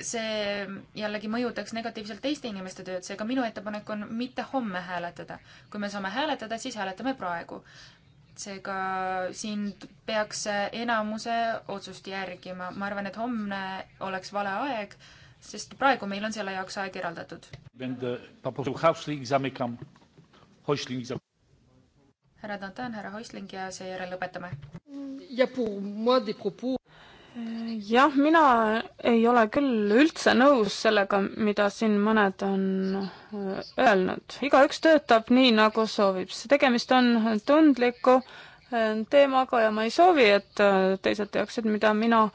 see jällegi mõjutaks negatiivselt teiste inimeste tööd, seega minu ettepanek on mitte homme hääletada. kui me saame hääletada, siis hääletame praegu seega siin peaks enamuse otsust järgima. ma arvan, et homne oleks vale aeg, sest praegu meil on selle jaoks aeg eraldatud. härra Dantan, härra Häusling ja seejärel lõpetame jah, mina ei ole küll üldse nõus sellega, mida siin mõned on äh, öelnud. igaüks töötab nii, nagu soovib. tegemist on tundliku äh, teemaga ja ma ei soovi, et äh, teised teaksid, mida mina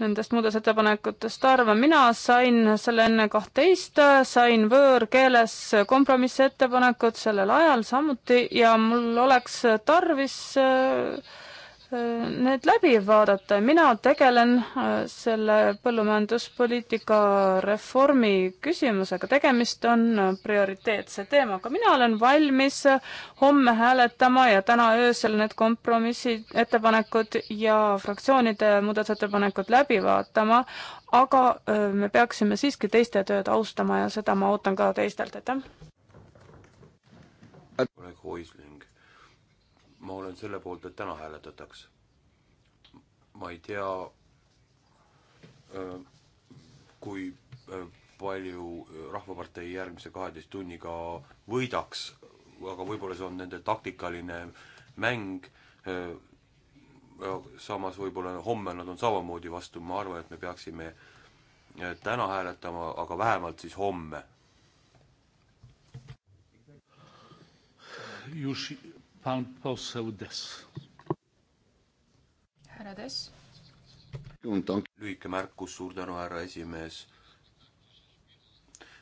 nendest muudatusettepanekutest arvan. mina sain selle enne kahtteist, sain võõrkeeles kompromissettepanekud sellel ajal samuti ja mul oleks tarvis äh, need läbi vaadata ja mina tegelen äh, selle põllumajanduspoliitika reformi küsimusega, tegemist on äh, prioriteetse teemaga. mina olen valmis äh, homme hääletama ja täna öösel need kompromissi ettepanekud ja fraktsioonide muudatusettepanekud läbi vaatama, aga me peaksime siiski teiste tööd austama ja seda ma ootan ka teistelt, aitäh. kolleeg Oisling ma olen selle poolt, et täna hääletataks. ma ei tea, äh, kui äh, palju äh, Rahvapartei järgmise kaheteist tunniga võidaks, aga võib-olla see on nende taktikaline mäng, samas võib-olla homme nad on samamoodi vastu, ma arvan, et me peaksime täna hääletama, aga vähemalt siis homme. Już pan poseł Des. härra Des. lühike märkus, suur tänu, härra esimees.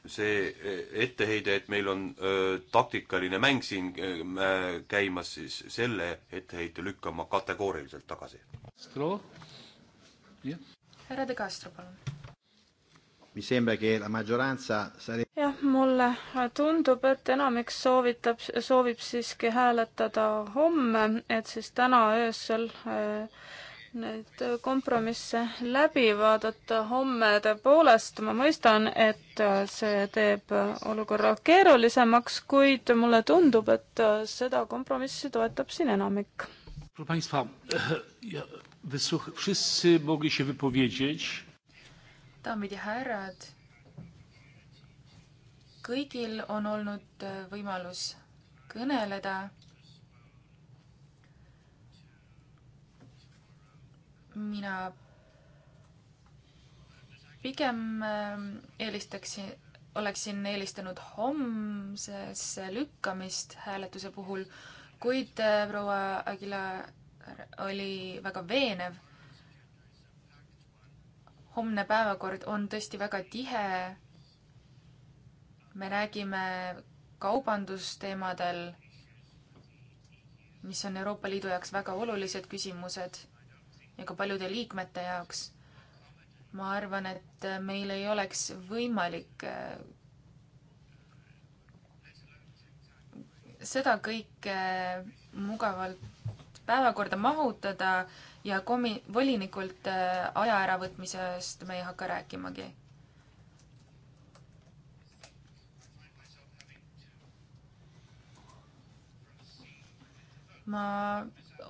see e, etteheide, et meil on öö, e, taktikaline mäng siin öö, e, käimas, siis selle etteheite lükkan ma kategooriliselt tagasi. härra De Castro, palun jah, mulle tundub, et enamik soovitab, soovib siiski hääletada homme, et siis täna öösel äh, neid kompromisse läbi vaadata. homme tõepoolest ma mõistan, et äh, see teeb olukorra keerulisemaks, kuid mulle tundub, et äh, seda kompromissi toetab siin enamik. Proszę Państwa, (clears throat) wszyscy mogli się wypowiedzieć daamid ja härrad, kõigil on olnud äh, võimalus kõneleda. mina pigem ähm, eelistaksin, oleksin eelistanud homsesse lükkamist hääletuse puhul, kuid äh, proua Agila oli väga veenev homne päevakord on tõesti väga tihe. me räägime kaubandusteemadel, mis on Euroopa Liidu jaoks väga olulised küsimused ja ka paljude liikmete jaoks. ma arvan, et meil ei oleks võimalik äh, seda kõike mugavalt päevakorda mahutada ja komi-, volinikult äh, aja äravõtmisest me ei hakka rääkimagi. ma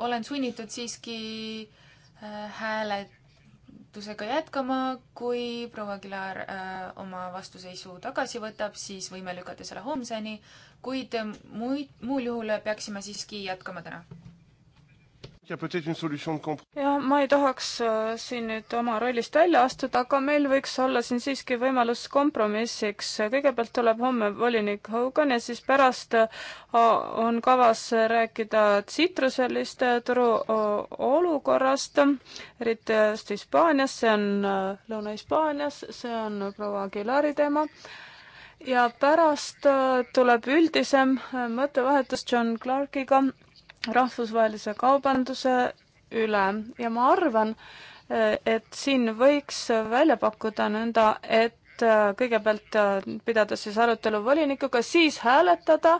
olen sunnitud siiski äh, hääletusega jätkama, kui proua Kilar äh, oma vastuseisu tagasi võtab, siis võime lükata selle homseni, kuid muid, muul juhul peaksime siiski jätkama täna jah, ma ei tahaks äh, siin nüüd oma rollist välja astuda, aga meil võiks olla siin siiski võimalus kompromissiks. kõigepealt tuleb homme volinik Hogan ja siis pärast äh, on kavas rääkida tsitruseliste turu äh, olukorrast, eriti just Hispaanias, see on Lõuna-Hispaanias, see on proua Aguilari teema ja pärast tuleb üldisem mõttevahetus John Clarkiga rahvusvahelise kaubanduse üle ja ma arvan, eh, et siin võiks välja pakkuda nõnda, et eh, kõigepealt eh, pidada siis arutelu volinikuga, siis hääletada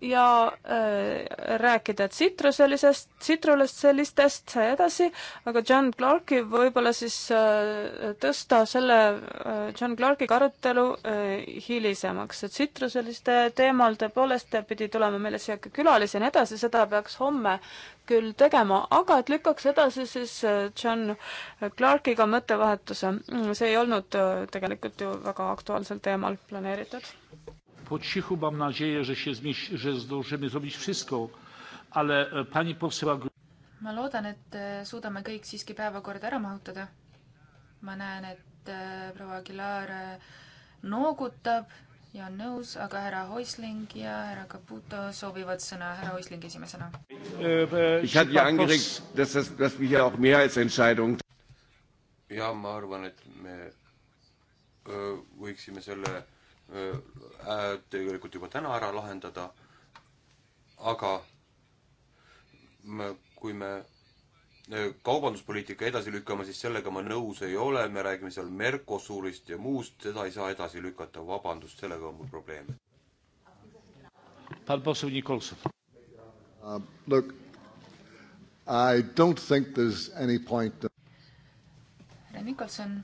ja äh, rääkida tsitruselisest, tsitrulest sellistest ja edasi, aga John Clarke'i võib-olla siis äh, tõsta selle äh, John Clarke'iga arutelu äh, hilisemaks, et tsitruseliste teemal tõepoolest pidi tulema meile siia ka külalisi ja nii edasi, seda peaks homme küll tegema, aga et lükkaks edasi siis äh, John Clarke'iga mõttevahetuse, mm, see ei olnud äh, tegelikult ju väga aktuaalsel teemal planeeritud po cichu mam nadzieję, że, się zmieści, że zdążymy zrobić wszystko, ale e, pani poseł ma loodan, et e, suudame kõik siiski päevakorda ära mahutada. ma näen, et e, proua Aguilar noogutab ja on nõus, aga härra Häusling ja härra Caputo soovivad sõna. härra Häusling esimesena. ja ma arvan, et me võiksime selle Äh, äh, tegelikult juba täna ära lahendada, aga kui me äh, kaubanduspoliitika edasi lükkame, siis sellega ma nõus ei ole, me räägime seal Mercosurist ja muust, seda ei saa edasi lükata, vabandust, sellega on mul probleeme. Uh, look, I don't think there's any point. Nicholson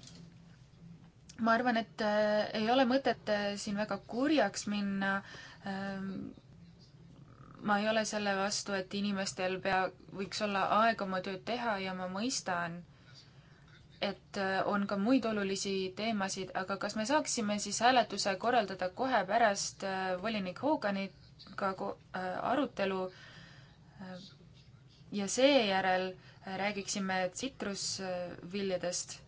ma arvan, et äh, ei ole mõtet äh, siin väga kurjaks minna ähm,. ma ei ole selle vastu, et inimestel pea, võiks olla aeg oma tööd teha ja ma mõistan, et äh, on ka muid olulisi teemasid, aga kas me saaksime siis hääletuse korraldada kohe pärast äh, volinik Hoganiga äh, arutelu äh, ja seejärel äh, räägiksime tsitrusviljadest äh,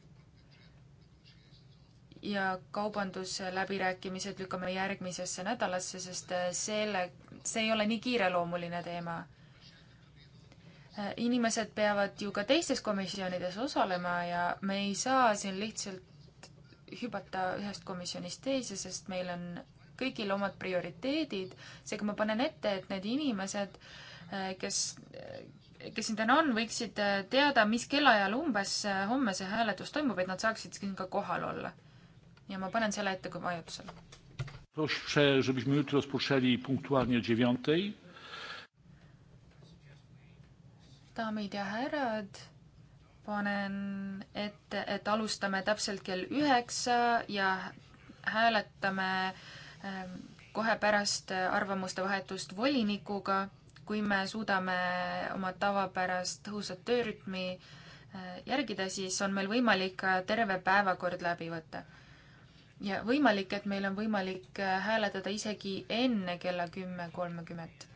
ja kaubandusläbirääkimised lükkame järgmisesse nädalasse, sest äh, selle, see ei ole nii kiireloomuline teema. Äh, inimesed peavad ju ka teistes komisjonides osalema ja me ei saa siin lihtsalt hübata ühest komisjonist teise, sest meil on kõigil omad prioriteedid, seega ma panen ette, et need inimesed, äh, kes, kes siin täna on, võiksid teada, mis kellaajal umbes homme see hääletus toimub, et nad saaksid siin ka kohal olla ja ma panen selle ette ka vajadusel. daamid ja härrad, panen ette, et alustame täpselt kell üheksa ja hääletame ähm, kohe pärast äh, arvamuste vahetust volinikuga, kui me suudame oma tavapärast tõhusat töörütmi äh, järgida, siis on meil võimalik äh, terve päevakord läbi võtta ja võimalik, et meil on võimalik äh, hääletada isegi enne kella kümme kolmekümmet.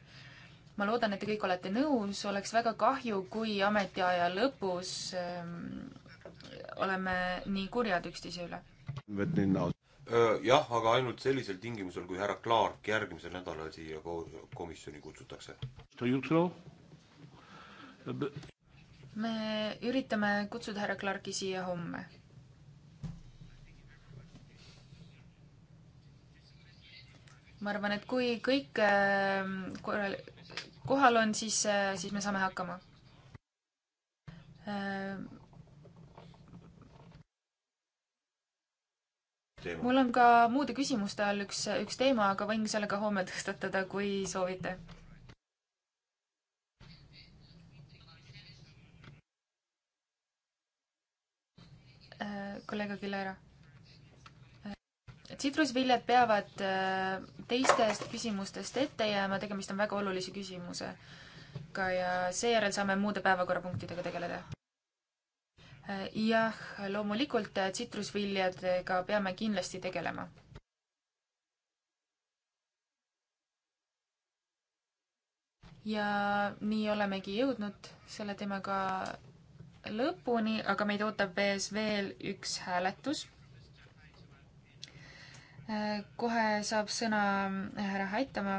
ma loodan, et te kõik olete nõus, oleks väga kahju, kui ametiaja lõpus öö, ähm, oleme nii kurjad üksteise üle. Äh, jah, aga ainult sellisel tingimusel, kui härra Clark järgmisel nädalal siia ko komisjoni kutsutakse. me üritame kutsuda härra Clarki siia homme ma arvan, et kui kõik ähm, korral, kohal on, siis, äh, siis me saame hakkama. Äh, mul on ka muude küsimuste all üks, üks teema, aga võin selle ka homme (laughs) tõstatada, kui soovite. Äh, kolleeg Aguilera tsitrusviljad peavad äh, teistest küsimustest ette jääma, tegemist on väga olulise küsimusega ja seejärel saame muude päevakorrapunktidega tegeleda. Äh, jah, loomulikult äh, tsitrusviljadega peame kindlasti tegelema ja nii olemegi jõudnud selle teemaga lõpuni, aga meid ootab ees veel üks hääletus kohe saab sõna äh, härra Haitama,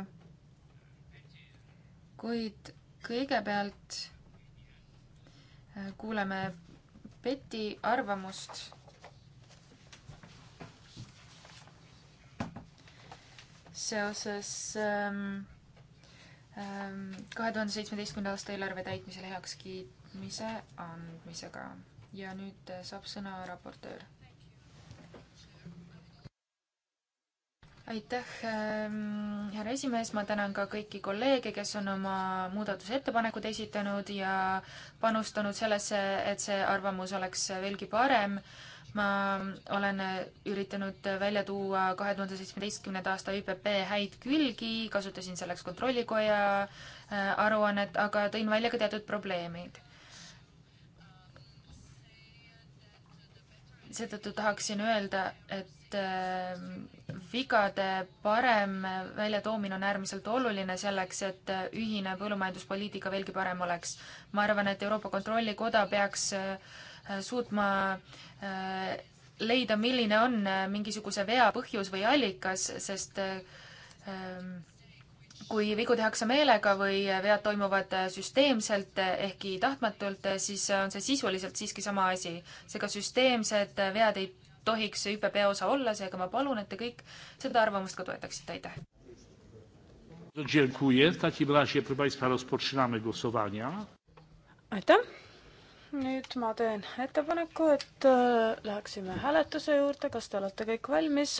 kuid kõigepealt äh, kuuleme Peti arvamust. seoses ähm, ähm, kahe tuhande seitsmeteistkümnenda aasta eelarve täitmisele heakskiitmise andmisega ja nüüd äh, saab sõna raportöör aitäh, ähm, härra esimees, ma tänan ka kõiki kolleege, kes on oma muudatusettepanekud esitanud ja panustanud sellesse, et see arvamus oleks veelgi parem. ma olen üritanud välja tuua kahe tuhande seitsmeteistkümnenda aasta ÜPP häid külgi, kasutasin selleks Kontrollikoja äh, aruannet, aga tõin välja ka teatud probleemid seetõttu tahaksin öelda, et Ehm, vigade parem väljatoomine on äärmiselt oluline selleks, et ühine põllumajanduspoliitika veelgi parem oleks. ma arvan, et Euroopa Kontrollikoda peaks ehm, suutma ehm, leida, milline on mingisuguse vea põhjus või allikas, sest kui vigu tehakse meelega või vead toimuvad süsteemselt, ehkki tahtmatult, siis on see sisuliselt siiski sama asi. seega süsteemsed vead ei tohiks see ÜPP osa olla, seega ma palun, et te kõik seda arvamust ka toetaksite, aitäh. aitäh. nüüd ma teen ettepaneku, et äh, läheksime hääletuse juurde, kas te olete kõik valmis?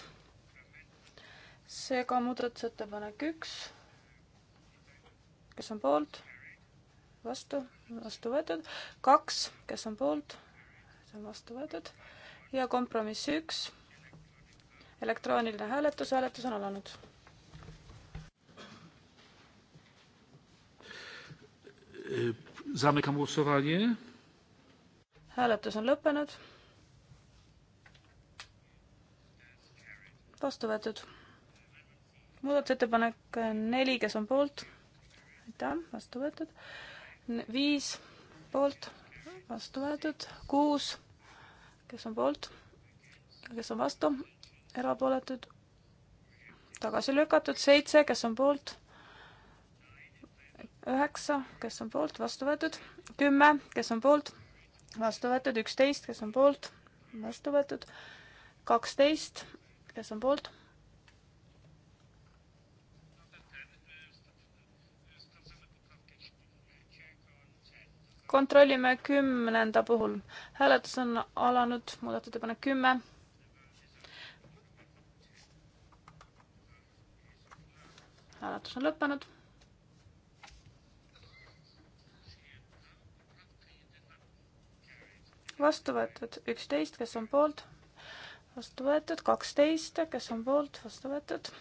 seega muudatusettepanek üks. kes on poolt? vastu, vastu võetud. kaks, kes on poolt? see on vastu võetud ja kompromiss üks. elektrooniline hääletus, hääletus on alanud. hääletus on lõppenud. vastu võetud. muudatusettepanek neli, kes on poolt? aitäh, vastu võetud. viis poolt, vastu võetud, kuus kes on poolt, kes on vastu, erapooletud, tagasi lükatud, seitse, kes on poolt, üheksa, kes on poolt, vastu võetud, kümme, kes on poolt, vastu võetud, üksteist, kes on poolt, vastu võetud, kaksteist, kes on poolt kontrollime kümnenda puhul. hääletus on alanud, muudatusettepanek kümme. hääletus on lõppenud. vastu võetud üksteist, kes on poolt, vastu võetud kaksteist, kes on poolt, vastu võetud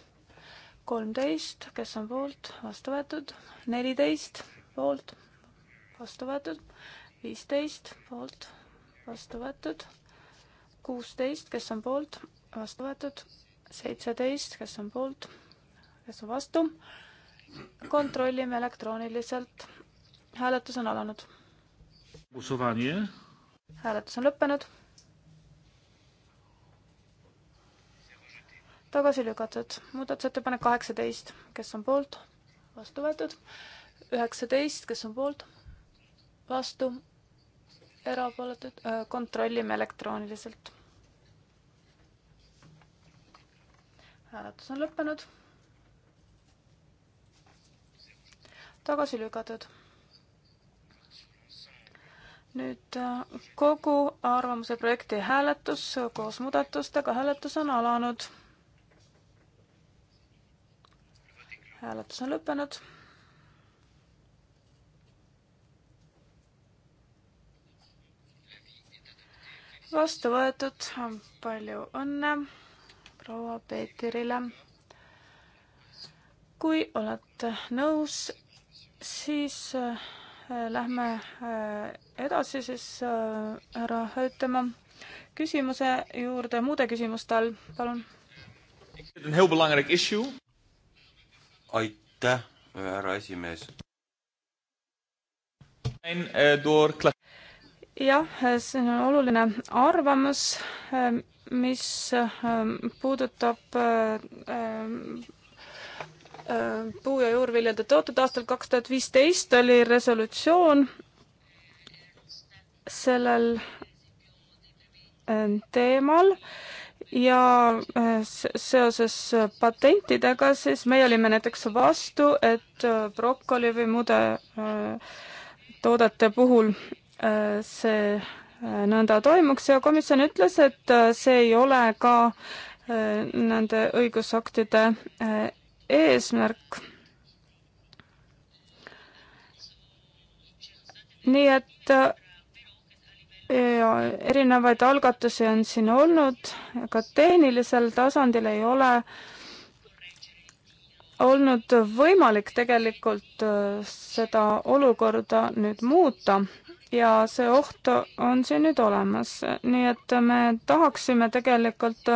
kolmteist, kes on poolt, vastu võetud neliteist, poolt, vastu võetud, viisteist poolt, vastu võetud, kuusteist, kes on poolt, vastu võetud, seitseteist, kes on poolt, kes on vastu. kontrollime elektrooniliselt. hääletus on alanud. hääletus on lõppenud. tagasi lükatud muudatusettepanek kaheksateist, kes on poolt, vastu võetud, üheksateist, kes on poolt vastu, erapooletud, kontrollime elektrooniliselt. hääletus on lõppenud. tagasi lükatud nüüd kogu arvamuse projekti hääletus koos muudatustega, hääletus on alanud. hääletus on lõppenud vastu võetud, palju õnne proua Peeterile. kui olete nõus, siis äh, lähme äh, edasi siis härra äh, Hüütema küsimuse juurde, muude küsimuste all, palun. aitäh, härra esimees. Eh, jah, see on oluline arvamus, eh, mis eh, puudutab eh, puu- ja juurviljade tooted. aastal kaks tuhat viisteist oli resolutsioon sellel teemal ja seoses patentidega siis meie olime näiteks vastu, et brokoli või muude toodete puhul see äh, nõnda toimuks ja komisjon ütles, et äh, see ei ole ka äh, nende õigusaktide eesmärk. nii et ja erinevaid algatusi on siin olnud, aga tehnilisel tasandil ei ole olnud võimalik tegelikult seda olukorda nüüd muuta ja see oht on siin nüüd olemas, nii et me tahaksime tegelikult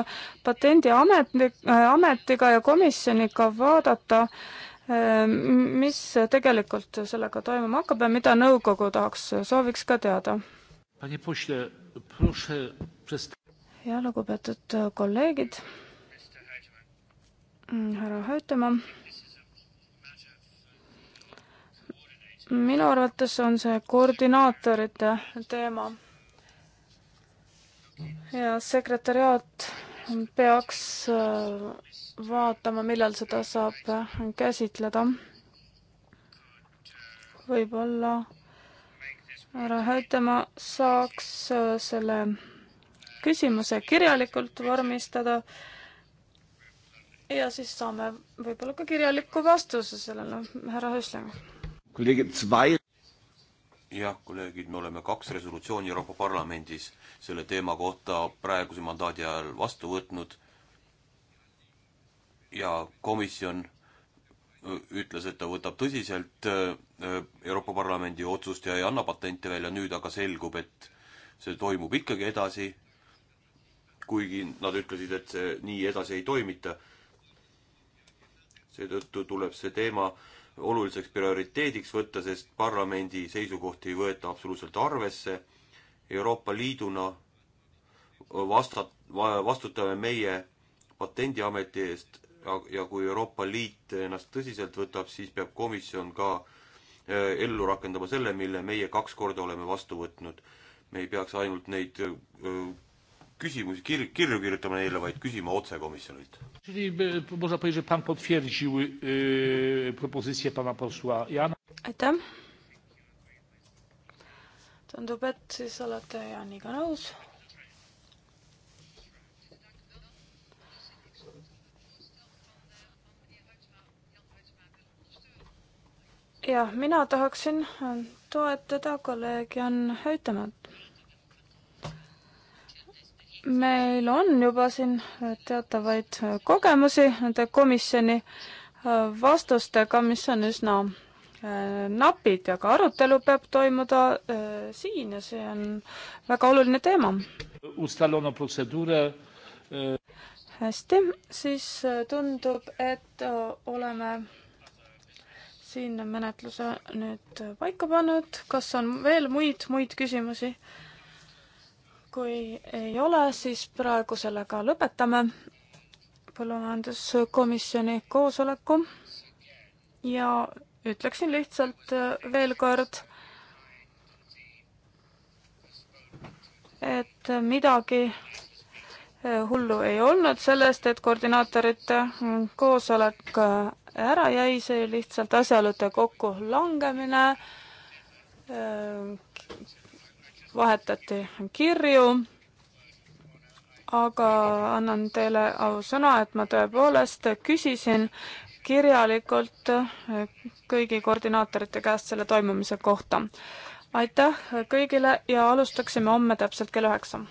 patendiametnik, äh, ametiga ja komisjoniga vaadata, äh, mis tegelikult sellega toimuma hakkab ja mida nõukogu tahaks, sooviks ka teada. ja lugupeetud kolleegid, mm, härra Hüütemaa minu arvates on see koordinaatorite teema. ja sekretäriaat peaks äh, vaatama, millal seda saab käsitleda. võib-olla härra Häitemaa saaks äh, selle küsimuse kirjalikult vormistada ja siis saame võib-olla ka kirjaliku vastuse sellele härra Höslingilt jah, kolleegid, me oleme kaks resolutsiooni Euroopa Parlamendis selle teema kohta praeguse mandaadi ajal vastu võtnud ja komisjon ütles, et ta võtab tõsiselt Euroopa Parlamendi otsust ja ei anna patente välja, nüüd aga selgub, et see toimub ikkagi edasi, kuigi nad ütlesid, et see nii edasi ei toimita. seetõttu tuleb see teema oluliseks prioriteediks võtta, sest parlamendi seisukohti ei võeta absoluutselt arvesse. Euroopa Liiduna vasta-, vastutame meie Patendiameti eest ja kui Euroopa Liit ennast tõsiselt võtab, siis peab komisjon ka äh, ellu rakendama selle, mille meie kaks korda oleme vastu võtnud. me ei peaks ainult neid äh, küsimusi kir-, kirju kirjutama neile, vaid küsima otse komisjonilt. E, e, aitäh. tundub, et siis olete Jaaniga nõus. jah, mina tahaksin toetada kolleeg Jan Häütemat meil on juba siin teatavaid kogemusi nende komisjoni äh, vastustega, mis on üsna äh, napid ja ka arutelu peab toimuda äh, siin ja see on väga oluline teema. hästi, siis tundub, et oleme siin menetluse nüüd paika pannud, kas on veel muid, muid küsimusi? kui ei ole, siis praegu sellega lõpetame põllumajanduskomisjoni koosoleku ja ütleksin lihtsalt äh, veel kord, et midagi äh, hullu ei olnud sellest, et koordinaatorite koosolek äh, ära jäi, see oli lihtsalt asjaolude kokkulangemine vahetati kirju, aga annan teile ausõna, et ma tõepoolest küsisin kirjalikult eh, kõigi koordinaatorite käest selle toimumise kohta. aitäh kõigile ja alustaksime homme täpselt kell üheksa.